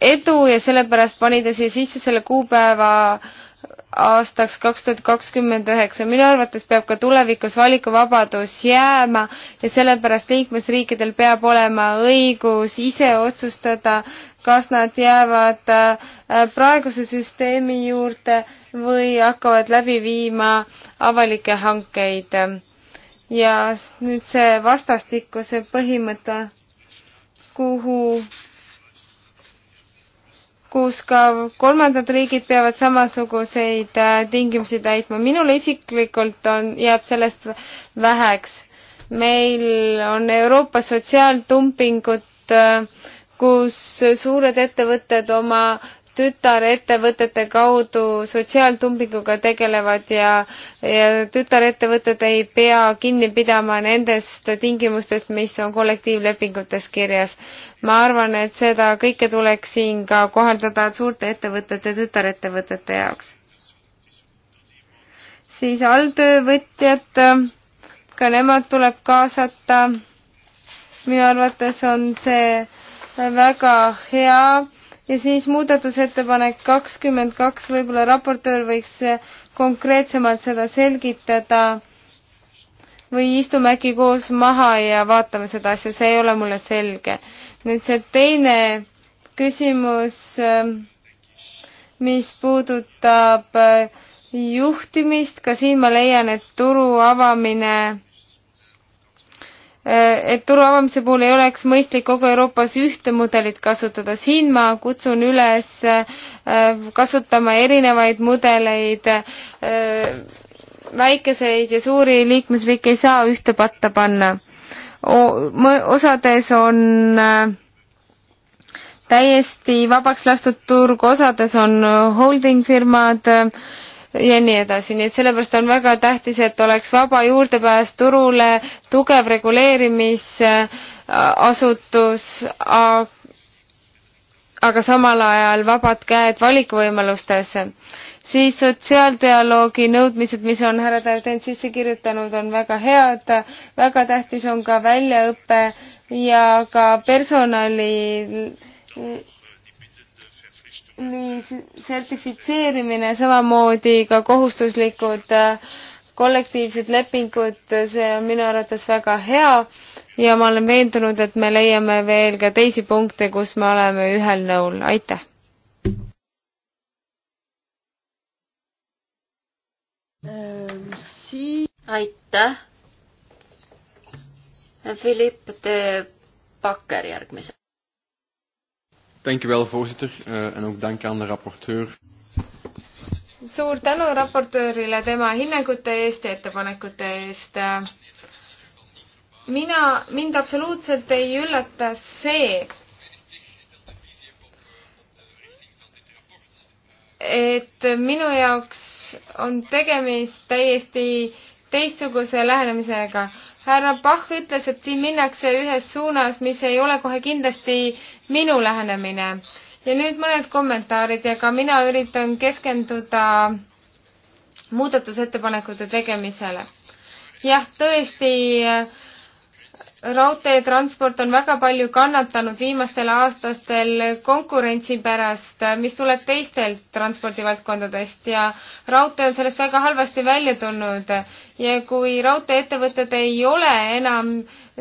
edu ja sellepärast pani ta siia sisse selle kuupäeva aastaks kaks tuhat kakskümmend üheksa. minu arvates peab ka tulevikus valikuvabadus jääma ja sellepärast liikmesriikidel peab olema õigus ise otsustada, kas nad jäävad äh, praeguse süsteemi juurde või hakkavad läbi viima avalikke hankeid. ja nüüd see vastastikuse põhimõte, kuhu, kus ka kolmandad riigid peavad samasuguseid äh, tingimusi täitma. minule isiklikult on, jääb sellest väheks. meil on Euroopas sotsiaaltumpingut äh, kus suured ettevõtted oma tütarettevõtete kaudu sotsiaaltumpinguga tegelevad ja, ja tütarettevõtted ei pea kinni pidama nendest tingimustest, mis on kollektiivlepingutes kirjas. ma arvan, et seda kõike tuleks siin ka kohaldada suurte ettevõtete, tütarettevõtete jaoks. siis alltöövõtjad, ka nemad tuleb kaasata. minu arvates on see väga hea ja siis muudatusettepanek kakskümmend kaks, võib-olla raportöör võiks konkreetsemalt seda selgitada või istume äkki koos maha ja vaatame seda asja, see ei ole mulle selge. nüüd see teine küsimus, mis puudutab juhtimist, ka siin ma leian, et turu avamine Äh, et turu avamise puhul ei oleks mõistlik kogu Euroopas ühte mudelit kasutada. siin ma kutsun üles äh, kasutama erinevaid mudeleid. Äh, väikeseid ja suuri liikmesriike ei saa ühte patta panna. osades on täiesti vabaks lastud turg, osades on holding firmad ja nii edasi, nii et sellepärast on väga tähtis, et oleks vaba juurdepääs turule, tugev reguleerimisasutus, aga samal ajal vabad käed valikuvõimalustes. siis sotsiaaldialoogi nõudmised, mis on härra Tartent sisse kirjutanud, on väga head, väga tähtis on ka väljaõpe ja ka personali nii sertifitseerimine, samamoodi ka kohustuslikud äh, kollektiivsed lepingud, see on minu arvates väga hea ja ma olen veendunud, et me leiame veel ka teisi punkte, kus me oleme ühel nõul, aitäh! aitäh! Philipp de Bakker järgmisena. Dank u wel, voorzitter. Uh, en ook dank aan de rapporteur. suur tänu raportöörile tema hinnangute eest ja ettepanekute eest. mina, mind absoluutselt ei üllata see, et minu jaoks on tegemist täiesti teistsuguse lähenemisega härra Bach ütles, et siin minnakse ühes suunas, mis ei ole kohe kindlasti minu lähenemine. ja nüüd mõned kommentaarid ja ka mina üritan keskenduda muudatusettepanekute tegemisele. jah, tõesti äh, raudteetransport on väga palju kannatanud viimastel aastatel konkurentsi pärast, mis tuleb teistelt transpordivaldkondadest ja raudtee on sellest väga halvasti välja tulnud. ja kui raudteeettevõtted ei ole enam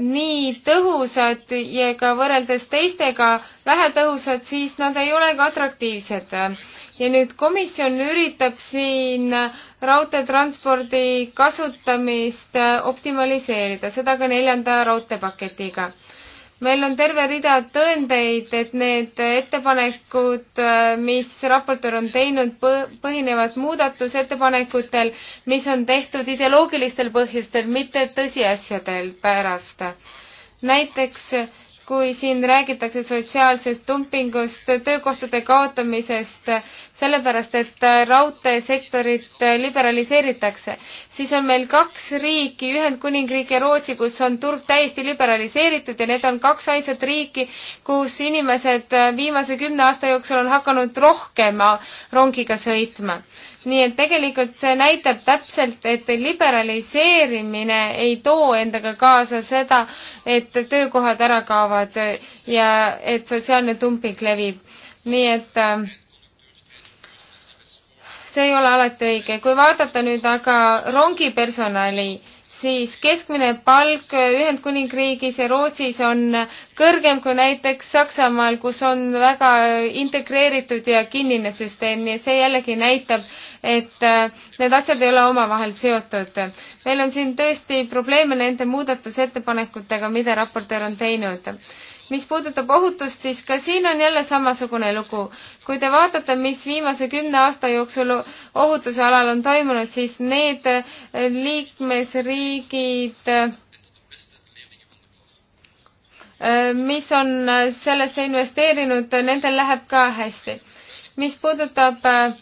nii tõhusad ja ka võrreldes teistega vähetõhusad, siis nad ei ole ka atraktiivsed ja nüüd komisjon üritab siin raudteetranspordi kasutamist äh, optimaliseerida, seda ka neljanda raudteepaketiga. meil on terve rida tõendeid, et need ettepanekud, äh, mis raportöör on teinud, põhinevad muudatusettepanekutel, mis on tehtud ideoloogilistel põhjustel, mitte tõsiasjadel pärast. näiteks kui siin räägitakse sotsiaalsest dumpingust, töökohtade kaotamisest, sellepärast et raudteesektorit liberaliseeritakse, siis on meil kaks riiki, Ühendkuningriik ja Rootsi, kus on turg täiesti liberaliseeritud ja need on kaks ainsat riiki, kus inimesed viimase kümne aasta jooksul on hakanud rohkem rongiga sõitma nii et tegelikult see näitab täpselt, et liberaliseerimine ei too endaga kaasa seda, et töökohad ära kaovad ja et sotsiaalne dumping levib. nii et ähm, see ei ole alati õige. kui vaadata nüüd aga rongipersonali, siis keskmine palk Ühendkuningriigis ja Rootsis on kõrgem kui näiteks Saksamaal, kus on väga integreeritud ja kinnine süsteem, nii et see jällegi näitab, et äh, need asjad ei ole omavahel seotud. meil on siin tõesti probleeme nende muudatusettepanekutega, mida raportöör on teinud mis puudutab ohutust, siis ka siin on jälle samasugune lugu. kui te vaatate, mis viimase kümne aasta jooksul ohutuse alal on toimunud, siis need äh, liikmesriigid, äh, mis on sellesse investeerinud, nendel läheb ka hästi. mis puudutab äh,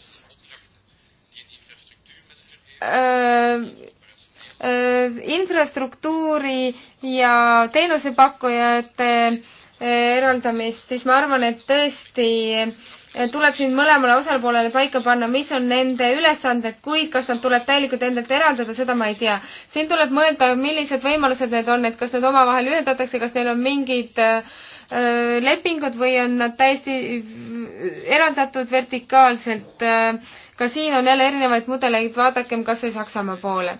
Äh, äh, infrastruktuuri ja teenusepakkujate äh, eraldamist, siis ma arvan, et tõesti tuleb siin mõlemale osapoolele paika panna, mis on nende ülesanded, kuid kas nad tuleb täielikult endalt eraldada, seda ma ei tea. siin tuleb mõelda, millised võimalused need on, et kas need omavahel ühendatakse, kas neil on mingid lepingud või on nad täiesti eraldatud vertikaalselt ka siin on jälle erinevaid mudeleid, vaadakem kas või Saksamaa poole.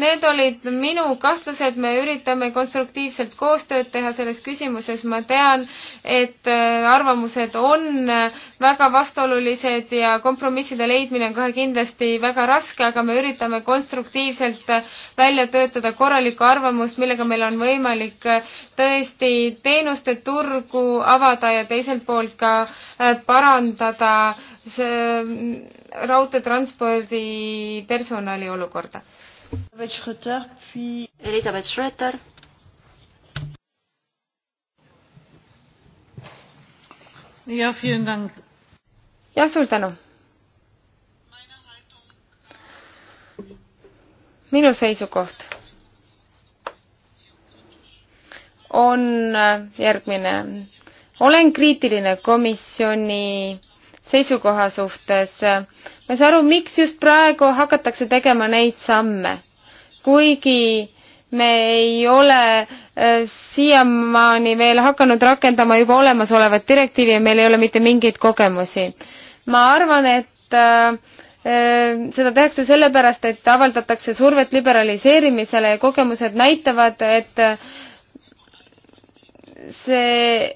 Need olid minu kahtlused, me üritame konstruktiivselt koostööd teha selles küsimuses, ma tean, et äh, arvamused on äh, väga vastuolulised ja kompromisside leidmine on kohe kindlasti väga raske, aga me üritame konstruktiivselt äh, välja töötada korralikku arvamust, millega meil on võimalik tõesti teenuste turgu avada ja teiselt poolt ka parandada see raudteetranspordi personali olukorda. Elizabeth Schröter. jah, ja, suur tänu. minu seisukoht on järgmine. olen kriitiline komisjoni seisukoha suhtes. ma ei saa aru, miks just praegu hakatakse tegema neid samme, kuigi me ei ole äh, siiamaani veel hakanud rakendama juba olemasolevat direktiivi ja meil ei ole mitte mingeid kogemusi. ma arvan, et äh, äh seda tehakse sellepärast, et avaldatakse survet liberaliseerimisele ja kogemused näitavad, et see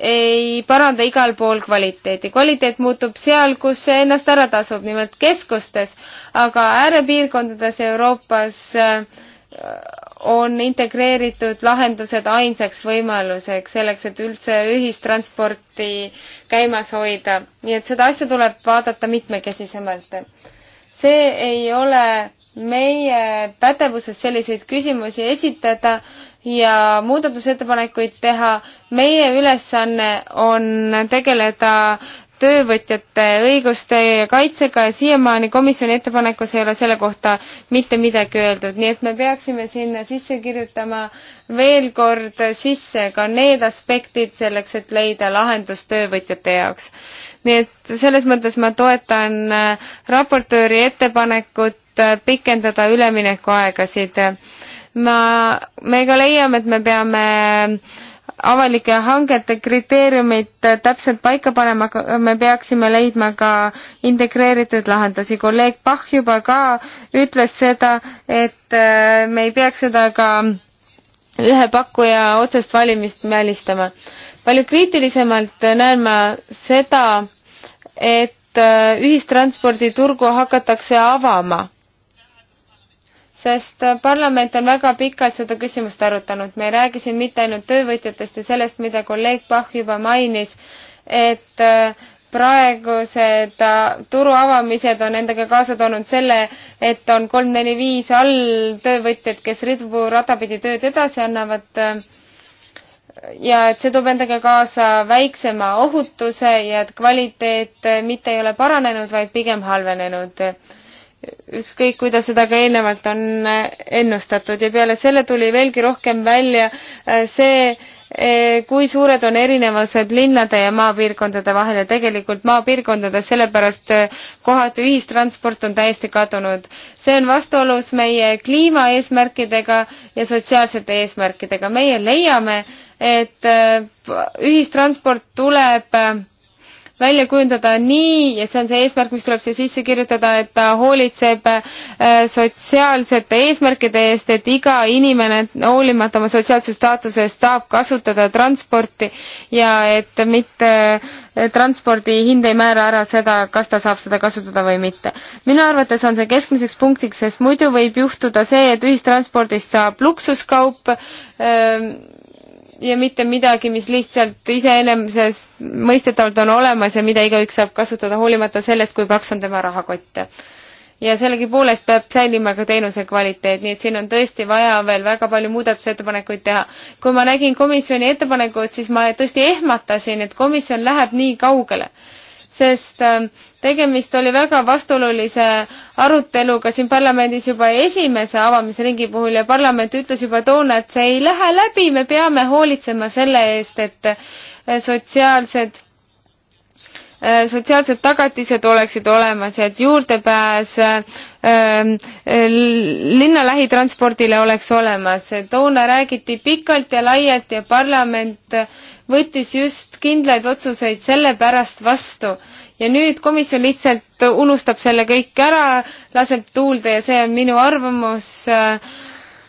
ei paranda igal pool kvaliteeti. kvaliteet muutub seal, kus see ennast ära tasub, nimelt keskustes, aga äärepiirkondades Euroopas äh, on integreeritud lahendused ainsaks võimaluseks selleks, et üldse ühistransporti käimas hoida. nii et seda asja tuleb vaadata mitmekesisemalt. see ei ole meie pädevuses selliseid küsimusi esitada ja muudatusettepanekuid teha. meie ülesanne on tegeleda töövõtjate õiguste kaitsega ja siiamaani komisjoni ettepanekus ei ole selle kohta mitte midagi öeldud, nii et me peaksime sinna sisse kirjutama veel kord sisse ka need aspektid selleks, et leida lahendus töövõtjate jaoks. nii et selles mõttes ma toetan äh, raportööri ettepanekut äh, pikendada üleminekuaegasid ma, me ka leiame, et me peame avalike hangete kriteeriumid täpselt paika panema, me peaksime leidma ka integreeritud lahendusi. kolleeg Pahh juba ka ütles seda, et äh, me ei peaks seda ka ühe pakkuja otsest valimist välistama. palju kriitilisemalt näen ma seda, et äh, ühistransporditurgu hakatakse avama sest parlament on väga pikalt seda küsimust arutanud. me ei räägi siin mitte ainult töövõtjatest ja sellest, mida kolleeg Pahv juba mainis, et äh, praegused äh, turu avamised on endaga kaasa toonud selle, et on kolm-neli-viis alltöövõtjad, kes ridvu radapidi tööd edasi annavad äh, ja et see toob endaga kaasa väiksema ohutuse ja et kvaliteet mitte ei ole paranenud, vaid pigem halvenenud ükskõik kuidas seda ka eelnevalt on äh, ennustatud ja peale selle tuli veelgi rohkem välja äh, see, äh, kui suured on erinevused linnade ja maapiirkondade vahel ja tegelikult maapiirkondades sellepärast kohati ühistransport on täiesti kadunud. see on vastuolus meie kliimaeesmärkidega ja sotsiaalsete eesmärkidega. meie leiame, et ühistransport tuleb välja kujundada nii ja see on see eesmärk, mis tuleb siia sisse kirjutada, et ta hoolitseb äh, sotsiaalsete eesmärkide eest, et iga inimene hoolimata oma sotsiaalsest staatusest saab kasutada transporti ja et mitte äh, transpordi hind ei määra ära seda, kas ta saab seda kasutada või mitte. minu arvates on see keskmiseks punktiks, sest muidu võib juhtuda see, et ühistranspordist saab luksuskaup öö, ähm, ja mitte midagi, mis lihtsalt iseenesest mõistetavalt on olemas ja mida igaüks saab kasutada, hoolimata sellest, kui paks on tema rahakott. ja sellegipoolest peab säilima ka teenuse kvaliteet, nii et siin on tõesti vaja veel väga palju muudatusettepanekuid teha. kui ma nägin komisjoni ettepanekut, siis ma tõesti ehmatasin, et komisjon läheb nii kaugele, sest äh, tegemist oli väga vastuolulise aruteluga siin parlamendis juba esimese avamisringi puhul ja parlament ütles juba toona, et see ei lähe läbi, me peame hoolitsema selle eest, et äh, sotsiaalsed, äh, sotsiaalsed tagatised oleksid olemas ja et juurdepääs äh, ähm, linna lähitranspordile oleks olemas. toona räägiti pikalt ja laialt ja parlament võttis just kindlaid otsuseid selle pärast vastu ja nüüd komisjon lihtsalt unustab selle kõik ära, laseb tuulde ja see on minu arvamus äh,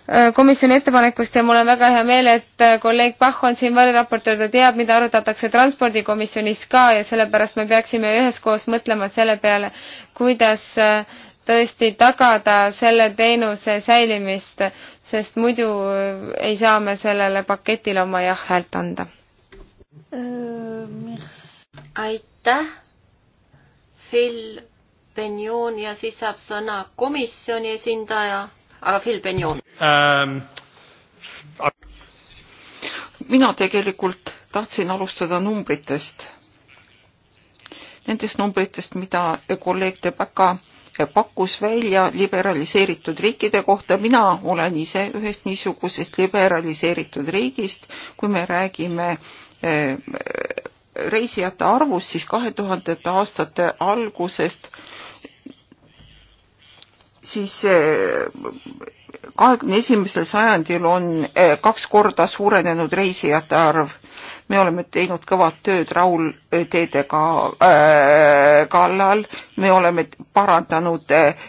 äh, komisjoni ettepanekust ja mul on väga hea meel, et äh, kolleeg Pahh on siin variraportöör, ta teab, mida arutatakse transpordikomisjonis ka ja sellepärast me peaksime üheskoos mõtlema selle peale, kuidas tõesti tagada selle teenuse säilimist, sest muidu ei saa me sellele paketile oma jah-häält anda. aitäh Phil Benjon ja siis saab sõna komisjoni esindaja, aga Phil Benjon ähm,. mina tegelikult tahtsin alustada numbritest. Nendest numbritest, mida kolleeg Debaka pakkus välja liberaliseeritud riikide kohta, mina olen ise ühest niisugusest liberaliseeritud riigist, kui me räägime eh, reisijate arvust, siis kahe tuhandete aastate algusest siis eh, kahekümne esimesel sajandil on eh, kaks korda suurenenud reisijate arv. me oleme teinud kõvat tööd raulteedega eh, äh, kallal, me oleme parandanud äh,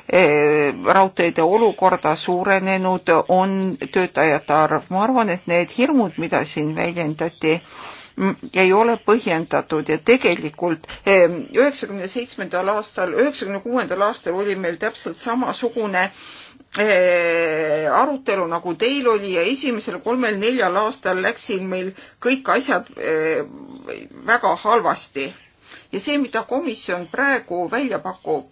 raudteede olukorda, suurenenud on töötajate arv. ma arvan, et need hirmud, mida siin väljendati äh,, Mm, ei ole põhjendatud ja tegelikult ehm, üheksakümne seitsmendal aastal, üheksakümne kuuendal aastal oli meil täpselt samasugune ehm, arutelu nagu teil oli ja esimesel kolmel-neljal aastal läksid meil kõik asjad ehm, väga halvasti. ja see, mida komisjon praegu välja pakub,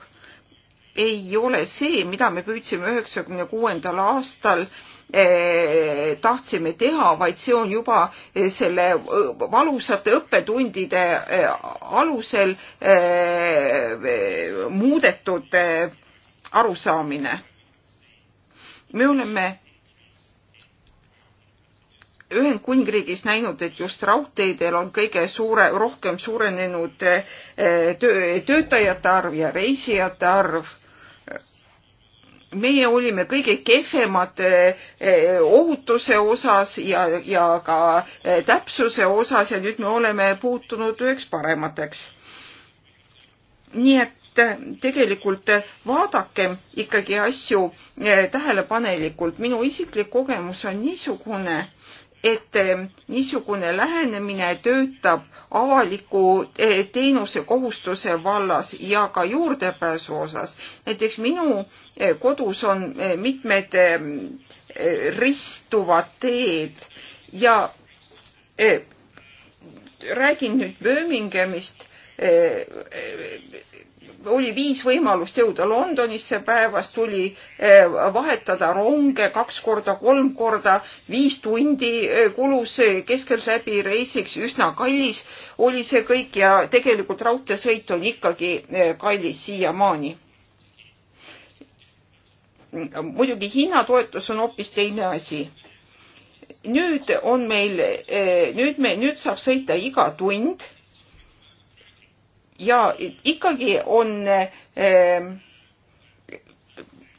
ei ole see, mida me püüdsime üheksakümne kuuendal aastal äh, Eh, tahtsime teha, vaid see on juba eh, selle eh, valusate õppetundide alusel muudetud arusaamine. me oleme Ühendkuningriigis näinud, et just raudteedel on kõige suure, rohkem suurenenud töö, töötajate arv ja reisijate arv meie olime kõige kehvemad eh, ohutuse osas ja, ja ka eh, täpsuse osas ja nüüd me oleme puutunud üheks paremateks. nii et eh, tegelikult vaadakem ikkagi asju tähelepanelikult. minu isiklik kogemus on niisugune, et eh, niisugune lähenemine töötab avaliku eh, teenuse kohustuse vallas ja ka juurdepääsu osas. näiteks minu eh, kodus on mitmed ristuvad teed ja räägin nüüd Birminghamist oli viis võimalust jõuda Londonisse päevas, tuli eh, vahetada ronge kaks korda, kolm korda, viis tundi eh, kulus eh, keskeltläbi reisiks, üsna kallis oli see kõik ja tegelikult raudteesõit on ikkagi kallis siiamaani. muidugi Hiina toetus on hoopis teine asi nüüd on meil, nüüd me, nüüd saab sõita iga tund ja ikkagi on ehm,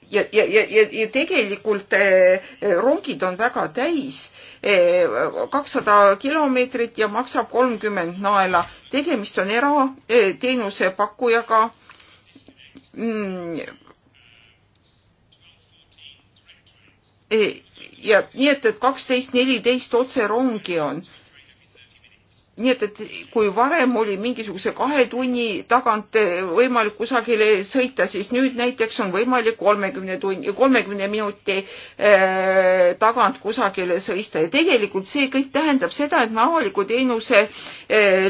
ja, ja, ja, ja tegelikult eh, rongid on väga täis, eh, kakssada kilomeetrit ja maksab kolmkümmend naela. tegemist on erateenuse eh, pakkujaga. Mm. ja nii et, et kaksteist, neliteist otserongi on nii et, et kui varem oli mingisuguse kahe tunni tagant eh, võimalik kusagile sõita, siis nüüd näiteks on võimalik kolmekümne tunni, kolmekümne minuti äh, tagant kusagile sõista ja tegelikult see kõik tähendab seda, et me avaliku teenuse äh,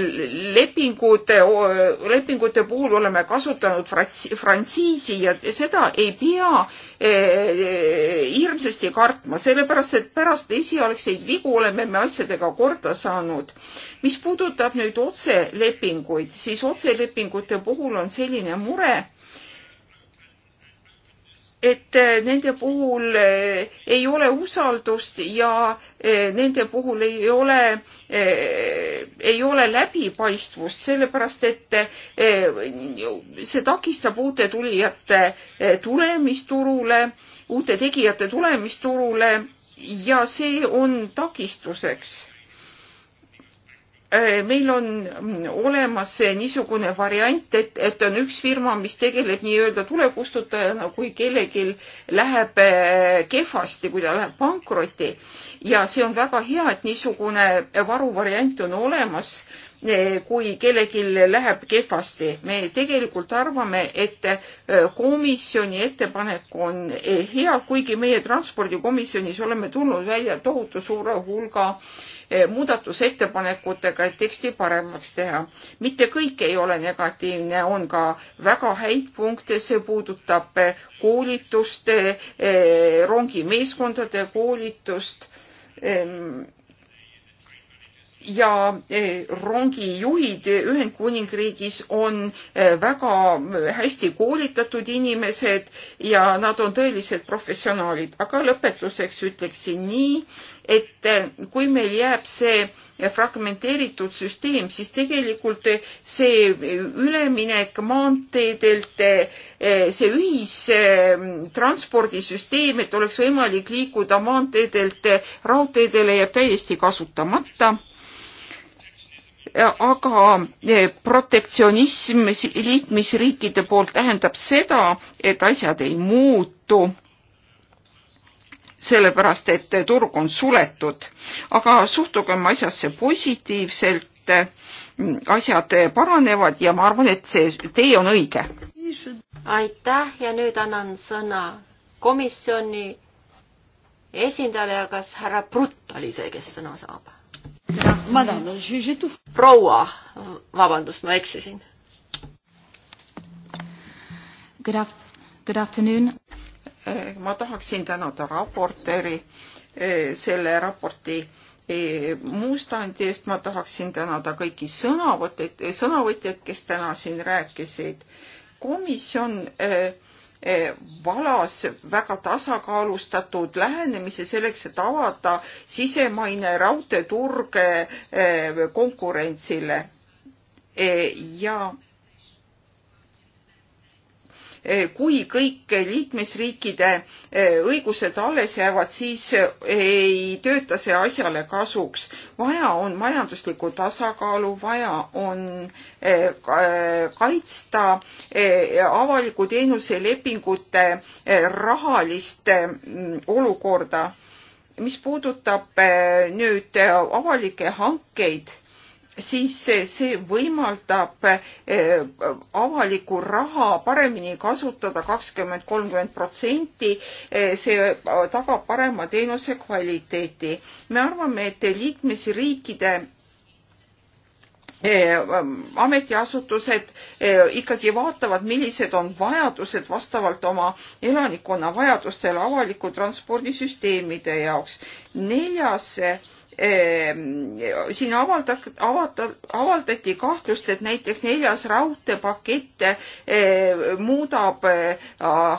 lepingute, lepingute puhul oleme kasutanud frantsi, frantsiisi ja seda ei pea äh, hirmsasti kartma, sellepärast et pärast esialgseid vigu oleme me asjadega korda saanud mis mis puudutab nüüd otselepinguid, siis otselepingute puhul on selline mure, et eh, eh, eh, nende puhul ei ole usaldust ja nende puhul ei ole, ei ole läbipaistvust, sellepärast et see takistab uute tulijate tulemist turule, uute tegijate tulemist turule ja see on takistuseks Äh, meil on mm, olemas niisugune variant, et, et on üks firma, mis tegeleb nii-öelda tulekustutajana, kui kellelgi läheb äh, kehvasti, kui ta läheb pankrotti ja see on väga hea, et niisugune varuvariant on olemas äh, kui kellelgi läheb kehvasti. me tegelikult arvame, et komisjoni ettepanek on hea, kuigi meie transpordikomisjonis oleme tulnud välja tohutu suure hulga äh, Eh, muudatusettepanekutega, et teksti paremaks teha. mitte kõik ei ole negatiivne, on ka väga häid punkte, see puudutab eh, koolitust, eh, rongimeeskondade koolitust ja e, rongijuhid Ühendkuningriigis on e, väga hästi koolitatud inimesed ja nad on tõelised professionaalid. aga lõpetuseks ütleksin nii, et e, kui meil jääb see fragmenteeritud süsteem, siis tegelikult see üleminek maanteedelt, see ühistranspordisüsteem, et oleks võimalik liikuda maanteedelt raudteedele, jääb täiesti kasutamata aga eh, protektsionism liikmesriikide poolt tähendab seda, et asjad ei muutu, sellepärast et turg on suletud. aga suhtugem asjasse positiivselt, asjad paranevad ja ma arvan, et see tee on õige. aitäh ja nüüd annan sõna komisjoni esindajale, kas härra Brutt oli see, kes sõna saab? proua, vabandust, ma eksisin. Good, af good afternoon. Eh, ma tahaksin tänada raportööri eh, selle raporti eh, mustandi eest, ma tahaksin tänada kõiki sõnavõtjaid, sõnavõtjaid, kes täna siin rääkisid. komisjon äh, Eh, valas väga tasakaalustatud lähenemise selleks, et avada sisemaine raudteeturg eh, konkurentsile eh, ja Eh, kui kõik liikmesriikide eh, õigused alles jäävad, siis eh, ei tööta see asjale kasuks. vaja on majanduslikku tasakaalu, vaja on kaitsta avaliku teenuse lepingute rahalist mm, olukorda mis puudutab nüüd avalikke hankeid, siis see võimaldab eh, avalikku raha paremini kasutada kakskümmend, kolmkümmend protsenti. Eh, see eh, tagab parema teenuse kvaliteeti. me arvame, et liikmesriikide ametiasutused ikkagi vaatavad, millised on vajadused vastavalt oma elanikkonna vajadustele avaliku transpordisüsteemide jaoks. neljas Ehm, siin avaldak, avata, avaldati kahtlust, et näiteks neljas raudteepakett eh, muudab eh,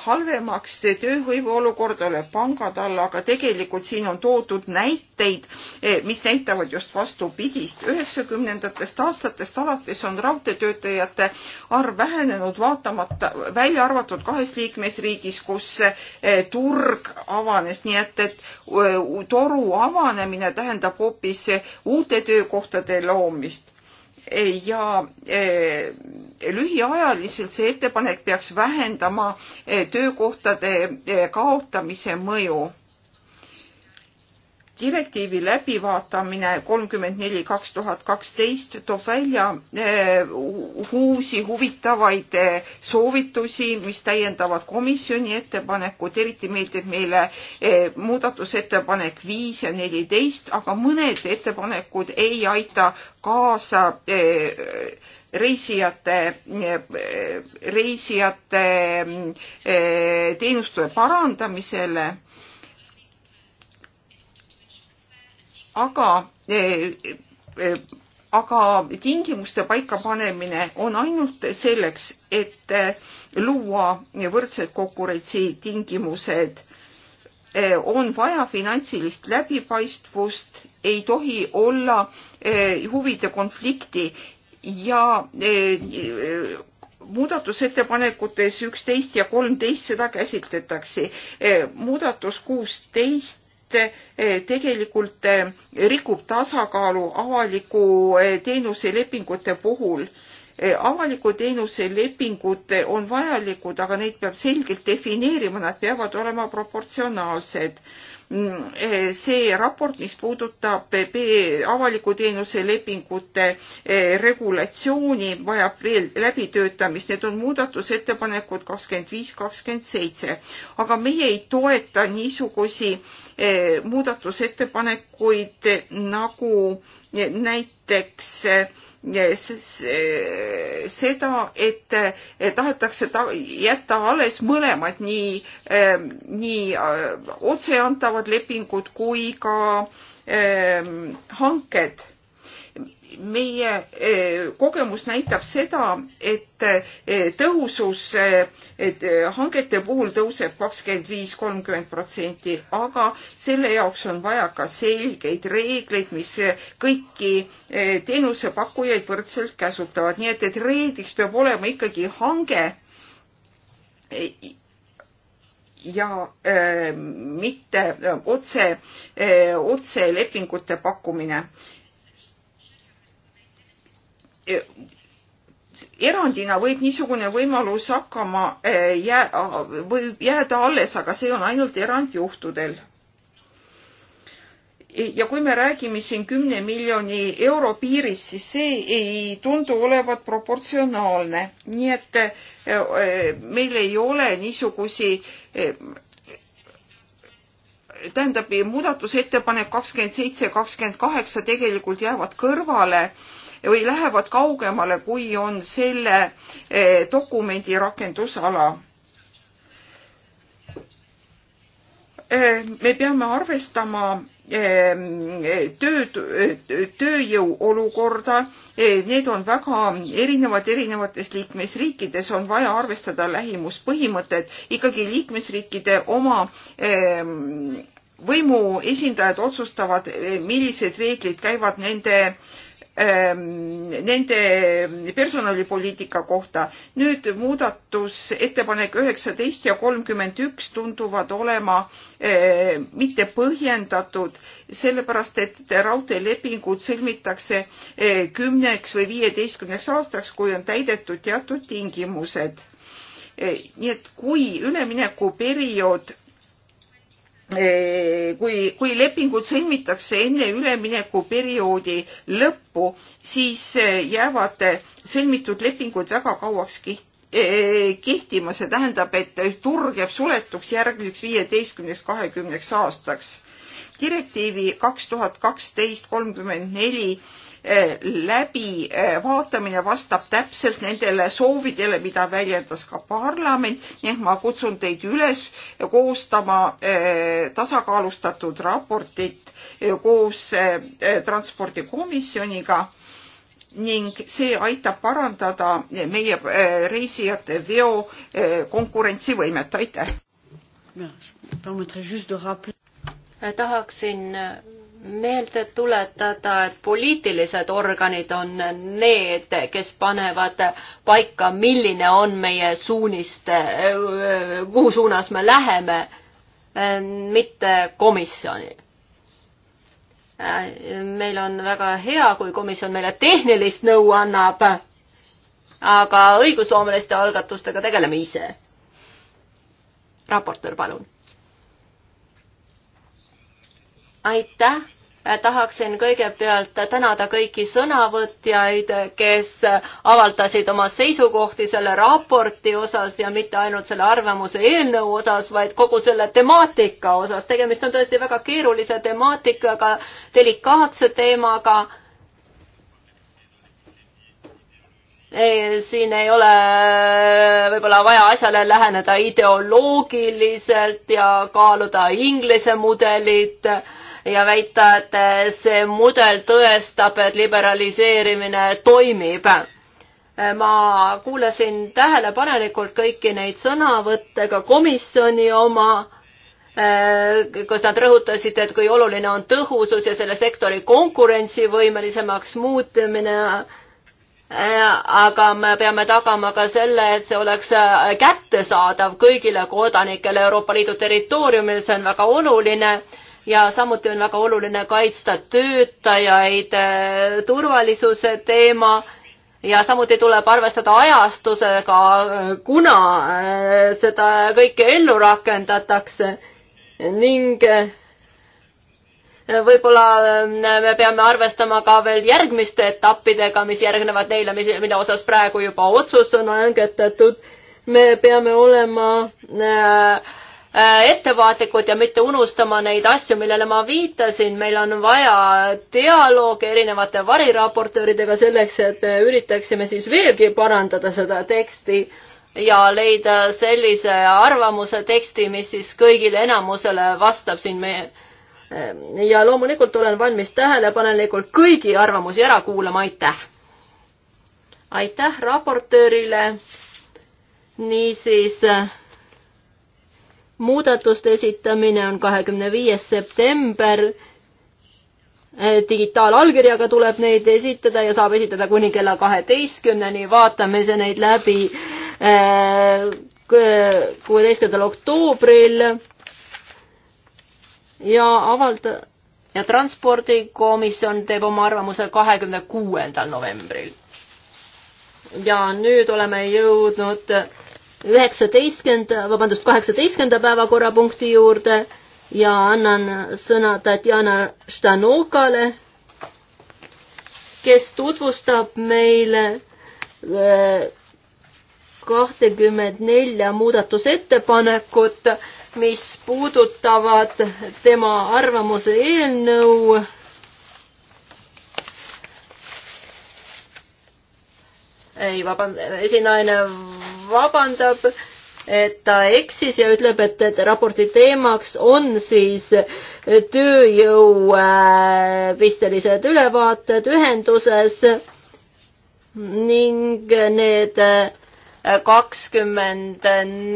halvemaks tööhõive olukorda, oleb pangad alla, aga tegelikult siin on toodud näiteid, eh, mis näitavad just vastupidist. üheksakümnendatest aastatest alates on raudteetöötajate arv vähenenud vaatamata, välja arvatud kahes liikmesriigis, kus turg avanes, nii et, et toru avanemine tähendab tähendab hoopis uute töökohtade loomist ja eh, lühiajaliselt see ettepanek peaks vähendama eh, töökohtade eh, kaotamise mõju direktiivi läbivaatamine kolmkümmend neli kaks tuhat kaksteist toob välja eh, uusi huvitavaid eh, soovitusi, mis täiendavad komisjoni ettepanekut, eriti meeldib meile eh, muudatusettepanek viis ja neliteist, aga mõned ettepanekud ei aita kaasa reisijate, reisijate teenuste parandamisele aga e, e, aga tingimuste paikapanemine on ainult selleks, et e, luua võrdsed konkurentsitingimused. on vaja finantsilist läbipaistvust, ei tohi olla huvide konflikti ja muudatusettepanekutes üksteist ja kolmteist seda käsitletakse. muudatus kuusteist Eh, tegelikult eh, rikub tasakaalu avaliku eh, teenuse lepingute puhul avaliku teenuse lepingud on vajalikud, aga neid peab selgelt defineerima, nad peavad olema proportsionaalsed see raport, mis puudutab avaliku teenuse lepingute eh, regulatsiooni, vajab veel läbitöötamist. Need on muudatusettepanekud kakskümmend viis, kakskümmend seitse. aga meie ei toeta niisugusi eh, muudatusettepanekuid nagu eh, näiteks Eh, seda, et eh, tahetakse ta jätta alles mõlemad, nii, eh, nii otseantavad lepingud kui ka hanked meie eh, kogemus näitab seda, et eh, tõhusus eh, et hangete puhul tõuseb kakskümmend viis, kolmkümmend protsenti, aga selle jaoks on vaja ka selgeid reegleid, mis kõiki teenusepakkujaid võrdselt käsutavad, nii et, et reegliks peab olema ikkagi hange ja äh, mitte otse äh,, otse lepingute pakkumine äh, erandina võib niisugune võimalus hakkama eh, jää, võib jääda alles, aga see on ainult erandjuhtudel. ja kui me räägime siin kümne miljoni euro piirist, siis see ei tundu olevat proportsionaalne, nii et eh, meil ei ole niisugusi eh, tähendab, muudatusettepanek kakskümmend seitse ja kakskümmend kaheksa tegelikult jäävad kõrvale äh, või lähevad kaugemale, kui on selle eh, dokumendi rakendusala. Eh, me peame arvestama eh, tööd, tööjõu olukorda, need on väga erinevad, erinevates liikmesriikides on vaja arvestada lähimuspõhimõtet, ikkagi liikmesriikide oma võimu esindajad otsustavad, millised reeglid käivad nende Ähm, nende personalipoliitika kohta. nüüd muudatusettepanek üheksateist ja kolmkümmend üks tunduvad olema äh, mitte põhjendatud, sellepärast et raudteelepingud sõlmitakse äh, kümneks või viieteistkümneks aastaks, kui on täidetud teatud tingimused äh, nii et kui üleminekuperiood kui, kui lepingud sõlmitakse enne üleminekuperioodi lõppu, siis äh, jäävad äh, sõlmitud lepingud väga kauaks äh, kehtima, see tähendab, et turg jääb suletuks järgmiseks viieteistkümneks, kahekümneks aastaks direktiivi kaks tuhat kaksteist kolmkümmend neli eh, läbi eh, vaatamine vastab täpselt nendele soovidele, mida väljendas ka parlament, nii et ma kutsun teid üles koostama eh, tasakaalustatud raportit koos transpordikomisjoniga ning see aitab parandada meie reisijate veo konkurentsivõimet, aitäh! tahaksin meelde tuletada, et poliitilised organid on need, kes panevad paika, milline on meie suuniste, kuhu suunas me läheme, mitte komisjoni. meil on väga hea, kui komisjon meile tehnilist nõu annab, aga õigusloomeliste algatustega tegeleme ise. raportöör, palun aitäh äh, tahaksin kõigepealt tänada kõiki sõnavõtjaid, kes avaldasid oma seisukohti selle raporti osas ja mitte ainult selle arvamuse eelnõu osas, vaid kogu selle temaatika osas. tegemist on tõesti väga keerulise temaatikaga, delikaatse teemaga. siin ei ole äh, võib-olla vaja asjale läheneda ideoloogiliselt ja kaaluda Inglise mudelit ja väita, et see mudel tõestab, et liberaliseerimine toimib. ma kuulasin tähelepanelikult kõiki neid sõnavõtte, ka komisjoni oma, kus nad rõhutasid, et kui oluline on tõhusus ja selle sektori konkurentsivõimelisemaks muutmine aga me peame tagama ka selle, et see oleks kättesaadav kõigile kodanikele Euroopa Liidu territooriumil, see on väga oluline ja samuti on väga oluline kaitsta töötajaid, äh, turvalisuse teema ja samuti tuleb arvestada ajastusega, äh, kuna äh, seda kõike ellu rakendatakse ning võib-olla me peame arvestama ka veel järgmiste etappidega, mis järgnevad neile, mis, mille osas praegu juba otsus on langetatud. me peame olema äh, Äh, ettevaatlikud ja mitte unustama neid asju, millele ma viitasin, meil on vaja dialoogi erinevate variraportööridega selleks, et me üritaksime siis veelgi parandada seda teksti ja leida sellise arvamuse teksti, mis siis kõigile enamusele vastab siin meie äh, ja loomulikult olen valmis tähelepanelikult kõigi arvamusi ära kuulama, aitäh! aitäh raportöörile, niisiis äh, muudatuste esitamine on kahekümne viies september. Eh, digitaalallkirjaga tuleb neid esitada ja saab esitada kuni kella kaheteistkümneni, vaatame see neid läbi eh, kuueteistkümnendal oktoobril ja avalda- ja transpordikomisjon teeb oma arvamuse kahekümne kuuendal novembril. ja nüüd oleme jõudnud üheksateistkümnenda, vabandust, kaheksateistkümnenda päevakorrapunkti juurde ja annan sõna Tatjana Štanokale, kes tutvustab meile äh, kahtekümmend nelja muudatusettepanekut, mis puudutavad tema arvamuse eelnõu ei, vabandust, esinaine vabandab, et ta eksis ja ütleb, et, et raporti teemaks on siis tööjõu pistelised äh, ülevaated ühenduses ning need äh, kakskümmend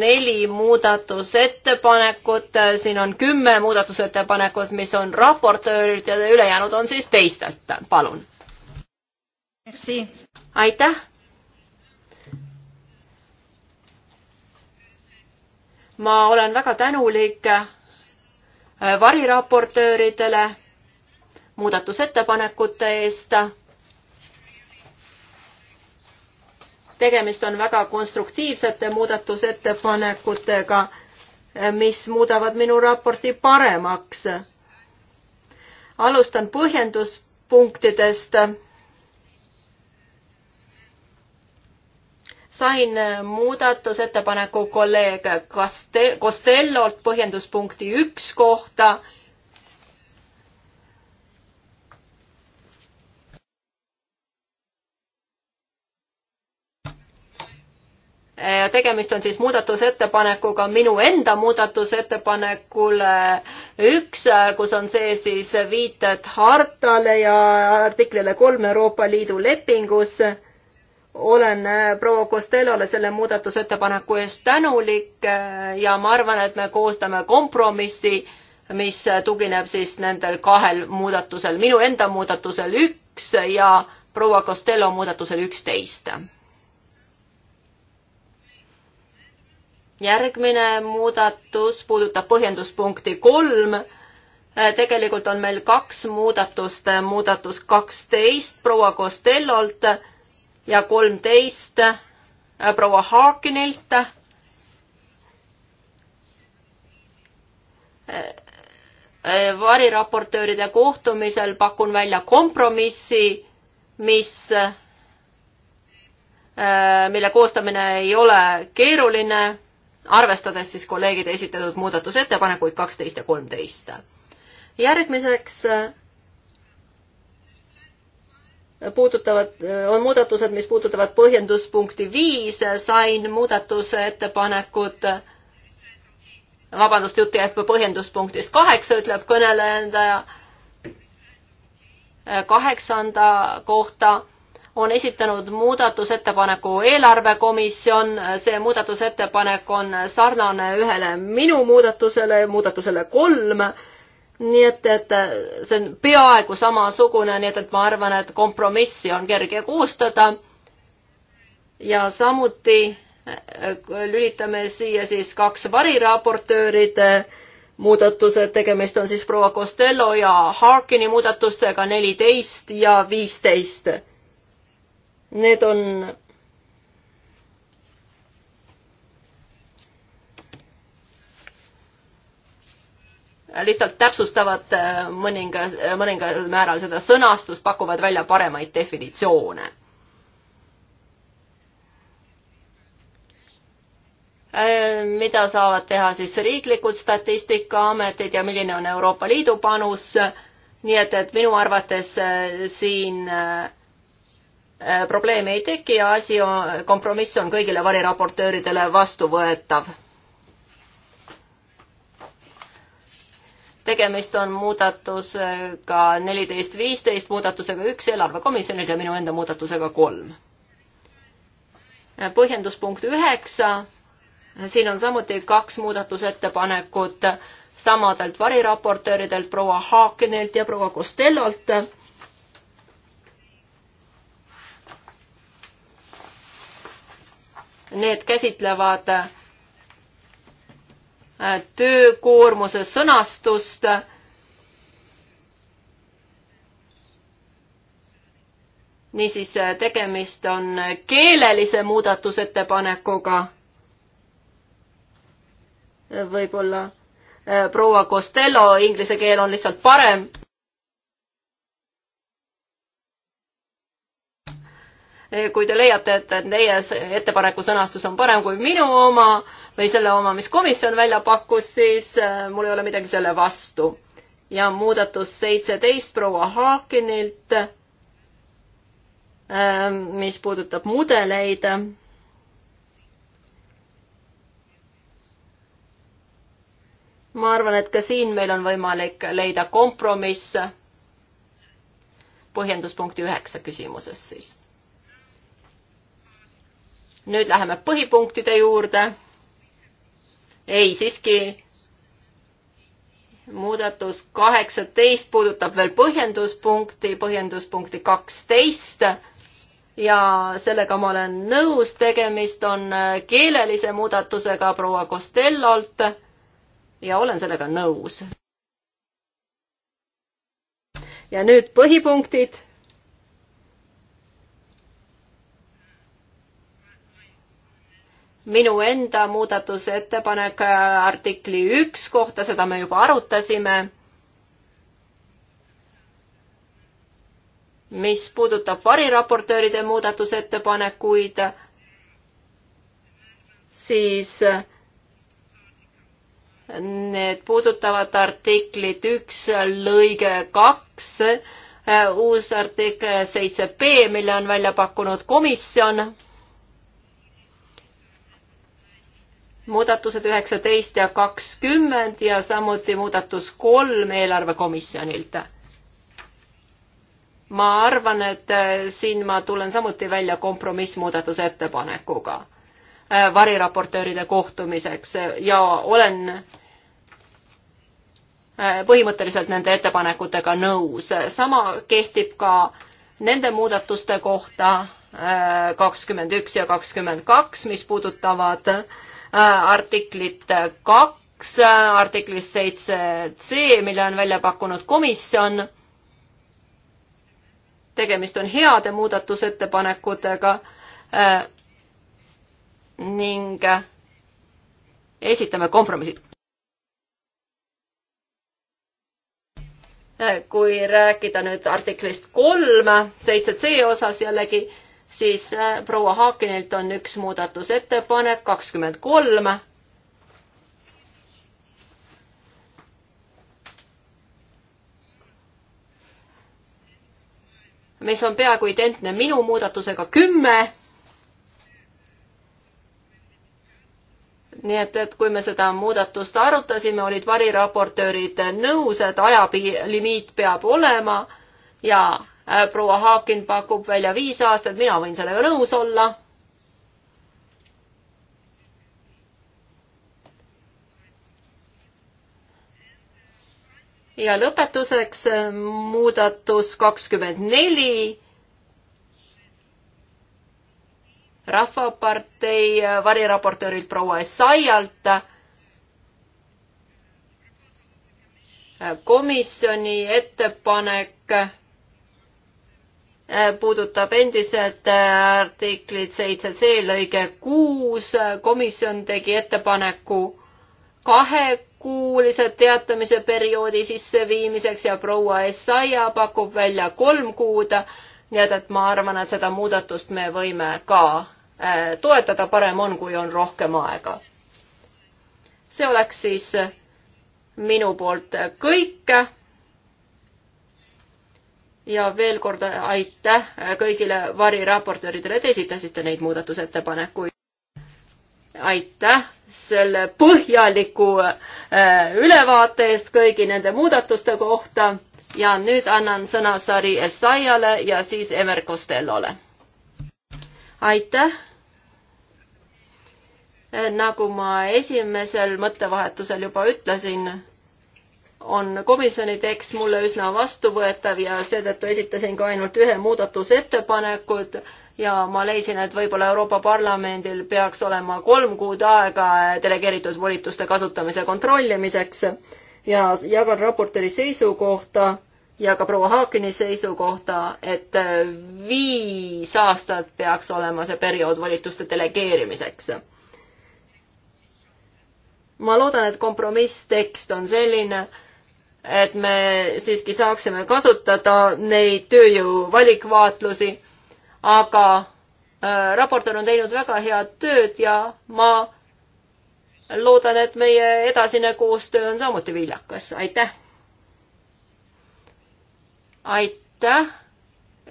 neli muudatusettepanekut, äh, siin on kümme muudatusettepanekut, mis on raportöörilt ja ülejäänud on siis teistelt, palun. aitäh ma olen väga tänulik äh, variraportööridele muudatusettepanekute eest. tegemist on väga konstruktiivsete muudatusettepanekutega, äh, mis muudavad minu raporti paremaks. alustan põhjenduspunktidest sain äh, muudatusettepaneku kolleeg Kaste-, Costellolt põhjenduspunkti üks kohta. Äh, tegemist on siis muudatusettepanekuga minu enda muudatusettepanekule äh, üks, kus on sees siis viited hartale ja artiklile kolm Euroopa Liidu lepingus olen äh, proua Costellole selle muudatusettepaneku eest tänulik äh, ja ma arvan, et me koostame kompromissi, mis tugineb siis nendel kahel muudatusel, minu enda muudatusel üks ja proua Costello muudatusel üksteist. järgmine muudatus puudutab põhjenduspunkti kolm äh, tegelikult on meil kaks muudatust, muudatus kaksteist proua Costellolt ja kolmteist proua Harkinilt. variraportööride kohtumisel pakun välja kompromissi, mis, mille koostamine ei ole keeruline, arvestades siis kolleegide esitatud muudatusettepanekuid kaksteist ja kolmteist. järgmiseks puudutavad, on muudatused, mis puudutavad põhjenduspunkti viis, sain muudatuse ettepanekud, vabandust, jutt jääb põhjenduspunktist kaheksa, ütleb kõneleja kaheksanda kohta on esitanud muudatusettepaneku eelarvekomisjon, see muudatusettepanek on sarnane ühele minu muudatusele, muudatusele kolm nii et, et äh, see on peaaegu samasugune, nii et, et ma arvan, et kompromissi on kerge koostada. ja samuti äh, lülitame siia siis kaks variraportööride muudatused, tegemist on siis proua Costello ja Harkini muudatustega neliteist ja viisteist. Need on lihtsalt täpsustavad äh, mõninga, äh, mõningal määral seda sõnastust, pakuvad välja paremaid definitsioone. Äh, mida saavad teha siis riiklikud statistikaametid ja milline on Euroopa Liidu panus. nii et, et minu arvates siin probleeme ei teki ja asi on, kompromiss on kõigile variraportööridele vastuvõetav tegemist on muudatusega neliteist, viisteist, muudatusega üks eelarvekomisjonilt ja minu enda muudatusega kolm. põhjendus punkt üheksa, siin on samuti kaks muudatusettepanekut samadelt variraportööridelt proua Haakenilt ja proua Costellolt need käsitlevad Äh, töökoormuse sõnastust niisiis, äh, tegemist on keelelise muudatusettepanekuga. Äh, võib-olla proua Costello inglise keel on lihtsalt parem Eh, kui te leiate, et teie ettepaneku sõnastus on parem kui minu oma või selle oma, mis komisjon välja pakkus, siis eh, mul ei ole midagi selle vastu. ja muudatus seitseteist proua Haakinilt, eh, mis puudutab mudeleid. ma arvan, et ka siin meil on võimalik leida kompromiss põhjenduspunkti üheksa küsimuses siis nüüd läheme põhipunktide juurde. ei, siiski muudatus kaheksateist puudutab veel põhjenduspunkti, põhjenduspunkti kaksteist ja sellega ma olen nõus, tegemist on keelelise muudatusega proua Costellolt ja olen sellega nõus. ja nüüd põhipunktid minu enda muudatusettepanek äh, artikli üks kohta, seda me juba arutasime. mis puudutab variraportööride muudatusettepanekuid, siis äh, need puudutavad artiklit üks lõige kaks, äh, uus artikkel seitse B, mille on välja pakkunud komisjon muudatused üheksateist ja kakskümmend ja samuti muudatus kolm eelarvekomisjonilt. ma arvan, et äh, siin ma tulen samuti välja kompromissmuudatuse ettepanekuga äh, variraportööride kohtumiseks ja olen äh, põhimõtteliselt nende ettepanekutega nõus. sama kehtib ka nende muudatuste kohta kakskümmend üks ja kakskümmend kaks, mis puudutavad äh, Äh, artiklit kaks, äh, artiklist seitse C, mille on välja pakkunud komisjon. tegemist on heade muudatusettepanekutega äh, ning esitame kompromissid. kui rääkida nüüd artiklist kolm, seitse C osas jällegi siis äh, proua Haakinilt on üks muudatusettepanek, kakskümmend kolm. mis on peaaegu identne minu muudatusega kümme. nii et, et kui me seda muudatust arutasime, olid variraportöörid nõus, et ajapilimiit peab olema ja Äh, proua Haakin pakub välja viis aastat, mina võin sellega nõus olla. ja lõpetuseks äh, muudatus kakskümmend neli. rahvapartei äh, variraportöörilt proua Essayalt komisjoni ettepanek Äh, puudutab endiselt äh, artiklit seitse C lõige kuus, äh, komisjon tegi ettepaneku kahekuulise teatamise perioodi sisseviimiseks ja proua Essaia pakub välja kolm kuud. nii et, et ma arvan, et seda muudatust me võime ka toetada, parem on, kui on rohkem aega. see oleks siis minu poolt kõik ja veel kord aitäh kõigile variraportööridele, et esitasite neid muudatusettepanekuid. aitäh selle põhjaliku äh, ülevaate eest kõigi nende muudatuste kohta ja nüüd annan sõna Sari Essayale ja siis Emer Costellole. aitäh nagu ma esimesel mõttevahetusel juba ütlesin, on komisjoni tekst mulle üsna vastuvõetav ja seetõttu esitasin ka ainult ühe muudatusettepanekud ja ma leidsin, et võib-olla Euroopa Parlamendil peaks olema kolm kuud aega delegeeritud volituste kasutamise kontrollimiseks ja jagan raportööri seisukohta ja ka proua Haakini seisukohta, et viis aastat peaks olema see periood volituste delegeerimiseks ma loodan, et kompromisstekst on selline, et me siiski saaksime kasutada neid tööjõu valikvaatlusi, aga äh, raportöör on teinud väga head tööd ja ma loodan, et meie edasine koostöö on samuti viljakas, aitäh! aitäh,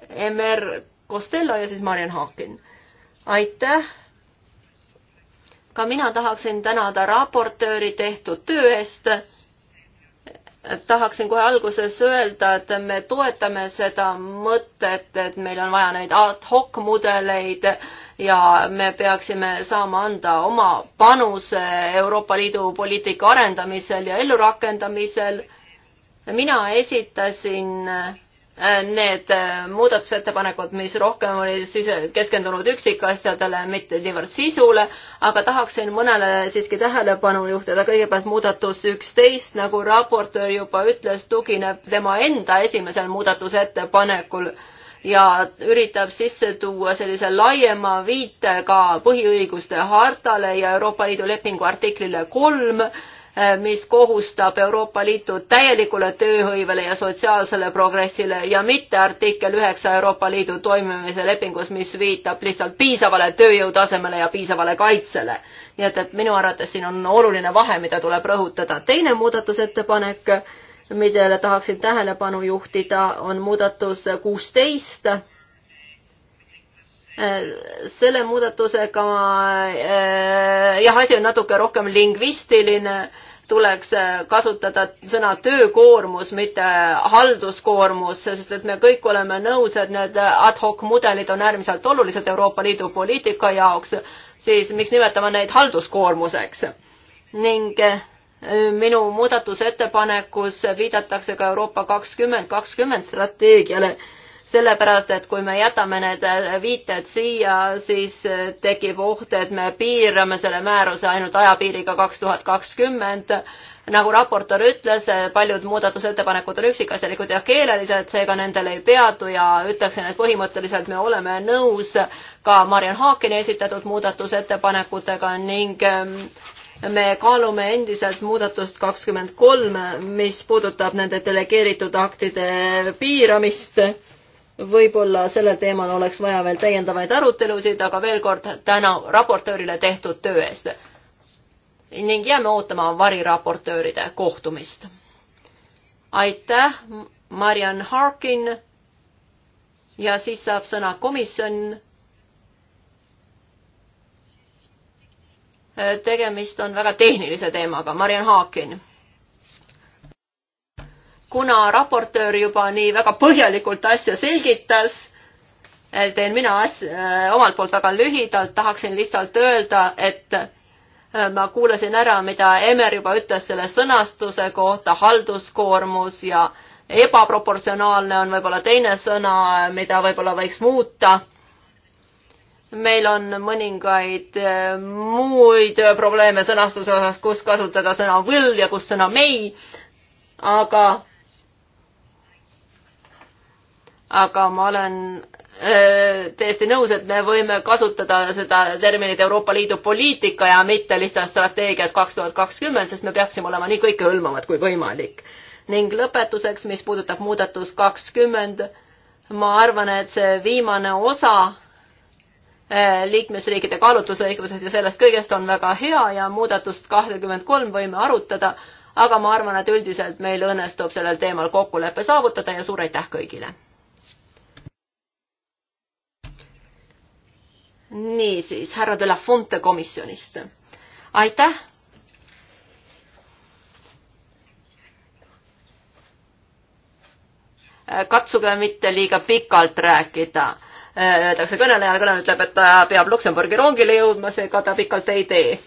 Emmer Costello ja siis Marian Haakin. aitäh! ka mina tahaksin tänada raportööri tehtud töö eest tahaksin kohe alguses öelda, et me toetame seda mõtet, et meil on vaja neid ad hoc mudeleid ja me peaksime saama anda oma panuse Euroopa Liidu poliitika arendamisel ja ellurakendamisel. mina esitasin need äh, muudatusettepanekud, mis rohkem olid siis keskendunud üksikasjadele, mitte niivõrd sisule, aga tahaksin mõnele siiski tähelepanu juhtida. kõigepealt muudatus üksteist, nagu raportöör juba ütles, tugineb tema enda esimesel muudatusettepanekul ja üritab sisse tuua sellise laiema viite ka põhiõiguste hartale ja Euroopa Liidu lepingu artiklile kolm Äh, mis kohustab Euroopa Liitu täielikule tööhõivele ja sotsiaalsele progressile ja mitte artikkel üheksa Euroopa Liidu toimimise lepingus, mis viitab lihtsalt piisavale tööjõutasemele ja piisavale kaitsele. nii et, et minu arvates siin on oluline vahe, mida tuleb rõhutada. teine muudatusettepanek, millele tahaksin tähelepanu juhtida, on muudatus kuusteist selle muudatusega äh, jah, asi on natuke rohkem lingvistiline tuleks äh, kasutada sõna töökoormus, mitte äh, halduskoormus, sest et me kõik oleme nõus, et need äh, ad hoc mudelid on äärmiselt olulised Euroopa Liidu poliitika jaoks, siis miks nimetame neid halduskoormuseks? ning minu muudatusettepanekus viidatakse ka Euroopa kakskümmend kakskümmend strateegiale sellepärast et kui me jätame need viited siia, siis tekib oht, et me piirame selle määruse ainult ajapiiriga kaks tuhat kakskümmend. nagu raportöör ütles, paljud muudatusettepanekud on üksikasjalikud ja keelelised, seega nendel ei peatu ja ütleksin, et põhimõtteliselt me oleme nõus ka Mariann Haakini esitatud muudatusettepanekutega ning ähm, me kaalume endiselt muudatust kakskümmend kolm, mis puudutab nende delegeeritud aktide piiramist võib-olla sellel teemal oleks vaja veel täiendavaid arutelusid, aga veel kord täna raportöörile tehtud töö eest. ning jääme ootama variraportööride kohtumist. aitäh, Mariann Harkin. ja siis saab sõna komisjon. tegemist on väga tehnilise teemaga, Mariann Harkin kuna raportöör juba nii väga põhjalikult asja selgitas, teen mina asja, äh, omalt poolt väga lühidalt, tahaksin lihtsalt öelda, et äh, ma kuulasin ära, mida Emmer juba ütles selle sõnastuse kohta, halduskoormus ja ebaproportsionaalne on võib-olla teine sõna, mida võib-olla võiks muuta. meil on mõningaid äh, muid probleeme sõnastuse osas, kus kasutada sõna will ja kus sõna may, aga aga ma olen äh, täiesti nõus, et me võime kasutada seda terminit Euroopa Liidu poliitika ja mitte lihtsalt strateegiat kaks tuhat kakskümmend, sest me peaksime olema nii kõikehõlmavad kui võimalik. ning lõpetuseks, mis puudutab muudatus kakskümmend, ma arvan, et see viimane osa äh, liikmesriikide kaalutlusõigusest ja sellest kõigest on väga hea ja muudatust kahtekümmend kolm võime arutada, aga ma arvan, et üldiselt meil õnnestub sellel teemal kokkulepe saavutada ja suur aitäh kõigile! niisiis, härra De La Fonte komisjonist. aitäh. katsuge mitte liiga pikalt rääkida. Öeldakse kõnelejale, kõneleja ütleb, et ta peab Luksemburgi rongile jõudma, seega ta pikalt ei tee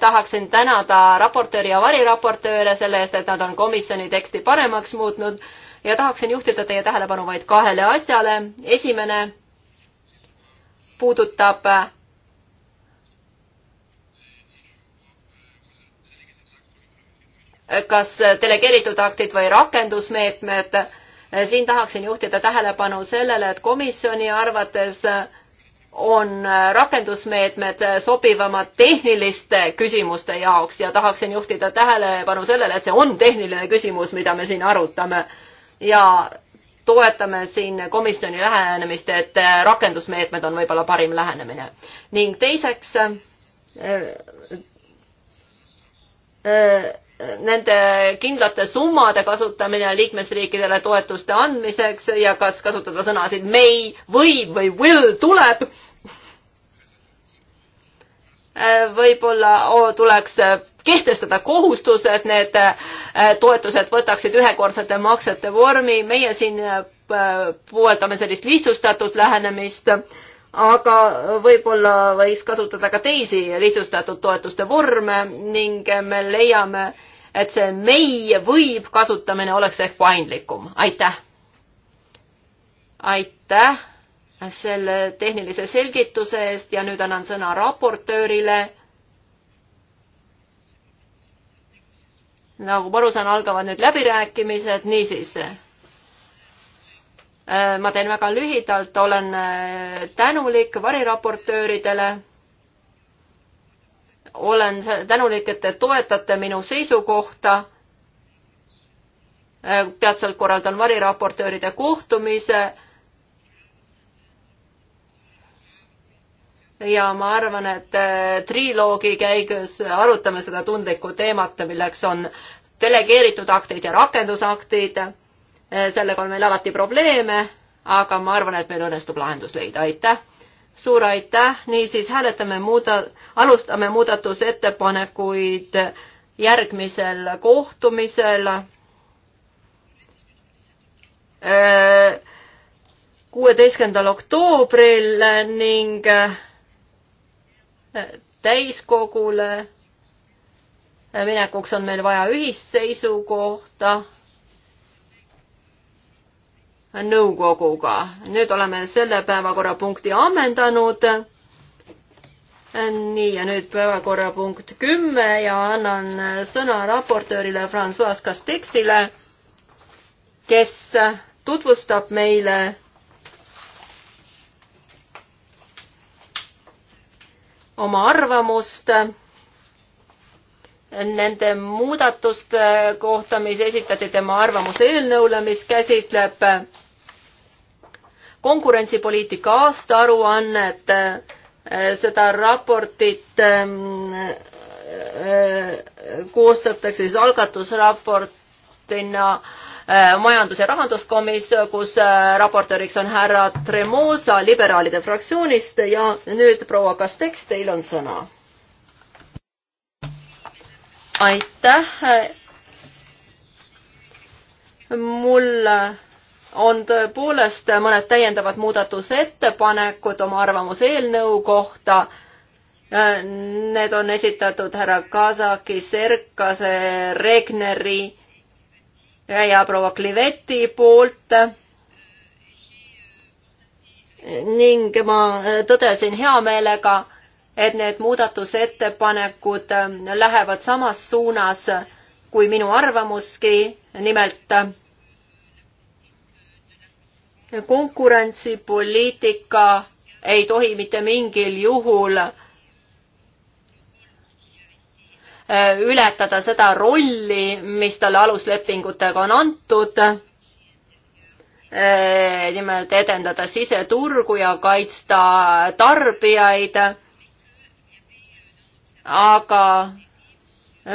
tahaksin tänada raportööri ja variraportööre selle eest, et nad on komisjoni teksti paremaks muutnud ja tahaksin juhtida teie tähelepanu vaid kahele asjale. esimene, puudutab äh, kas delegeeritud aktid või rakendusmeetmed. siin tahaksin juhtida tähelepanu sellele, et komisjoni arvates on rakendusmeetmed sobivamad tehniliste küsimuste jaoks ja tahaksin juhtida tähelepanu sellele, et see on tehniline küsimus, mida me siin arutame. ja toetame siin komisjoni lähenemist, et äh, rakendusmeetmed on võib-olla parim lähenemine. ning teiseks äh, äh, nende kindlate summade kasutamine liikmesriikidele toetuste andmiseks ja kas kasutada sõnasid may võib või will tuleb Äh, võib-olla tuleks äh, kehtestada kohustus, et need äh, toetused võtaksid ühekordsete maksete vormi, meie siin pooldame sellist lihtsustatud lähenemist, aga võib-olla võiks kasutada ka teisi lihtsustatud toetuste vorme ning me leiame, et see meie võib kasutamine oleks ehk paindlikum, aitäh. aitäh selle tehnilise selgituse eest ja nüüd annan sõna raportöörile. nagu ma aru saan, algavad nüüd läbirääkimised, niisiis. Äh, ma teen väga lühidalt, olen äh, tänulik variraportööridele. olen tänulik, et te toetate minu seisukohta äh, peatselt korraldan variraportööride kohtumise ja ma arvan, et äh, triloogi käigus arutame seda tundlikku teemat, milleks on delegeeritud aktid ja rakendusaktid. Äh, sellega on meil alati probleeme, aga ma arvan, et meil õnnestub lahendus leida, aitäh. suur aitäh, niisiis hääletame muuda, alustame muudatusettepanekuid järgmisel kohtumisel äh, kuueteistkümnendal oktoobril ning täiskogule minekuks on meil vaja ühist seisukohta nõukoguga. nüüd oleme selle päevakorrapunkti ammendanud. nii ja nüüd päevakorrapunkt kümme ja annan sõna raportöörile Francois Castexile, kes tutvustab meile oma arvamust nende muudatuste kohta, mis esitati tema arvamuse eelnõule, mis käsitleb konkurentsipoliitika aastaaruannet, seda raportit ähm, äh, koostatakse siis algatusraportina äh, Äh, majandus- ja rahanduskomisjon, kus äh, raportööriks on härra Tremosa liberaalide fraktsioonist ja nüüd proua Kasteks, teil on sõna. aitäh. mul on tõepoolest mõned täiendavad muudatusettepanekud oma arvamuse eelnõu kohta äh, Need on esitatud härra Kasaki, Serkase, Regneri ja proua Kliveti poolt. ning ma äh, tõdesin hea meelega, et need muudatusettepanekud äh, lähevad samas suunas kui minu arvamuski, nimelt äh, konkurentsipoliitika ei tohi mitte mingil juhul äh, Äh, ületada seda rolli, mis talle aluslepingutega on antud. Äh, nimelt edendada siseturgu ja kaitsta tarbijaid. aga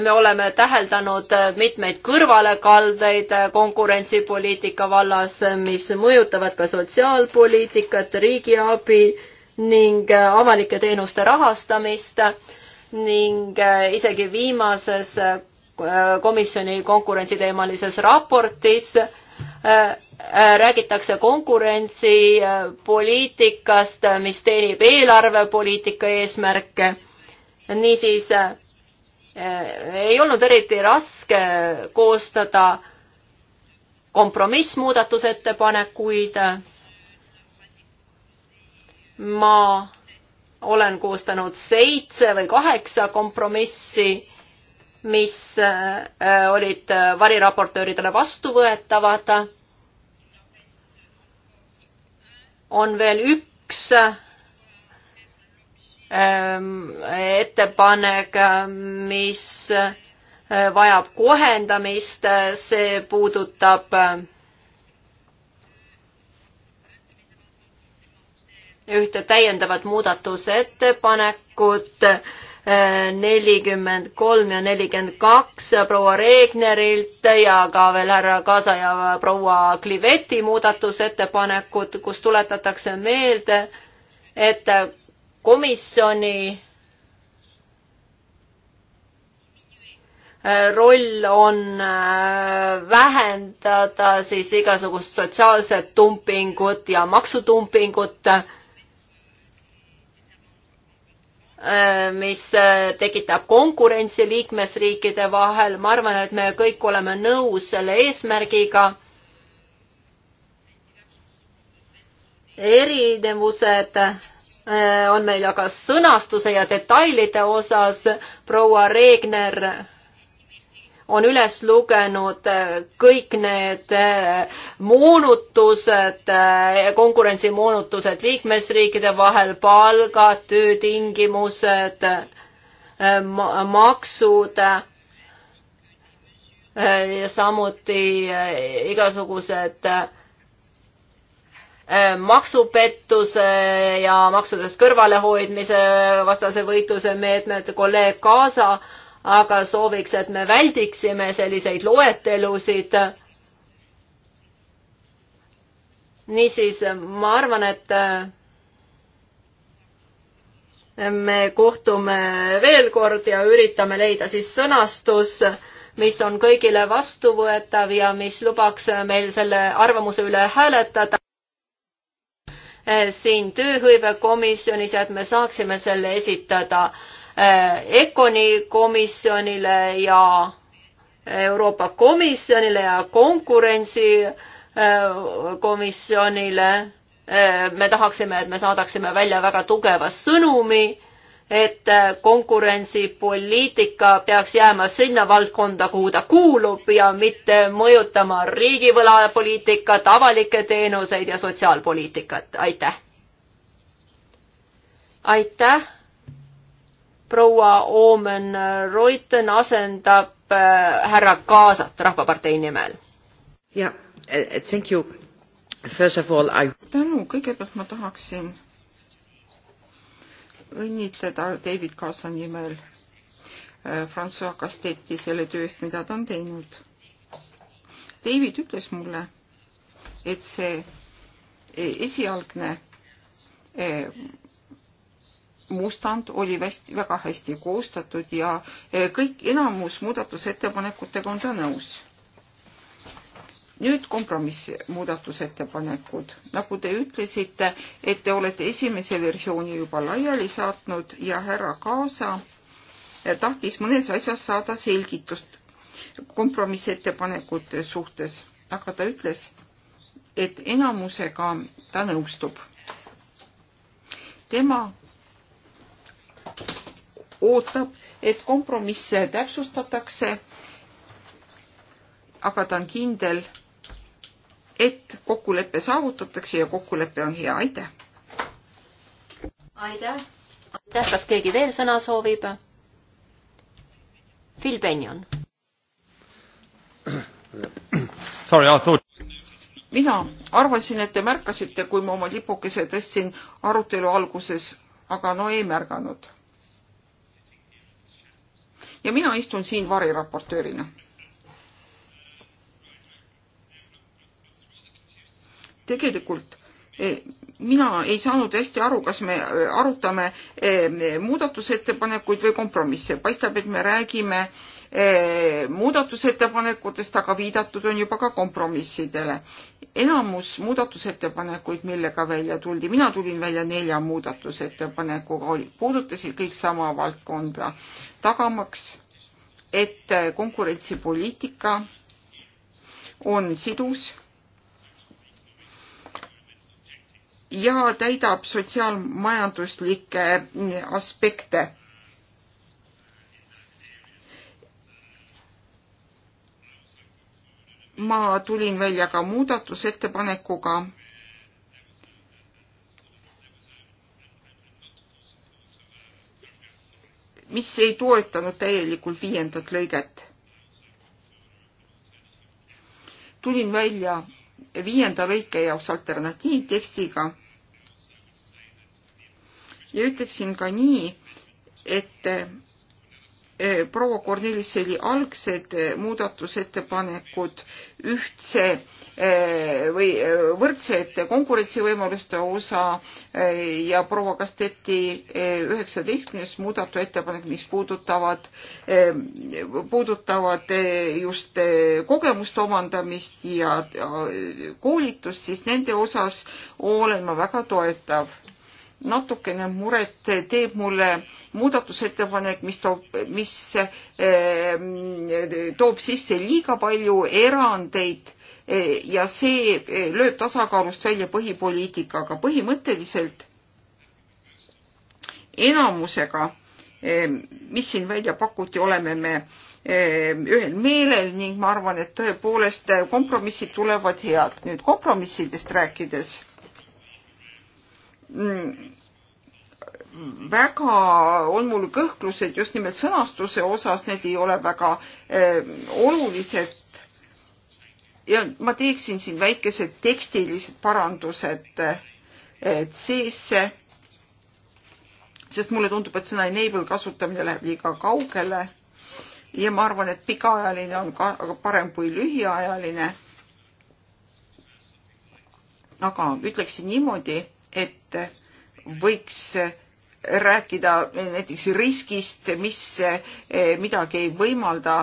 me oleme täheldanud mitmeid kõrvalekaldeid konkurentsipoliitika vallas, mis mõjutavad ka sotsiaalpoliitikat, riigiabi ning avalike teenuste rahastamist ning äh, isegi viimases äh, komisjoni konkurentsiteemalises raportis äh, räägitakse konkurentsipoliitikast, mis teenib eelarvepoliitika eesmärke. niisiis ei olnud eriti raske koostada kompromissmuudatusettepanekuid. ma olen koostanud seitse või kaheksa kompromissi, mis äh, olid äh, variraportööridele vastuvõetavad. on veel üks ähm, ettepanek, mis äh, vajab kohendamist, see puudutab ühte täiendavat muudatusettepanekut eh, nelikümmend kolm ja nelikümmend kaks proua Regnerilt ja ka veel härra Kaasa ja proua Kliveti muudatusettepanekud, kus tuletatakse meelde, et komisjoni eh, roll on eh, vähendada siis igasugust sotsiaalset dumpingut ja maksudumpingut Äh, mis äh, tekitab konkurentsi liikmesriikide vahel. ma arvan, et me kõik oleme nõus selle eesmärgiga. erinevused äh, on meil aga sõnastuse ja detailide osas. proua Reegner on üles lugenud äh, kõik need äh, moonutused, äh, konkurentsimoonutused liikmesriikide vahel, palgad, töötingimused, maksud ja samuti igasugused maksupettuse ja maksudest kõrvalehoidmise vastase võitluse meetmed, kolleeg Kaasa aga sooviks, et me väldiksime selliseid loetelusid. niisiis, ma arvan, et äh, me kohtume veel kord ja üritame leida siis sõnastus, mis on kõigile vastuvõetav ja mis lubaks meil selle arvamuse üle hääletada äh, siin tööhõivekomisjonis, et me saaksime selle esitada äh, Äh, ECONi komisjonile ja Euroopa Komisjonile ja konkurentsikomisjonile. Äh, äh, me tahaksime, et me saadaksime välja väga tugeva sõnumi, et konkurentsipoliitika peaks jääma sinna valdkonda, kuhu ta kuulub ja mitte mõjutama riigivõlapoliitikat, avalikke teenuseid ja sotsiaalpoliitikat. aitäh! aitäh! proua Oomen Reuten asendab äh, härra Kaasat Rahvapartei nimel. jah, eh, thank you. First of all I. tänu, kõigepealt ma tahaksin õnnitleda David Kaasa nimel äh, Francois Casteti selle töö eest, mida ta on teinud. David ütles mulle, et see eh, esialgne eh, mustand oli hästi, väga hästi koostatud ja e, kõik, enamus muudatusettepanekutega on ta nõus. nüüd kompromissmuudatusettepanekud. nagu te ütlesite, et te olete esimese versiooni juba laiali saatnud ja härra Kaasa e, tahtis mõnes asjas saada selgitust kompromissettepanekute suhtes, aga ta ütles, et enamusega ta nõustub. tema ootab, et kompromisse täpsustatakse. aga ta on kindel, et kokkulepe saavutatakse ja kokkulepe on hea, aitäh. aitäh, aitäh, kas keegi veel sõna soovib? Phil Benjon. Sorry, I thought mina arvasin, et te märkasite, kui ma oma lipukese tõstsin arutelu alguses, aga no ei märganud ja mina istun siin variraportöörina. tegelikult eh, mina ei saanud hästi aru, kas me eh, arutame eh, muudatusettepanekuid või kompromisse. paistab, et me räägime äh, Eh, muudatusettepanekutest, aga viidatud on juba ka kompromissidele. enamus muudatusettepanekuid, millega välja tuldi, mina tulin välja nelja muudatusettepanekuga, puudutasid kõik sama valdkonda, tagamaks, et eh, konkurentsipoliitika on sidus ja täidab sotsiaalmajanduslikke mm, aspekte ma tulin välja ka muudatusettepanekuga. mis ei toetanud täielikult viiendat lõiget. tulin välja viienda lõike jaoks alternatiivtekstiga. ja ütleksin ka nii, et Eh, proua Kornelisseli algsed eh, muudatusettepanekud ühtse eh, või võrdsete konkurentsivõimaluste osa ja proua Kasteti üheksateistkümnes muudatusettepanek, mis puudutavad, puudutavad just kogemuste omandamist ja koolitust, siis nende osas olen ma väga toetav natukene muret teeb mulle muudatusettepanek, mis toob, mis eh, toob sisse liiga palju erandeid eh, ja see eh, lööb tasakaalust välja põhipoliitikaga. põhimõtteliselt enamusega, mis siin välja pakuti, oleme me ühel meelel ning ma arvan, et tõepoolest kompromissid tulevad head. nüüd kompromissidest rääkides Mm. väga on mul kõhklused just nimelt sõnastuse osas, need ei ole väga eh, olulised. ja ma teeksin siin väikesed tekstilised parandused C-sse, eh, sest mulle tundub, et sõna enable kasutamine läheb liiga kaugele ja ma arvan, et pikaajaline on ka parem kui lühiajaline. aga ütleksin niimoodi et võiks rääkida näiteks riskist, mis midagi ei võimalda.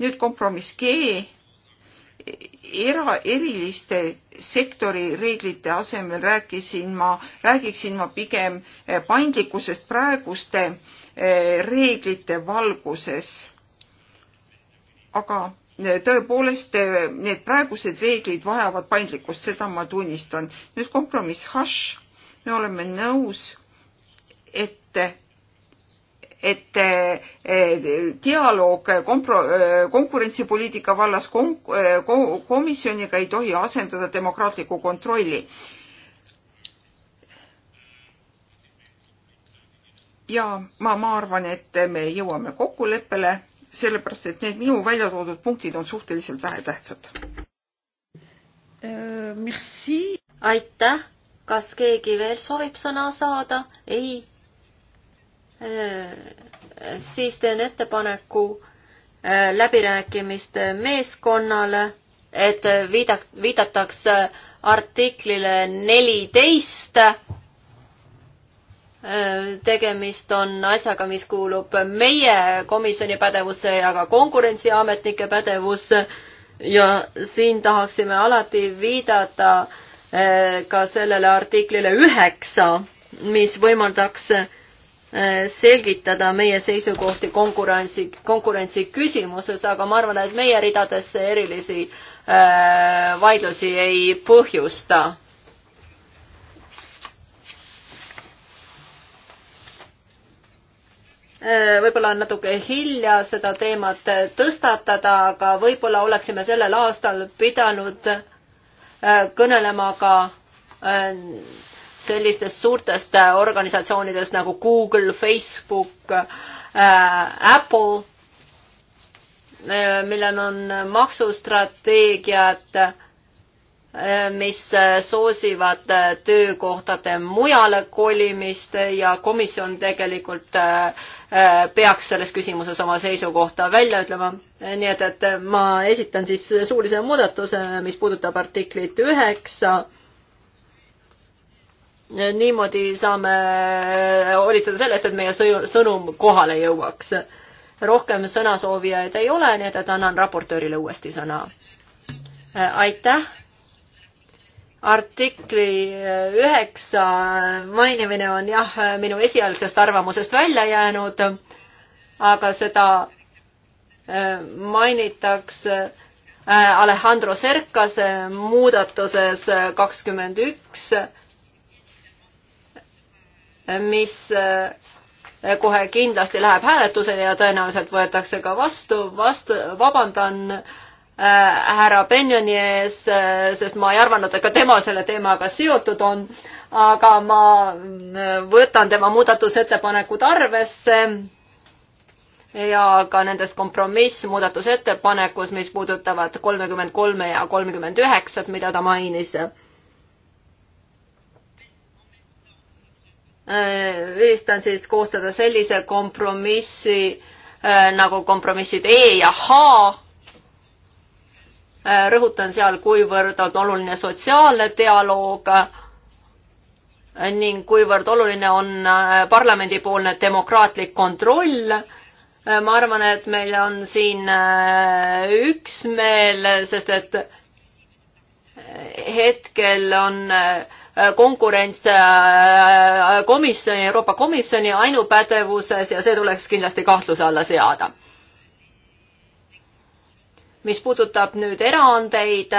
nüüd kompromiss G era, eriliste sektori reeglite asemel rääkisin ma, räägiksin ma pigem paindlikkusest praeguste eh, reeglite valguses. aga tõepoolest eh, need praegused reeglid vajavad paindlikkust, seda ma tunnistan. nüüd kompromiss hash, me oleme nõus, et, et eh, dialoog kompro-, eh, konkurentsipoliitika vallas kon-, komisjoniga ei tohi asendada demokraatlikku kontrolli. ja ma, ma arvan, et me jõuame kokkuleppele sellepärast, et need minu välja toodud punktid on suhteliselt vähetähtsad. Äh, merci. aitäh. kas keegi veel soovib sõna saada? ei. Äh, siis teen ettepaneku äh, läbirääkimiste meeskonnale, et viidak-, viidatakse artiklile neliteist Äh, tegemist on asjaga, mis kuulub meie komisjoni pädevusse ja ka konkurentsiametnike pädevusse ja siin tahaksime alati viidata äh, ka sellele artiklile üheksa, mis võimaldaks äh, selgitada meie seisukohti konkurentsi, konkurentsi küsimuses, aga ma arvan, et meie ridadesse erilisi vaidlusi ei põhjusta Äh, võib-olla on natuke hilja seda teemat tõstatada, aga võib-olla oleksime sellel aastal pidanud äh, kõnelema ka äh, sellistest suurtest organisatsioonidest nagu Google, Facebook, Apple millel on maksustrateegiad mis äh, soosivad äh, töökohtade mujale kolimist ja komisjon tegelikult äh, peaks selles küsimuses oma seisukohta välja ütlema. nii et, et ma esitan siis suulise muudatuse, mis puudutab artiklit üheksa. niimoodi saame hoolitseda sellest, et meie sõnum kohale jõuaks. rohkem sõnasoovijaid ei ole, nii et, et annan raportöörile uuesti sõna. aitäh artikli eh, üheksa mainimine on jah, eh, minu esialgsest arvamusest välja jäänud, aga seda eh, mainitakse Alejandro Serkase muudatuses kakskümmend üks, mis kohe kindlasti läheb hääletusele ja tõenäoliselt võetakse ka vastu, vastu, vabandan äh, Äh, härra Benjoni ees, äh, sest ma ei arvanud, et ka tema selle teemaga seotud on, aga ma äh, võtan tema muudatusettepanekud arvesse ja ka nendes kompromissmuudatusettepanekus, mis puudutavad kolmekümmend kolme ja kolmkümmend üheksat, mida ta mainis üritan siis koostada sellise kompromissi nagu kompromissid E ja H Äh, rõhutan seal, kuivõrd on oluline sotsiaalne dialoog äh, ning kuivõrd oluline on äh, parlamendipoolne demokraatlik kontroll. ma arvan, et meil on siin üksmeel, sest et hetkel on konkurents komisjoni, Euroopa Komisjoni ainupädevuses ja see tuleks kindlasti kahtluse alla seada mis puudutab nüüd eraandeid,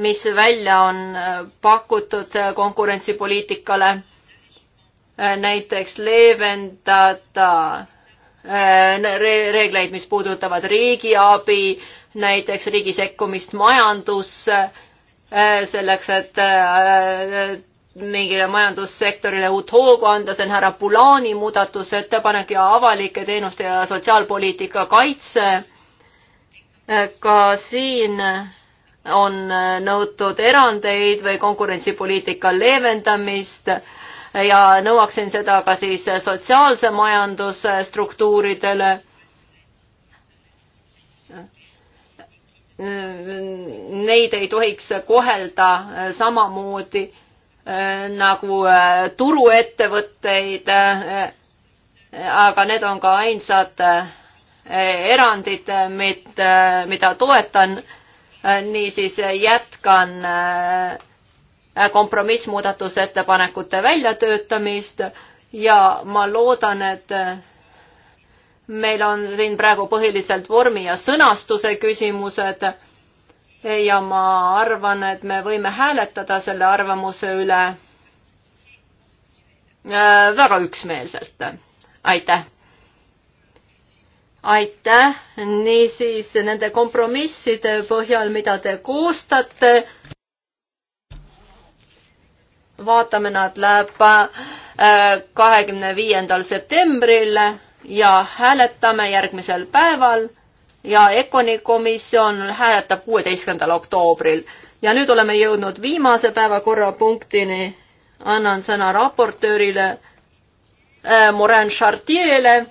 mis välja on äh, pakutud äh, konkurentsipoliitikale, äh, näiteks leevendada reegleid, mis puudutavad riigiabi, näiteks riigi sekkumist majandusse, selleks, et mingile majandussektorile uut hoogu anda, see on härra Pulaani muudatusettepanek ja avalike teenuste ja sotsiaalpoliitika kaitse ka siin on nõutud erandeid või konkurentsipoliitika leevendamist ja nõuaksin seda ka siis sotsiaalse majanduse struktuuridele. Neid ei tohiks kohelda samamoodi nagu turuettevõtteid, aga need on ka ainsad erandid, mida, mida toetan. niisiis jätkan äh, kompromissmuudatusettepanekute väljatöötamist ja ma loodan, et meil on siin praegu põhiliselt vormi ja sõnastuse küsimused ja ma arvan, et me võime hääletada selle arvamuse üle äh, väga üksmeelselt. aitäh! aitäh, niisiis nende kompromisside põhjal, mida te koostate vaatame nad läbi äh, kahekümne viiendal septembril ja hääletame järgmisel päeval ja Econi komisjon hääletab kuueteistkümnendal oktoobril. ja nüüd oleme jõudnud viimase päevakorrapunktini. annan sõna raportöörile äh, Morin Chartierile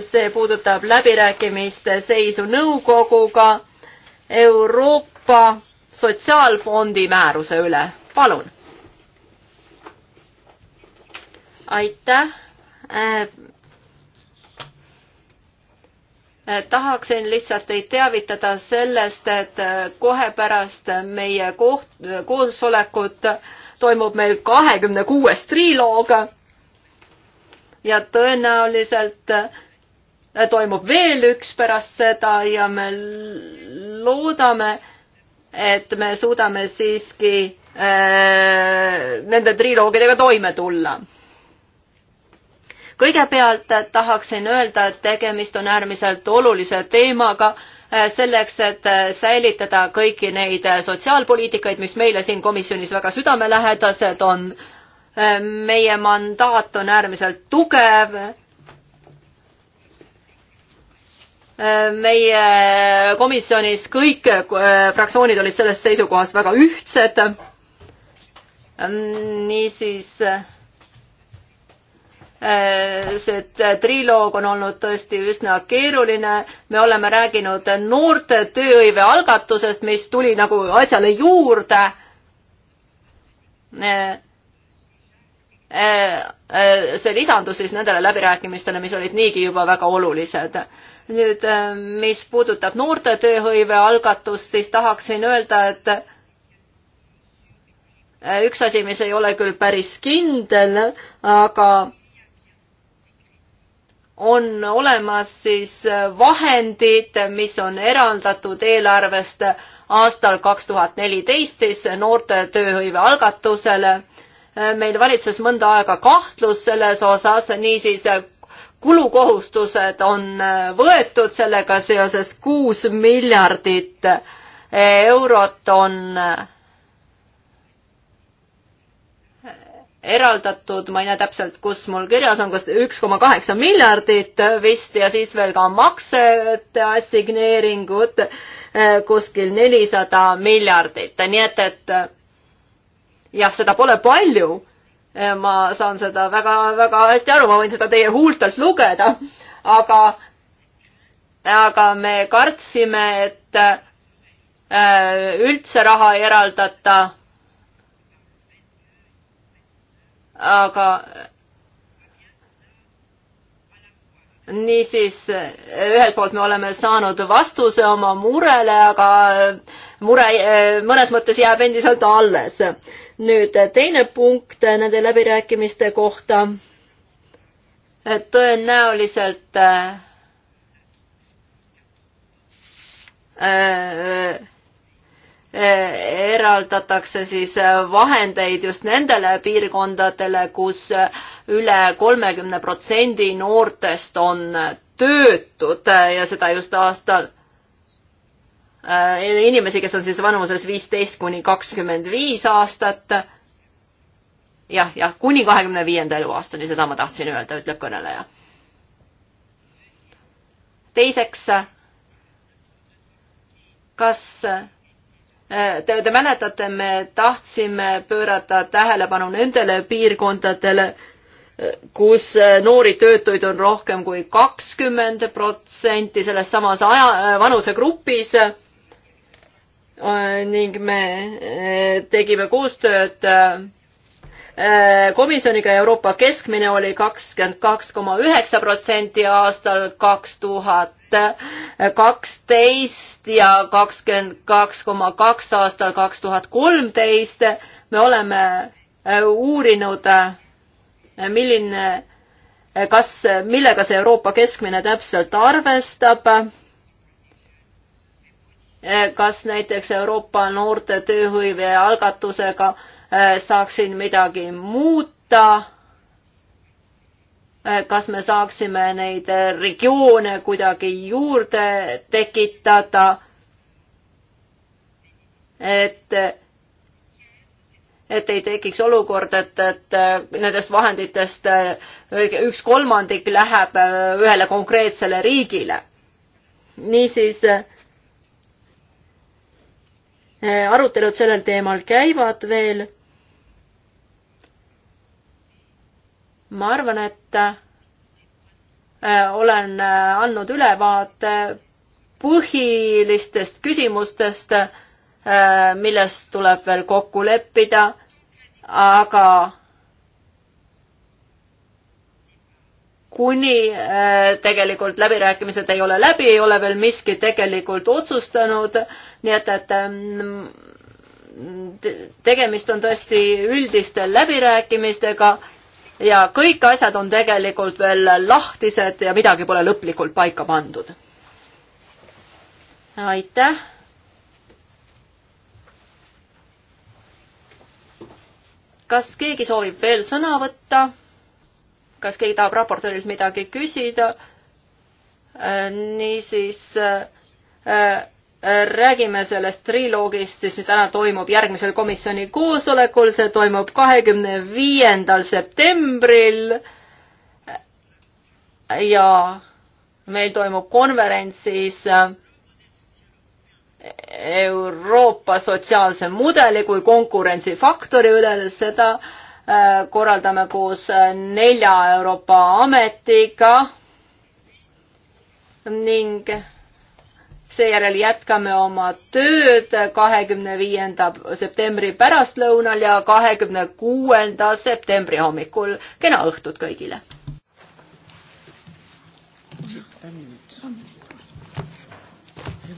see puudutab läbirääkimiste seisu nõukoguga Euroopa Sotsiaalfondi määruse üle. palun. aitäh äh, äh, tahaksin lihtsalt teid teavitada sellest, et äh, kohe pärast meie koht, koosolekut toimub meil kahekümne kuues triloog ja tõenäoliselt äh, toimub veel üks pärast seda ja me loodame, et me suudame siiski äh, nende triloogidega toime tulla. kõigepealt tahaksin öelda, et tegemist on äärmiselt olulise teemaga äh, selleks, et äh, säilitada kõiki neid sotsiaalpoliitikaid, mis meile siin komisjonis väga südamelähedased on äh, Ehm, meie mandaat on äärmiselt tugev. Ehm, meie komisjonis kõik eh, fraktsioonid olid selles seisukohas väga ühtsed. Ehm, niisiis eh, see triloog on olnud tõesti üsna keeruline. me oleme rääkinud noorte tööhõive algatusest, mis tuli nagu asjale juurde eh, Äh, äh, see lisandus siis nendele läbirääkimistele, mis olid niigi juba väga olulised. nüüd, äh, mis puudutab noorte tööhõive algatust, siis tahaksin öelda, et üks asi, mis ei ole küll päris kindel, aga on olemas siis vahendid, mis on eraldatud eelarvest aastal kaks tuhat neliteist siis noorte tööhõive algatusele meil valitses mõnda aega kahtlus selles osas, niisiis kulukohustused on äh, võetud sellega seoses kuus miljardit äh, eurot on äh, eraldatud, ma ei näe täpselt, kus mul kirjas on, kas üks koma kaheksa miljardit vist ja siis veel ka maksete assigneeringud kuskil nelisada miljardit, nii et, et jah, seda pole palju. Äh, ma saan seda väga-väga hästi aru, ma võin seda teie huultelt lugeda, aga, aga me kartsime, et äh, üldse raha ei eraldata. aga niisiis ühelt poolt me oleme saanud vastuse oma murele, aga mure eh, mõnes mõttes jääb endiselt alles. nüüd teine punkt nende läbirääkimiste kohta. tõenäoliselt äh, eraldatakse siis vahendeid just nendele piirkondadele, kus üle kolmekümne protsendi noortest on töötud ja seda just aastal inimesi, kes on siis vanuses viisteist kuni kakskümmend viis aastat. jah, jah, kuni kahekümne viienda eluaastani, seda ma tahtsin öelda, ütleb kõneleja. teiseks, kas Te, te mäletate, me tahtsime pöörata tähelepanu nendele piirkondadele, kus noori töötuid on rohkem kui kakskümmend protsenti selles samas aja, vanusegrupis ning me eh, tegime koostööd eh, komisjoniga Euroopa keskmine oli kakskümmend kaks koma üheksa protsenti aastal kaks tuhat Äh, kaksteist ja kakskümmend kaks koma kaks aastal kaks tuhat kolmteist me oleme äh, uurinud, äh, milline, kas, millega see Euroopa keskmine täpselt arvestab. kas näiteks Euroopa noorte tööhõive algatusega saaksin midagi muuta Äh, kas me saaksime neid äh, regioone kuidagi juurde tekitada, et, et ei tekiks olukord, et, et äh, nendest vahenditest üks kolmandik läheb ühele konkreetsele riigile. niisiis arutelud sellel teemal käivad veel ma arvan, et äh, olen äh, andnud ülevaate põhilistest küsimustest, äh, milles tuleb veel kokku leppida, aga kuni tegelikult läbirääkimised ei ole läbi, ei ole veel miski tegelikult otsustanud, nii et, et ähm, tegemist on tõesti üldiste läbirääkimistega ja kõik asjad on tegelikult veel lahtised ja midagi pole lõplikult paika pandud. aitäh. kas keegi soovib veel sõna võtta? kas keegi tahab raportöörilt midagi küsida? Äh, niisiis äh, räägime sellest triloogist siis, mis täna toimub järgmisel komisjoni koosolekul, see toimub kahekümne viiendal septembril. ja meil toimub konverents siis Euroopa sotsiaalse mudeli kui konkurentsifaktori üle, seda äh, korraldame koos äh, nelja Euroopa ametiga ning seejärel jätkame oma tööd kahekümne viienda septembri pärastlõunal ja kahekümne kuuenda septembri hommikul. kena õhtut kõigile!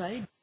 Right.